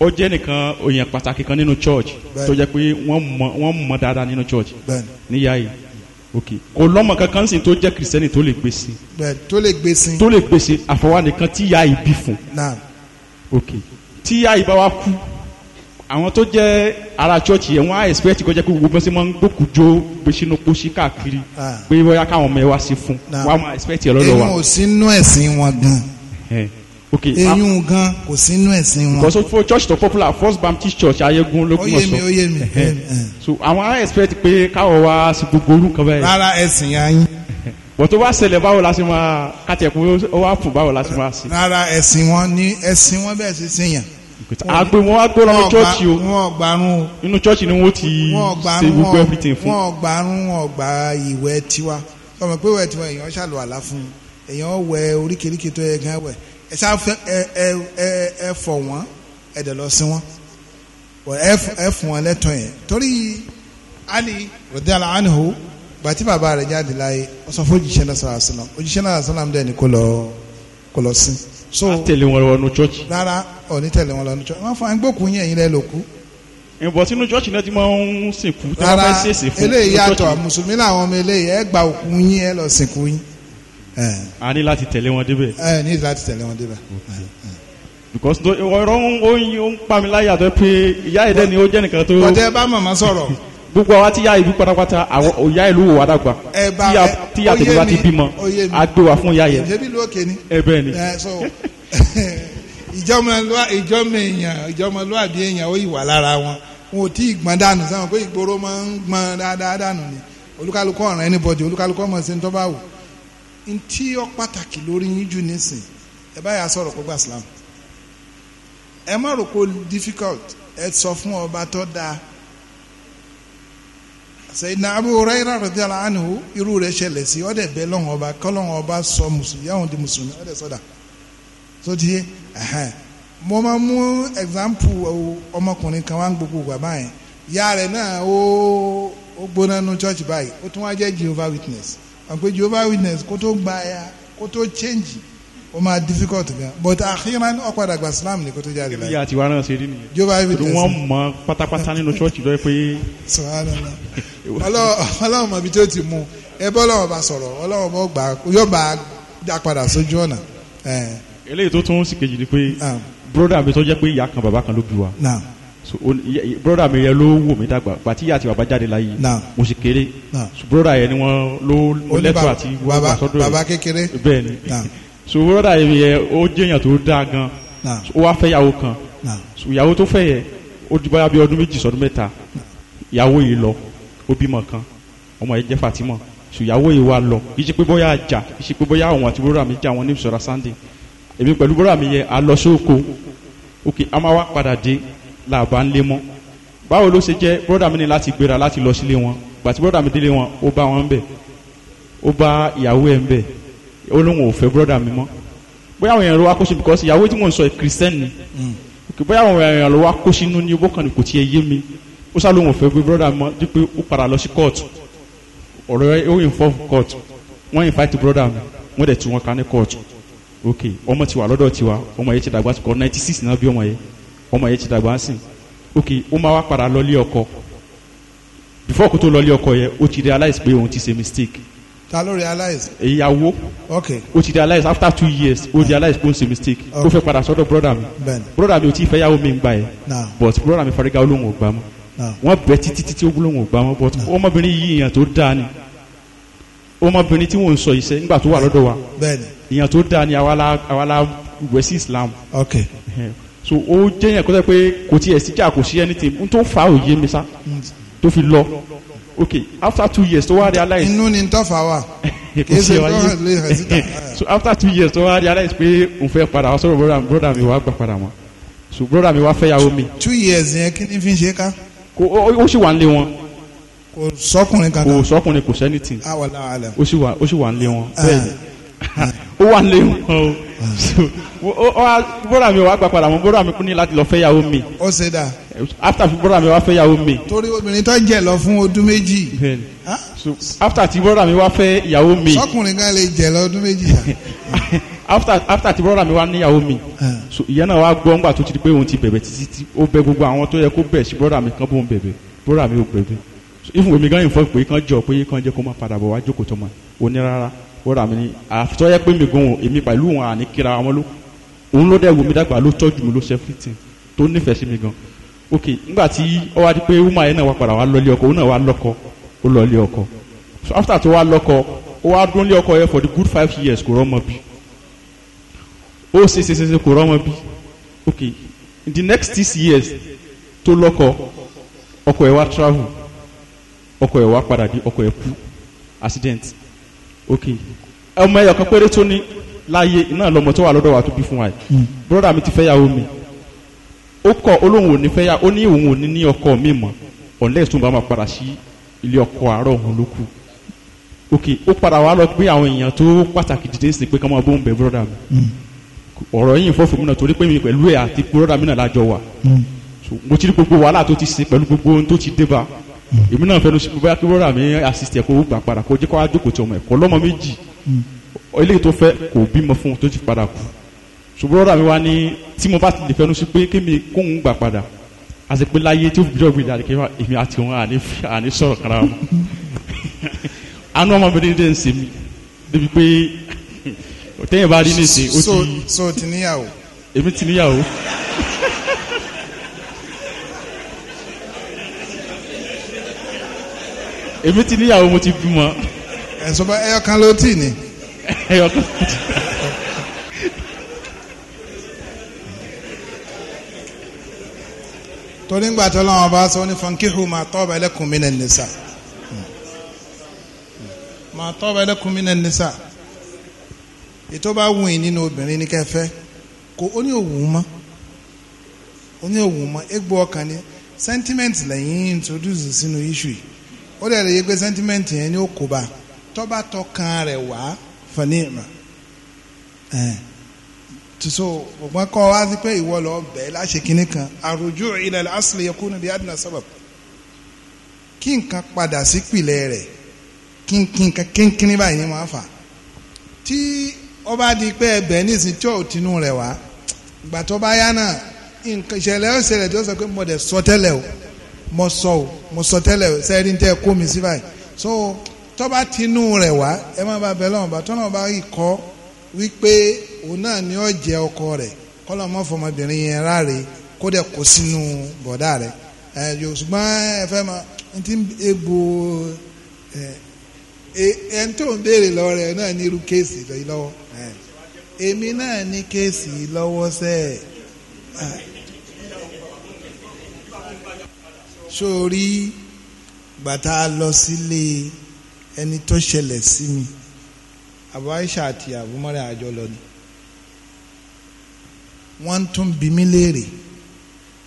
ó jẹ́ nìkan èèyàn pàtàkì kan nínú church tó jẹ́ pé wọ́n mọ̀ dáadáa nínú church níyà yìí ok kò lọ́mọ kankan sìn tó jẹ́ kìrìsìtẹ́nì tó lè gbèsè. bẹ́ẹ̀ tó lè gbèsè. tó lè gbèsè àfọwọ́ nìkan tí ya ìbí fún. naam. ok tí ya ìbá wa kú àwọn tó jẹ́ ara chọ́ọ̀chì yẹn wọ́n á expect kọjá pé gbogbo ṣe máa ń gbókù jó gbèsínú pósí káàkiri ah. pé wọ́n yá káwọn ọmọ ẹ wá sí fún wọ́n á máa expect ẹ lọ́dọ̀ wa. èmi ò sínú ẹ̀sìn wọn gan okay eyín gan kò sínú ẹ̀sìn wọn. because for church to popular first baptist church ayégun lókun ọ̀sán. ó yé mi ó mi. Eh. so àwọn á expect pé káwọ̀ wá sí gbogbo orúkọ bẹ́ẹ̀. rárá ẹ̀sìn yà yín. bọ̀ tó bá ṣẹlẹ̀ báwo la ṣe máa kàtẹ́kùn ó wá fún báwo la ṣe máa ṣe. rárá ẹ̀sìn wọn ni ẹ̀sìn wọn bẹ́ẹ̀ ṣe ṣèyàn agbe wọn wá gbọ́dọ̀ chọ́ọ̀chì o wọn gbarun o inú ni wọ́n ti ṣe gbogbo everything fún. wọn gbarun wọn gba ìwẹ̀ tiwa ọmọ pé ìwẹ̀ tiwa èèyàn ṣàlùwàlá fún èèyàn wẹ oríkèéríkèé tó yẹ gan wẹ̀ ẹ sá fẹ ẹ ẹ ẹ fọ wọn ẹ dẹ̀ lọ sí wọn ẹ fún wọn lẹ́tọ̀ọ́ yẹn torí ali rọdíàlà anihu gbàtí bàbá rẹ̀ jáde láyé ó fún òjíṣẹ́ náà sọ̀rọ̀ àṣìlám òjíṣẹ́ náà sọ̀rọ̀ àmì dẹ́ni kò lọ kò lọ sí. so a tẹ̀lé wọn lọ nu church. rárá ò ní tẹ̀lé wọn lọ nu church wọn fún agbókùn yẹn yín lẹ́ ló kú. ìbọ̀ sínú church náà ti máa ń sìnkú rárá eléyìí yàtọ̀ mùsùlùmí làwọn ọmọ eléyìí ẹ gba òkú yín ẹ lọ sìnkú yín Eh. a ní láti tẹ̀lé wọn débẹ̀. ẹ eh, ní láti tẹ̀lé wọn débẹ̀. Eh, because ọ̀rọ̀ ń pa mi láyà tó pé ìyá ìdẹ́ ni ó jẹ́ nìkan tó. bọ̀dẹ́ bá màmá sọ̀rọ̀ gbogbo àwa tí ya ìlú pátápátá àwọn ìyá ìlú wò wá dàgbà tí ya tèmi bá ti bímọ a gbé wa fún ìyá yẹn. ìjẹ́bí ló kéne. ẹ bẹ́ẹ̀ ni. ìjọ́mọ èèyàn ìjọ́mọlúwàbí èèyàn ó ìwà lára wọn wọn ò tí ì gbọ́n dànù sáwọn pé ìgboro máa ń gbọ́n dáadáa dànù ni olúkálukọ́ ọ̀ràn ẹni bọ̀dì olúkálukọ́ mọ̀ sí ní tọ́ bá wù. ntí ọ pàtàkì lórí yín jù nísìn ẹ báyà sọ̀rọ̀ kó gbà Islam ẹ má rò kó difficult ẹ sọ fún ọba tó dáa Sayyidina Abu Hurairah radiyallahu anhu irú rẹ̀ ṣẹlẹ̀ sí ọ̀dẹ̀ bẹ́ẹ̀ lọ́wọ́ ọba kọ́lọ́wọ́ ọba sọ mùsùlùmí yàwọn di mùsùlùmí ọ̀dẹ̀ sọ̀dà sódì ẹ̀hẹ́n mo máa mú example ọmọkùnrin kan wá gbogbo bàbá yẹn ìyá náà ó gbóná nu church báyìí ó tún wá àpè Jehovah witness kó tó gba ya kó tó change ó máa difficult gan but àkíyàn ó padà gba Islam ni kó tó jáde láyé. ìyá àti wàhálà ṣe rí nìyẹn. Jehovah witness ni wọ́n mọ pátápátá nínú ṣọ́ọ̀ṣì lọ́ọ́ pé. ọlọ́run mọ̀ bí tí ó ti mú ẹ bọ́ ọlọ́run bá sọ̀rọ̀ ọlọ́run bọ́ gbà yóò bá dá padà sójú ọ̀nà. eléyìí tó tún sì kejì ni pé broda mi tó jẹ́ pé ìyá kan bàbá kan ló bí wa so broda mi yẹ ló wò mí dàgbà pàtí àti bàbá jáde láyé mo sì kéré so broda yẹ ni wọn ló lẹtọ àti wọn bá sọdọ yẹ bàbá kékeré bẹ́ẹ̀ ni so broda yẹ ó jẹyàn tó dáa gan ó wá fẹ́ yàwó kan so yàwó tó fẹ́ yẹ ó di báyà bí ọdún méjì sọdún mẹ́ta yàwó yìí lọ ó bímọ kan ọmọ yẹn jẹ́ Fatima so yàwó yìí wá lọ kì í ṣe pé bóyá àjà kì í ṣe pé bóyá àwọn àti broda mi jẹ àwọn ní ìṣọra Sunday èmi pẹ̀lú broda mi yẹ alọ sóko ok a máa wá padà dé làbá ń lé mọ́ báwo ló ṣe jẹ́ bọ́dà mi ní láti gbéra láti lọ sílé wọn gbàtí bọ́dà mi délé wọn ó bá wọn ń bẹ̀ ó bá ìyàwó ẹ̀ ń bẹ̀ ó lóun ò fẹ́ bọ́dà mi mọ́ bóyá àwọn èèyàn ló wá kó sí because ìyàwó tí mò ń sọ kìrìsẹ́nì ni hmm. bóyá àwọn èèyàn ló wá kó sínú ní owó kan kò tiẹ̀ yé mi ó sá lóun ò fẹ́ gbé bọ́dà mi mọ́ dípé ó padà lọ sí kóòtù ọ̀rọ̀ ẹ̀ ó inform kóòtù wọ́n invite bọ́dà mi wọ́n dẹ̀ tú wọn ká ní kóòtù ok ọmọ tiwa lọ́dọ̀ tiwa ọmọ yẹn ti dàgbà tó kọ́ ninety six náà bí ọmọ yẹn ọmọ yẹn ti dàgbà ń sìn ok ó máa wá padà lọ lé ọkọ before kó tó lọ lé ọkọ yẹn ó ti realize pé òun ti ṣe mistake. ta ló realize. ìyàwó ok ó ti realize after two years ó realize pé ó ṣe mistake ó fẹ́ padà sọ́dọ̀ broda mi broda mi ò tí ì fẹ́ yàwó mi gbà yẹn but broda mi fariga olóhùn ò gbà mọ́ wọ́n bẹ títí títí olóhùn ò mọ́ but ọmọbìnrin yìí ìyàn tó dáa ni ọmọbìnrin tí wọ́n ń sọ iṣẹ́ nígbà tó wà lọ́dọ̀ wa ìyàn tó dáa ni àwa la àwa la wẹ̀ sí Islam. okay so ó jẹ́ yẹn kọ́tẹ́ pé kò tiẹ̀ síjà kò sí anything n tó fa òye mi sá tó fi lọ ok after two years tó wá realize. inú ni tó fa wa kò sí ọ̀rọ̀ lè so after two years tó wá realize pé òun fẹ́ padà wá sọ̀rọ̀ broda mi wá gbà padà mọ́ so broda mi wá fẹ́yàwó mi. two years yẹn kí ni fi ṣe ká. kò ó sì wà ń lé wọn. kò sọkùnrin kankan. kò sọkùnrin kò sẹ́ni tì. awàlá alẹ. ó sì wà ó sì wà ń lé wọn. Ah. bẹ́ẹ̀ ó wà lé wọn oh, o bóra mi wà gbà padà mọ bóra mi kún ní láti lọ fẹ́ mi. ó ṣe dà. after bóra mi wà fẹ́ yàwó mi. torí obìnrin tó jẹ lọ fún ọdún méjì. after ti bóra mi wà fẹ́ mi. sọkùnrin kan lè jẹ lọ ọdún méjì after after ti brother mi wá níyàwó mi so ìyá náà wá gbọ́ ńgbà tó ti di pé òun ti bẹ̀bẹ̀ títí tí ó bẹ gbogbo àwọn tó yẹ kó bẹ̀ sí brother mi kan bóun bẹ̀bẹ̀ brother mi ò bẹ̀bẹ̀ so ìfún omi gan yìí fọ́ pé kán jọ pé kán jẹ́ kó má padà bọ̀ wá jókòó tó ma onírara ó rà mí ní àfitọ́ yẹ pé mi gan èmi pẹ̀lú òun àní kíra wọn ló òun ló dẹ̀ wò mí dàgbà ló tọ́jú mi ló ṣe everything tó nífẹ̀ẹ́ sí mi gan ok nígbà tí ó wá di pé woman yẹn náà wá padà wá lọ́lé ọkọ òun náà wá lọ́kọ ó lọ́lé ọkọ so after tó wá lọ́kọ ó wá dún lé ọkọ yẹn for the good five years kò rọ́mọ bí ó ṣe ṣe ṣe kò rọ́mọ bí ok in the next six years tó lọ́kọ ọkọ ẹ̀ wá travel ọkọ ẹ̀ wá padà dé ọkọ ẹ̀ kú accident ok ọmọ ẹyọ kan péré tó ní láyé iná lọmọ tó wà lọ́dọ̀ wa tó bí fún wa yìí hmm. broda mi ti fẹ́ yàwó mi ó kọ̀ olóhùn ò ní fẹ́ yà ó ní òun ò ní ní ọkọ mi mọ́ unless tó ń bá máa padà sí ilé ọkọ àárọ̀ òun ló kù ok ó padà wá lọ pé àwọn èèyàn tó pàtàkì dìde sí pé ká máa bóun bẹ broda mi hmm. ọ̀rọ̀ yìí fọ́ fún mi náà torí pé mi pẹ̀lú ẹ̀ àti broda mi náà lájọ wà hmm. mo ti rí gbogbo wàhálà tó ti ṣe pẹ̀lú gbogbo ohun tó ti dé bá èmi náà fẹnu síbi bóyá kí wọ́n rà mí àsìsì ẹ̀kọ́ gbà padà kó jẹ́ kó wá jókòó ti ọmọ ẹ̀kọ́ lọ́mọ méjì hmm. eléyìí tó fẹ́ kò bímọ fún un tó ti padà kú ṣùgbọ́n rà mí wá ní tí mo bá ti lè fẹnu sí pé kémi kóhun gbà padà àti pé láyé tí ó fi jọ́gbìn dàrí kí èmi àti òun àní sọ̀rọ̀ kára wọn. anú ọmọbìnrin dé ń sè débi pé tẹ́yìn bá rí ní ìsìn ó ti. so ti níyàwó. èmi ti èmi ti níyàwó mo ti bímọ. ẹ̀sùn bá ẹyọ kan ló tì ní. ẹyọ kan ló tì ní. torí ń gbà tó lọ́wọ́ bá sọ ní fankihu ma taba lakum minan nisa ma taba lakum minan nisa ètò bá wù yín nínú obìnrin ní kẹfẹ́ kò ó ní òwú mọ́ ó ní òwú mọ́ égbò ọkàn ni sentiment lẹ́yìn introduce sínú issue yìí ó dẹ̀ lè yẹ pé sentiment yẹn ni ó kó tọ́ba rẹ̀ wá wá sí pé ìwọ lọ láṣẹ kínní kan àròjù ilal asli kí nǹkan padà sí pìlẹ̀ rẹ̀ kí nǹkan kínkínní báyìí ni wọ́n fà di pé nísìnyí tí ò tinú wá gbàtọ́ bá yá náà nǹkan ìṣẹ̀lẹ̀ ọ̀sẹ̀ rẹ̀ sọ pé o. mo sọ o mo sọ kó so tọ́ba tinú rẹ̀ wá ẹ má ba bẹ̀ lọ́wọ́ bá tọ́nà bá wípé òun náà ni ó ọkọ rẹ̀ kọ́lọ́ mọ́ fọmọbìnrin yẹn ráre kó dẹ̀ kó sínú bọ̀dá ẹ ṣùgbọ́n ma n ti egbò ẹ ẹ n tó ń béèrè lọ́wọ́ rẹ̀ náà ní irú kéèsì lọ́wọ́ èmi náà ní kéèsì lọ́wọ́ sẹ́ẹ̀. sórí gbàtà lọ sílé ẹni tó ṣẹlẹ̀ sí mi àbú Aisha àti àbú àjọ lọ ni wọ́n tún bí mí léèrè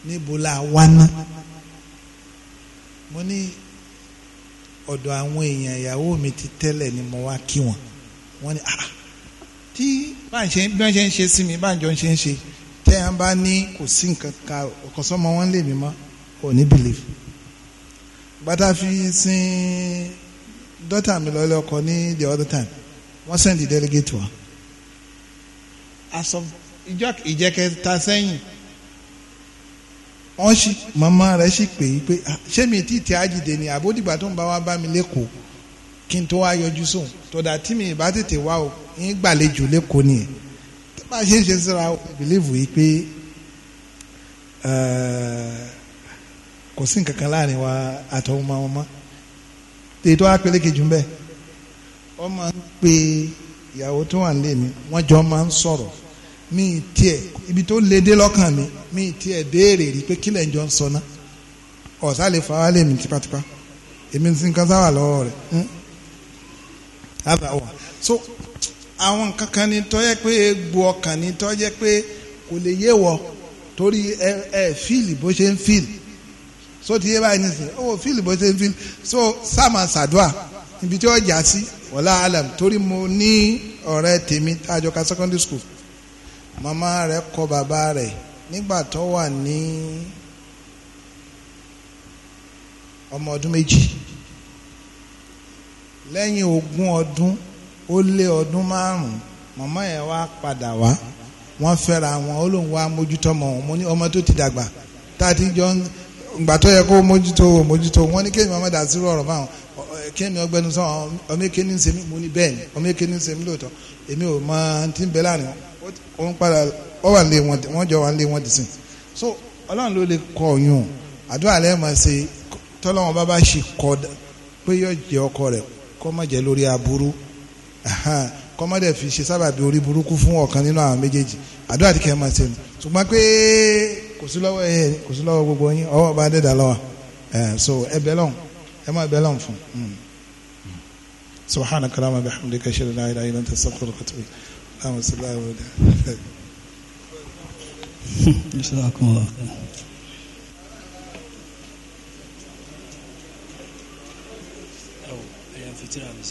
níbo la wá ná mo ní ọ̀dọ̀ àwọn èèyàn ìyàwó mi ti tẹ́lẹ̀ ni mo wá kí wọn wọ́n ní ah tí bá ń ṣe bí wọ́n ṣe ń ṣe sí mi bá ń jọ ń ṣe ń ṣe tẹ́yàn bá ní kò sí nǹkan kan ọ̀kọ̀sọ́mọ wọn lè mí mọ́ kò believe bàtà fi sin dọ́tà mi lọ́lẹ́ ọkọ ní the other time wọ́n send the delegate wa as of ìjẹkẹta sẹ́yìn wọ́n sì màmá rẹ̀ sì pè é pé ṣé mi tí tí a jìde ni àbódìgbà tó ń bá wa bá mi lẹ́kọ̀ọ́ kí n tó wá yọjú sóhun tọ́da tí mi ìbá tètè wá o ń gbàlejò lẹ́kọ̀ọ́ nìyẹn tó bá ṣe ń ṣe síra bìlíìfù yìí pé. Uh, kò sí nǹkan láàrin wa àtọ̀hún ma wọn mọ́ ètò àpélékè jù bẹ́ẹ̀ wọ́n máa ń pe ìyàwó tó wà nílé mi wọ́n jọ máa ń sọ̀rọ̀ mi tiẹ̀ ibi tó le dé lọ́kàn mi mi tiẹ̀ béèrè rí pé kílẹ̀ ń jọ ń sọ ná ọ̀sá lè fa wálé mi tipátipá èmi ti nǹkan sáwà lọ́wọ́ rẹ̀ àbá wà so àwọn kankan ni tó yẹ pé egbò ọkàn ni tó yẹ pé kò lè yé wọ torí ẹ ẹ fíìlì bó ṣe ń fíìlì so ti yé báyìí nísìnyí ó oh, fíìlì bó ṣe ń fíìlì so sáàmà sàdúà ibi tí ó jà sí wọlá alam torí mo ní ọ̀rẹ́ tèmi tájọ ka secondary school màmá rẹ̀ kọ bàbá rẹ̀ nígbà tó wà ní ọmọ ọdún méjì lẹ́yìn ogún ọdún ó lé ọdún márùn-ún màmá yẹn wá padà wá wọ́n fẹ́ra wọn ó lóun wá mójútó ọmọ mo ní ọmọ tó ti dàgbà tá a ti jọ ń ìgbà tó yẹ kó mójútó o mójútó wọn ní kéèmí ọmọdé àti rọrọ báwọn kéèmí ọgbẹni sọ ọmọ èké ní sẹmí mo ní bẹ́ẹ̀ ni ọmọ èké ní sẹmí lóòótọ́ èmi ò mọ ti ń bẹ láàrin wọn padà wọn wà lé wọn wọn jọ wà lé wọn dìsìn so Ọlọ́run ló lè kọ ọyún àdúrà lẹ́yìn máa ṣe tọ́lọ́wọ́n bá bá ṣe kọ pé yóò jẹ ọkọ rẹ̀ kọ́ má jẹ́ lórí aburú kọ́ má dẹ̀ fi ṣe sábàbí orí burúkú fún ọ̀kan nínú àwọn méjèèjì àdúrà tí kẹ́ máa ṣe nù ṣùgbọ́n pé kò sí lọ́wọ́ ẹ̀yẹ kò sí lọ́wọ́ gbogbo yín ọwọ́ ọba adẹ́dà lọ́wọ́ ẹ̀ so ẹ bẹ̀ lọ́hùn ẹ máa bẹ̀ lọ́hùn fún un. subhanaka allahumma bihamdika ashhadu an la ilaha illa anta astaghfiruka wa atubu ilayk salaamu alaykum.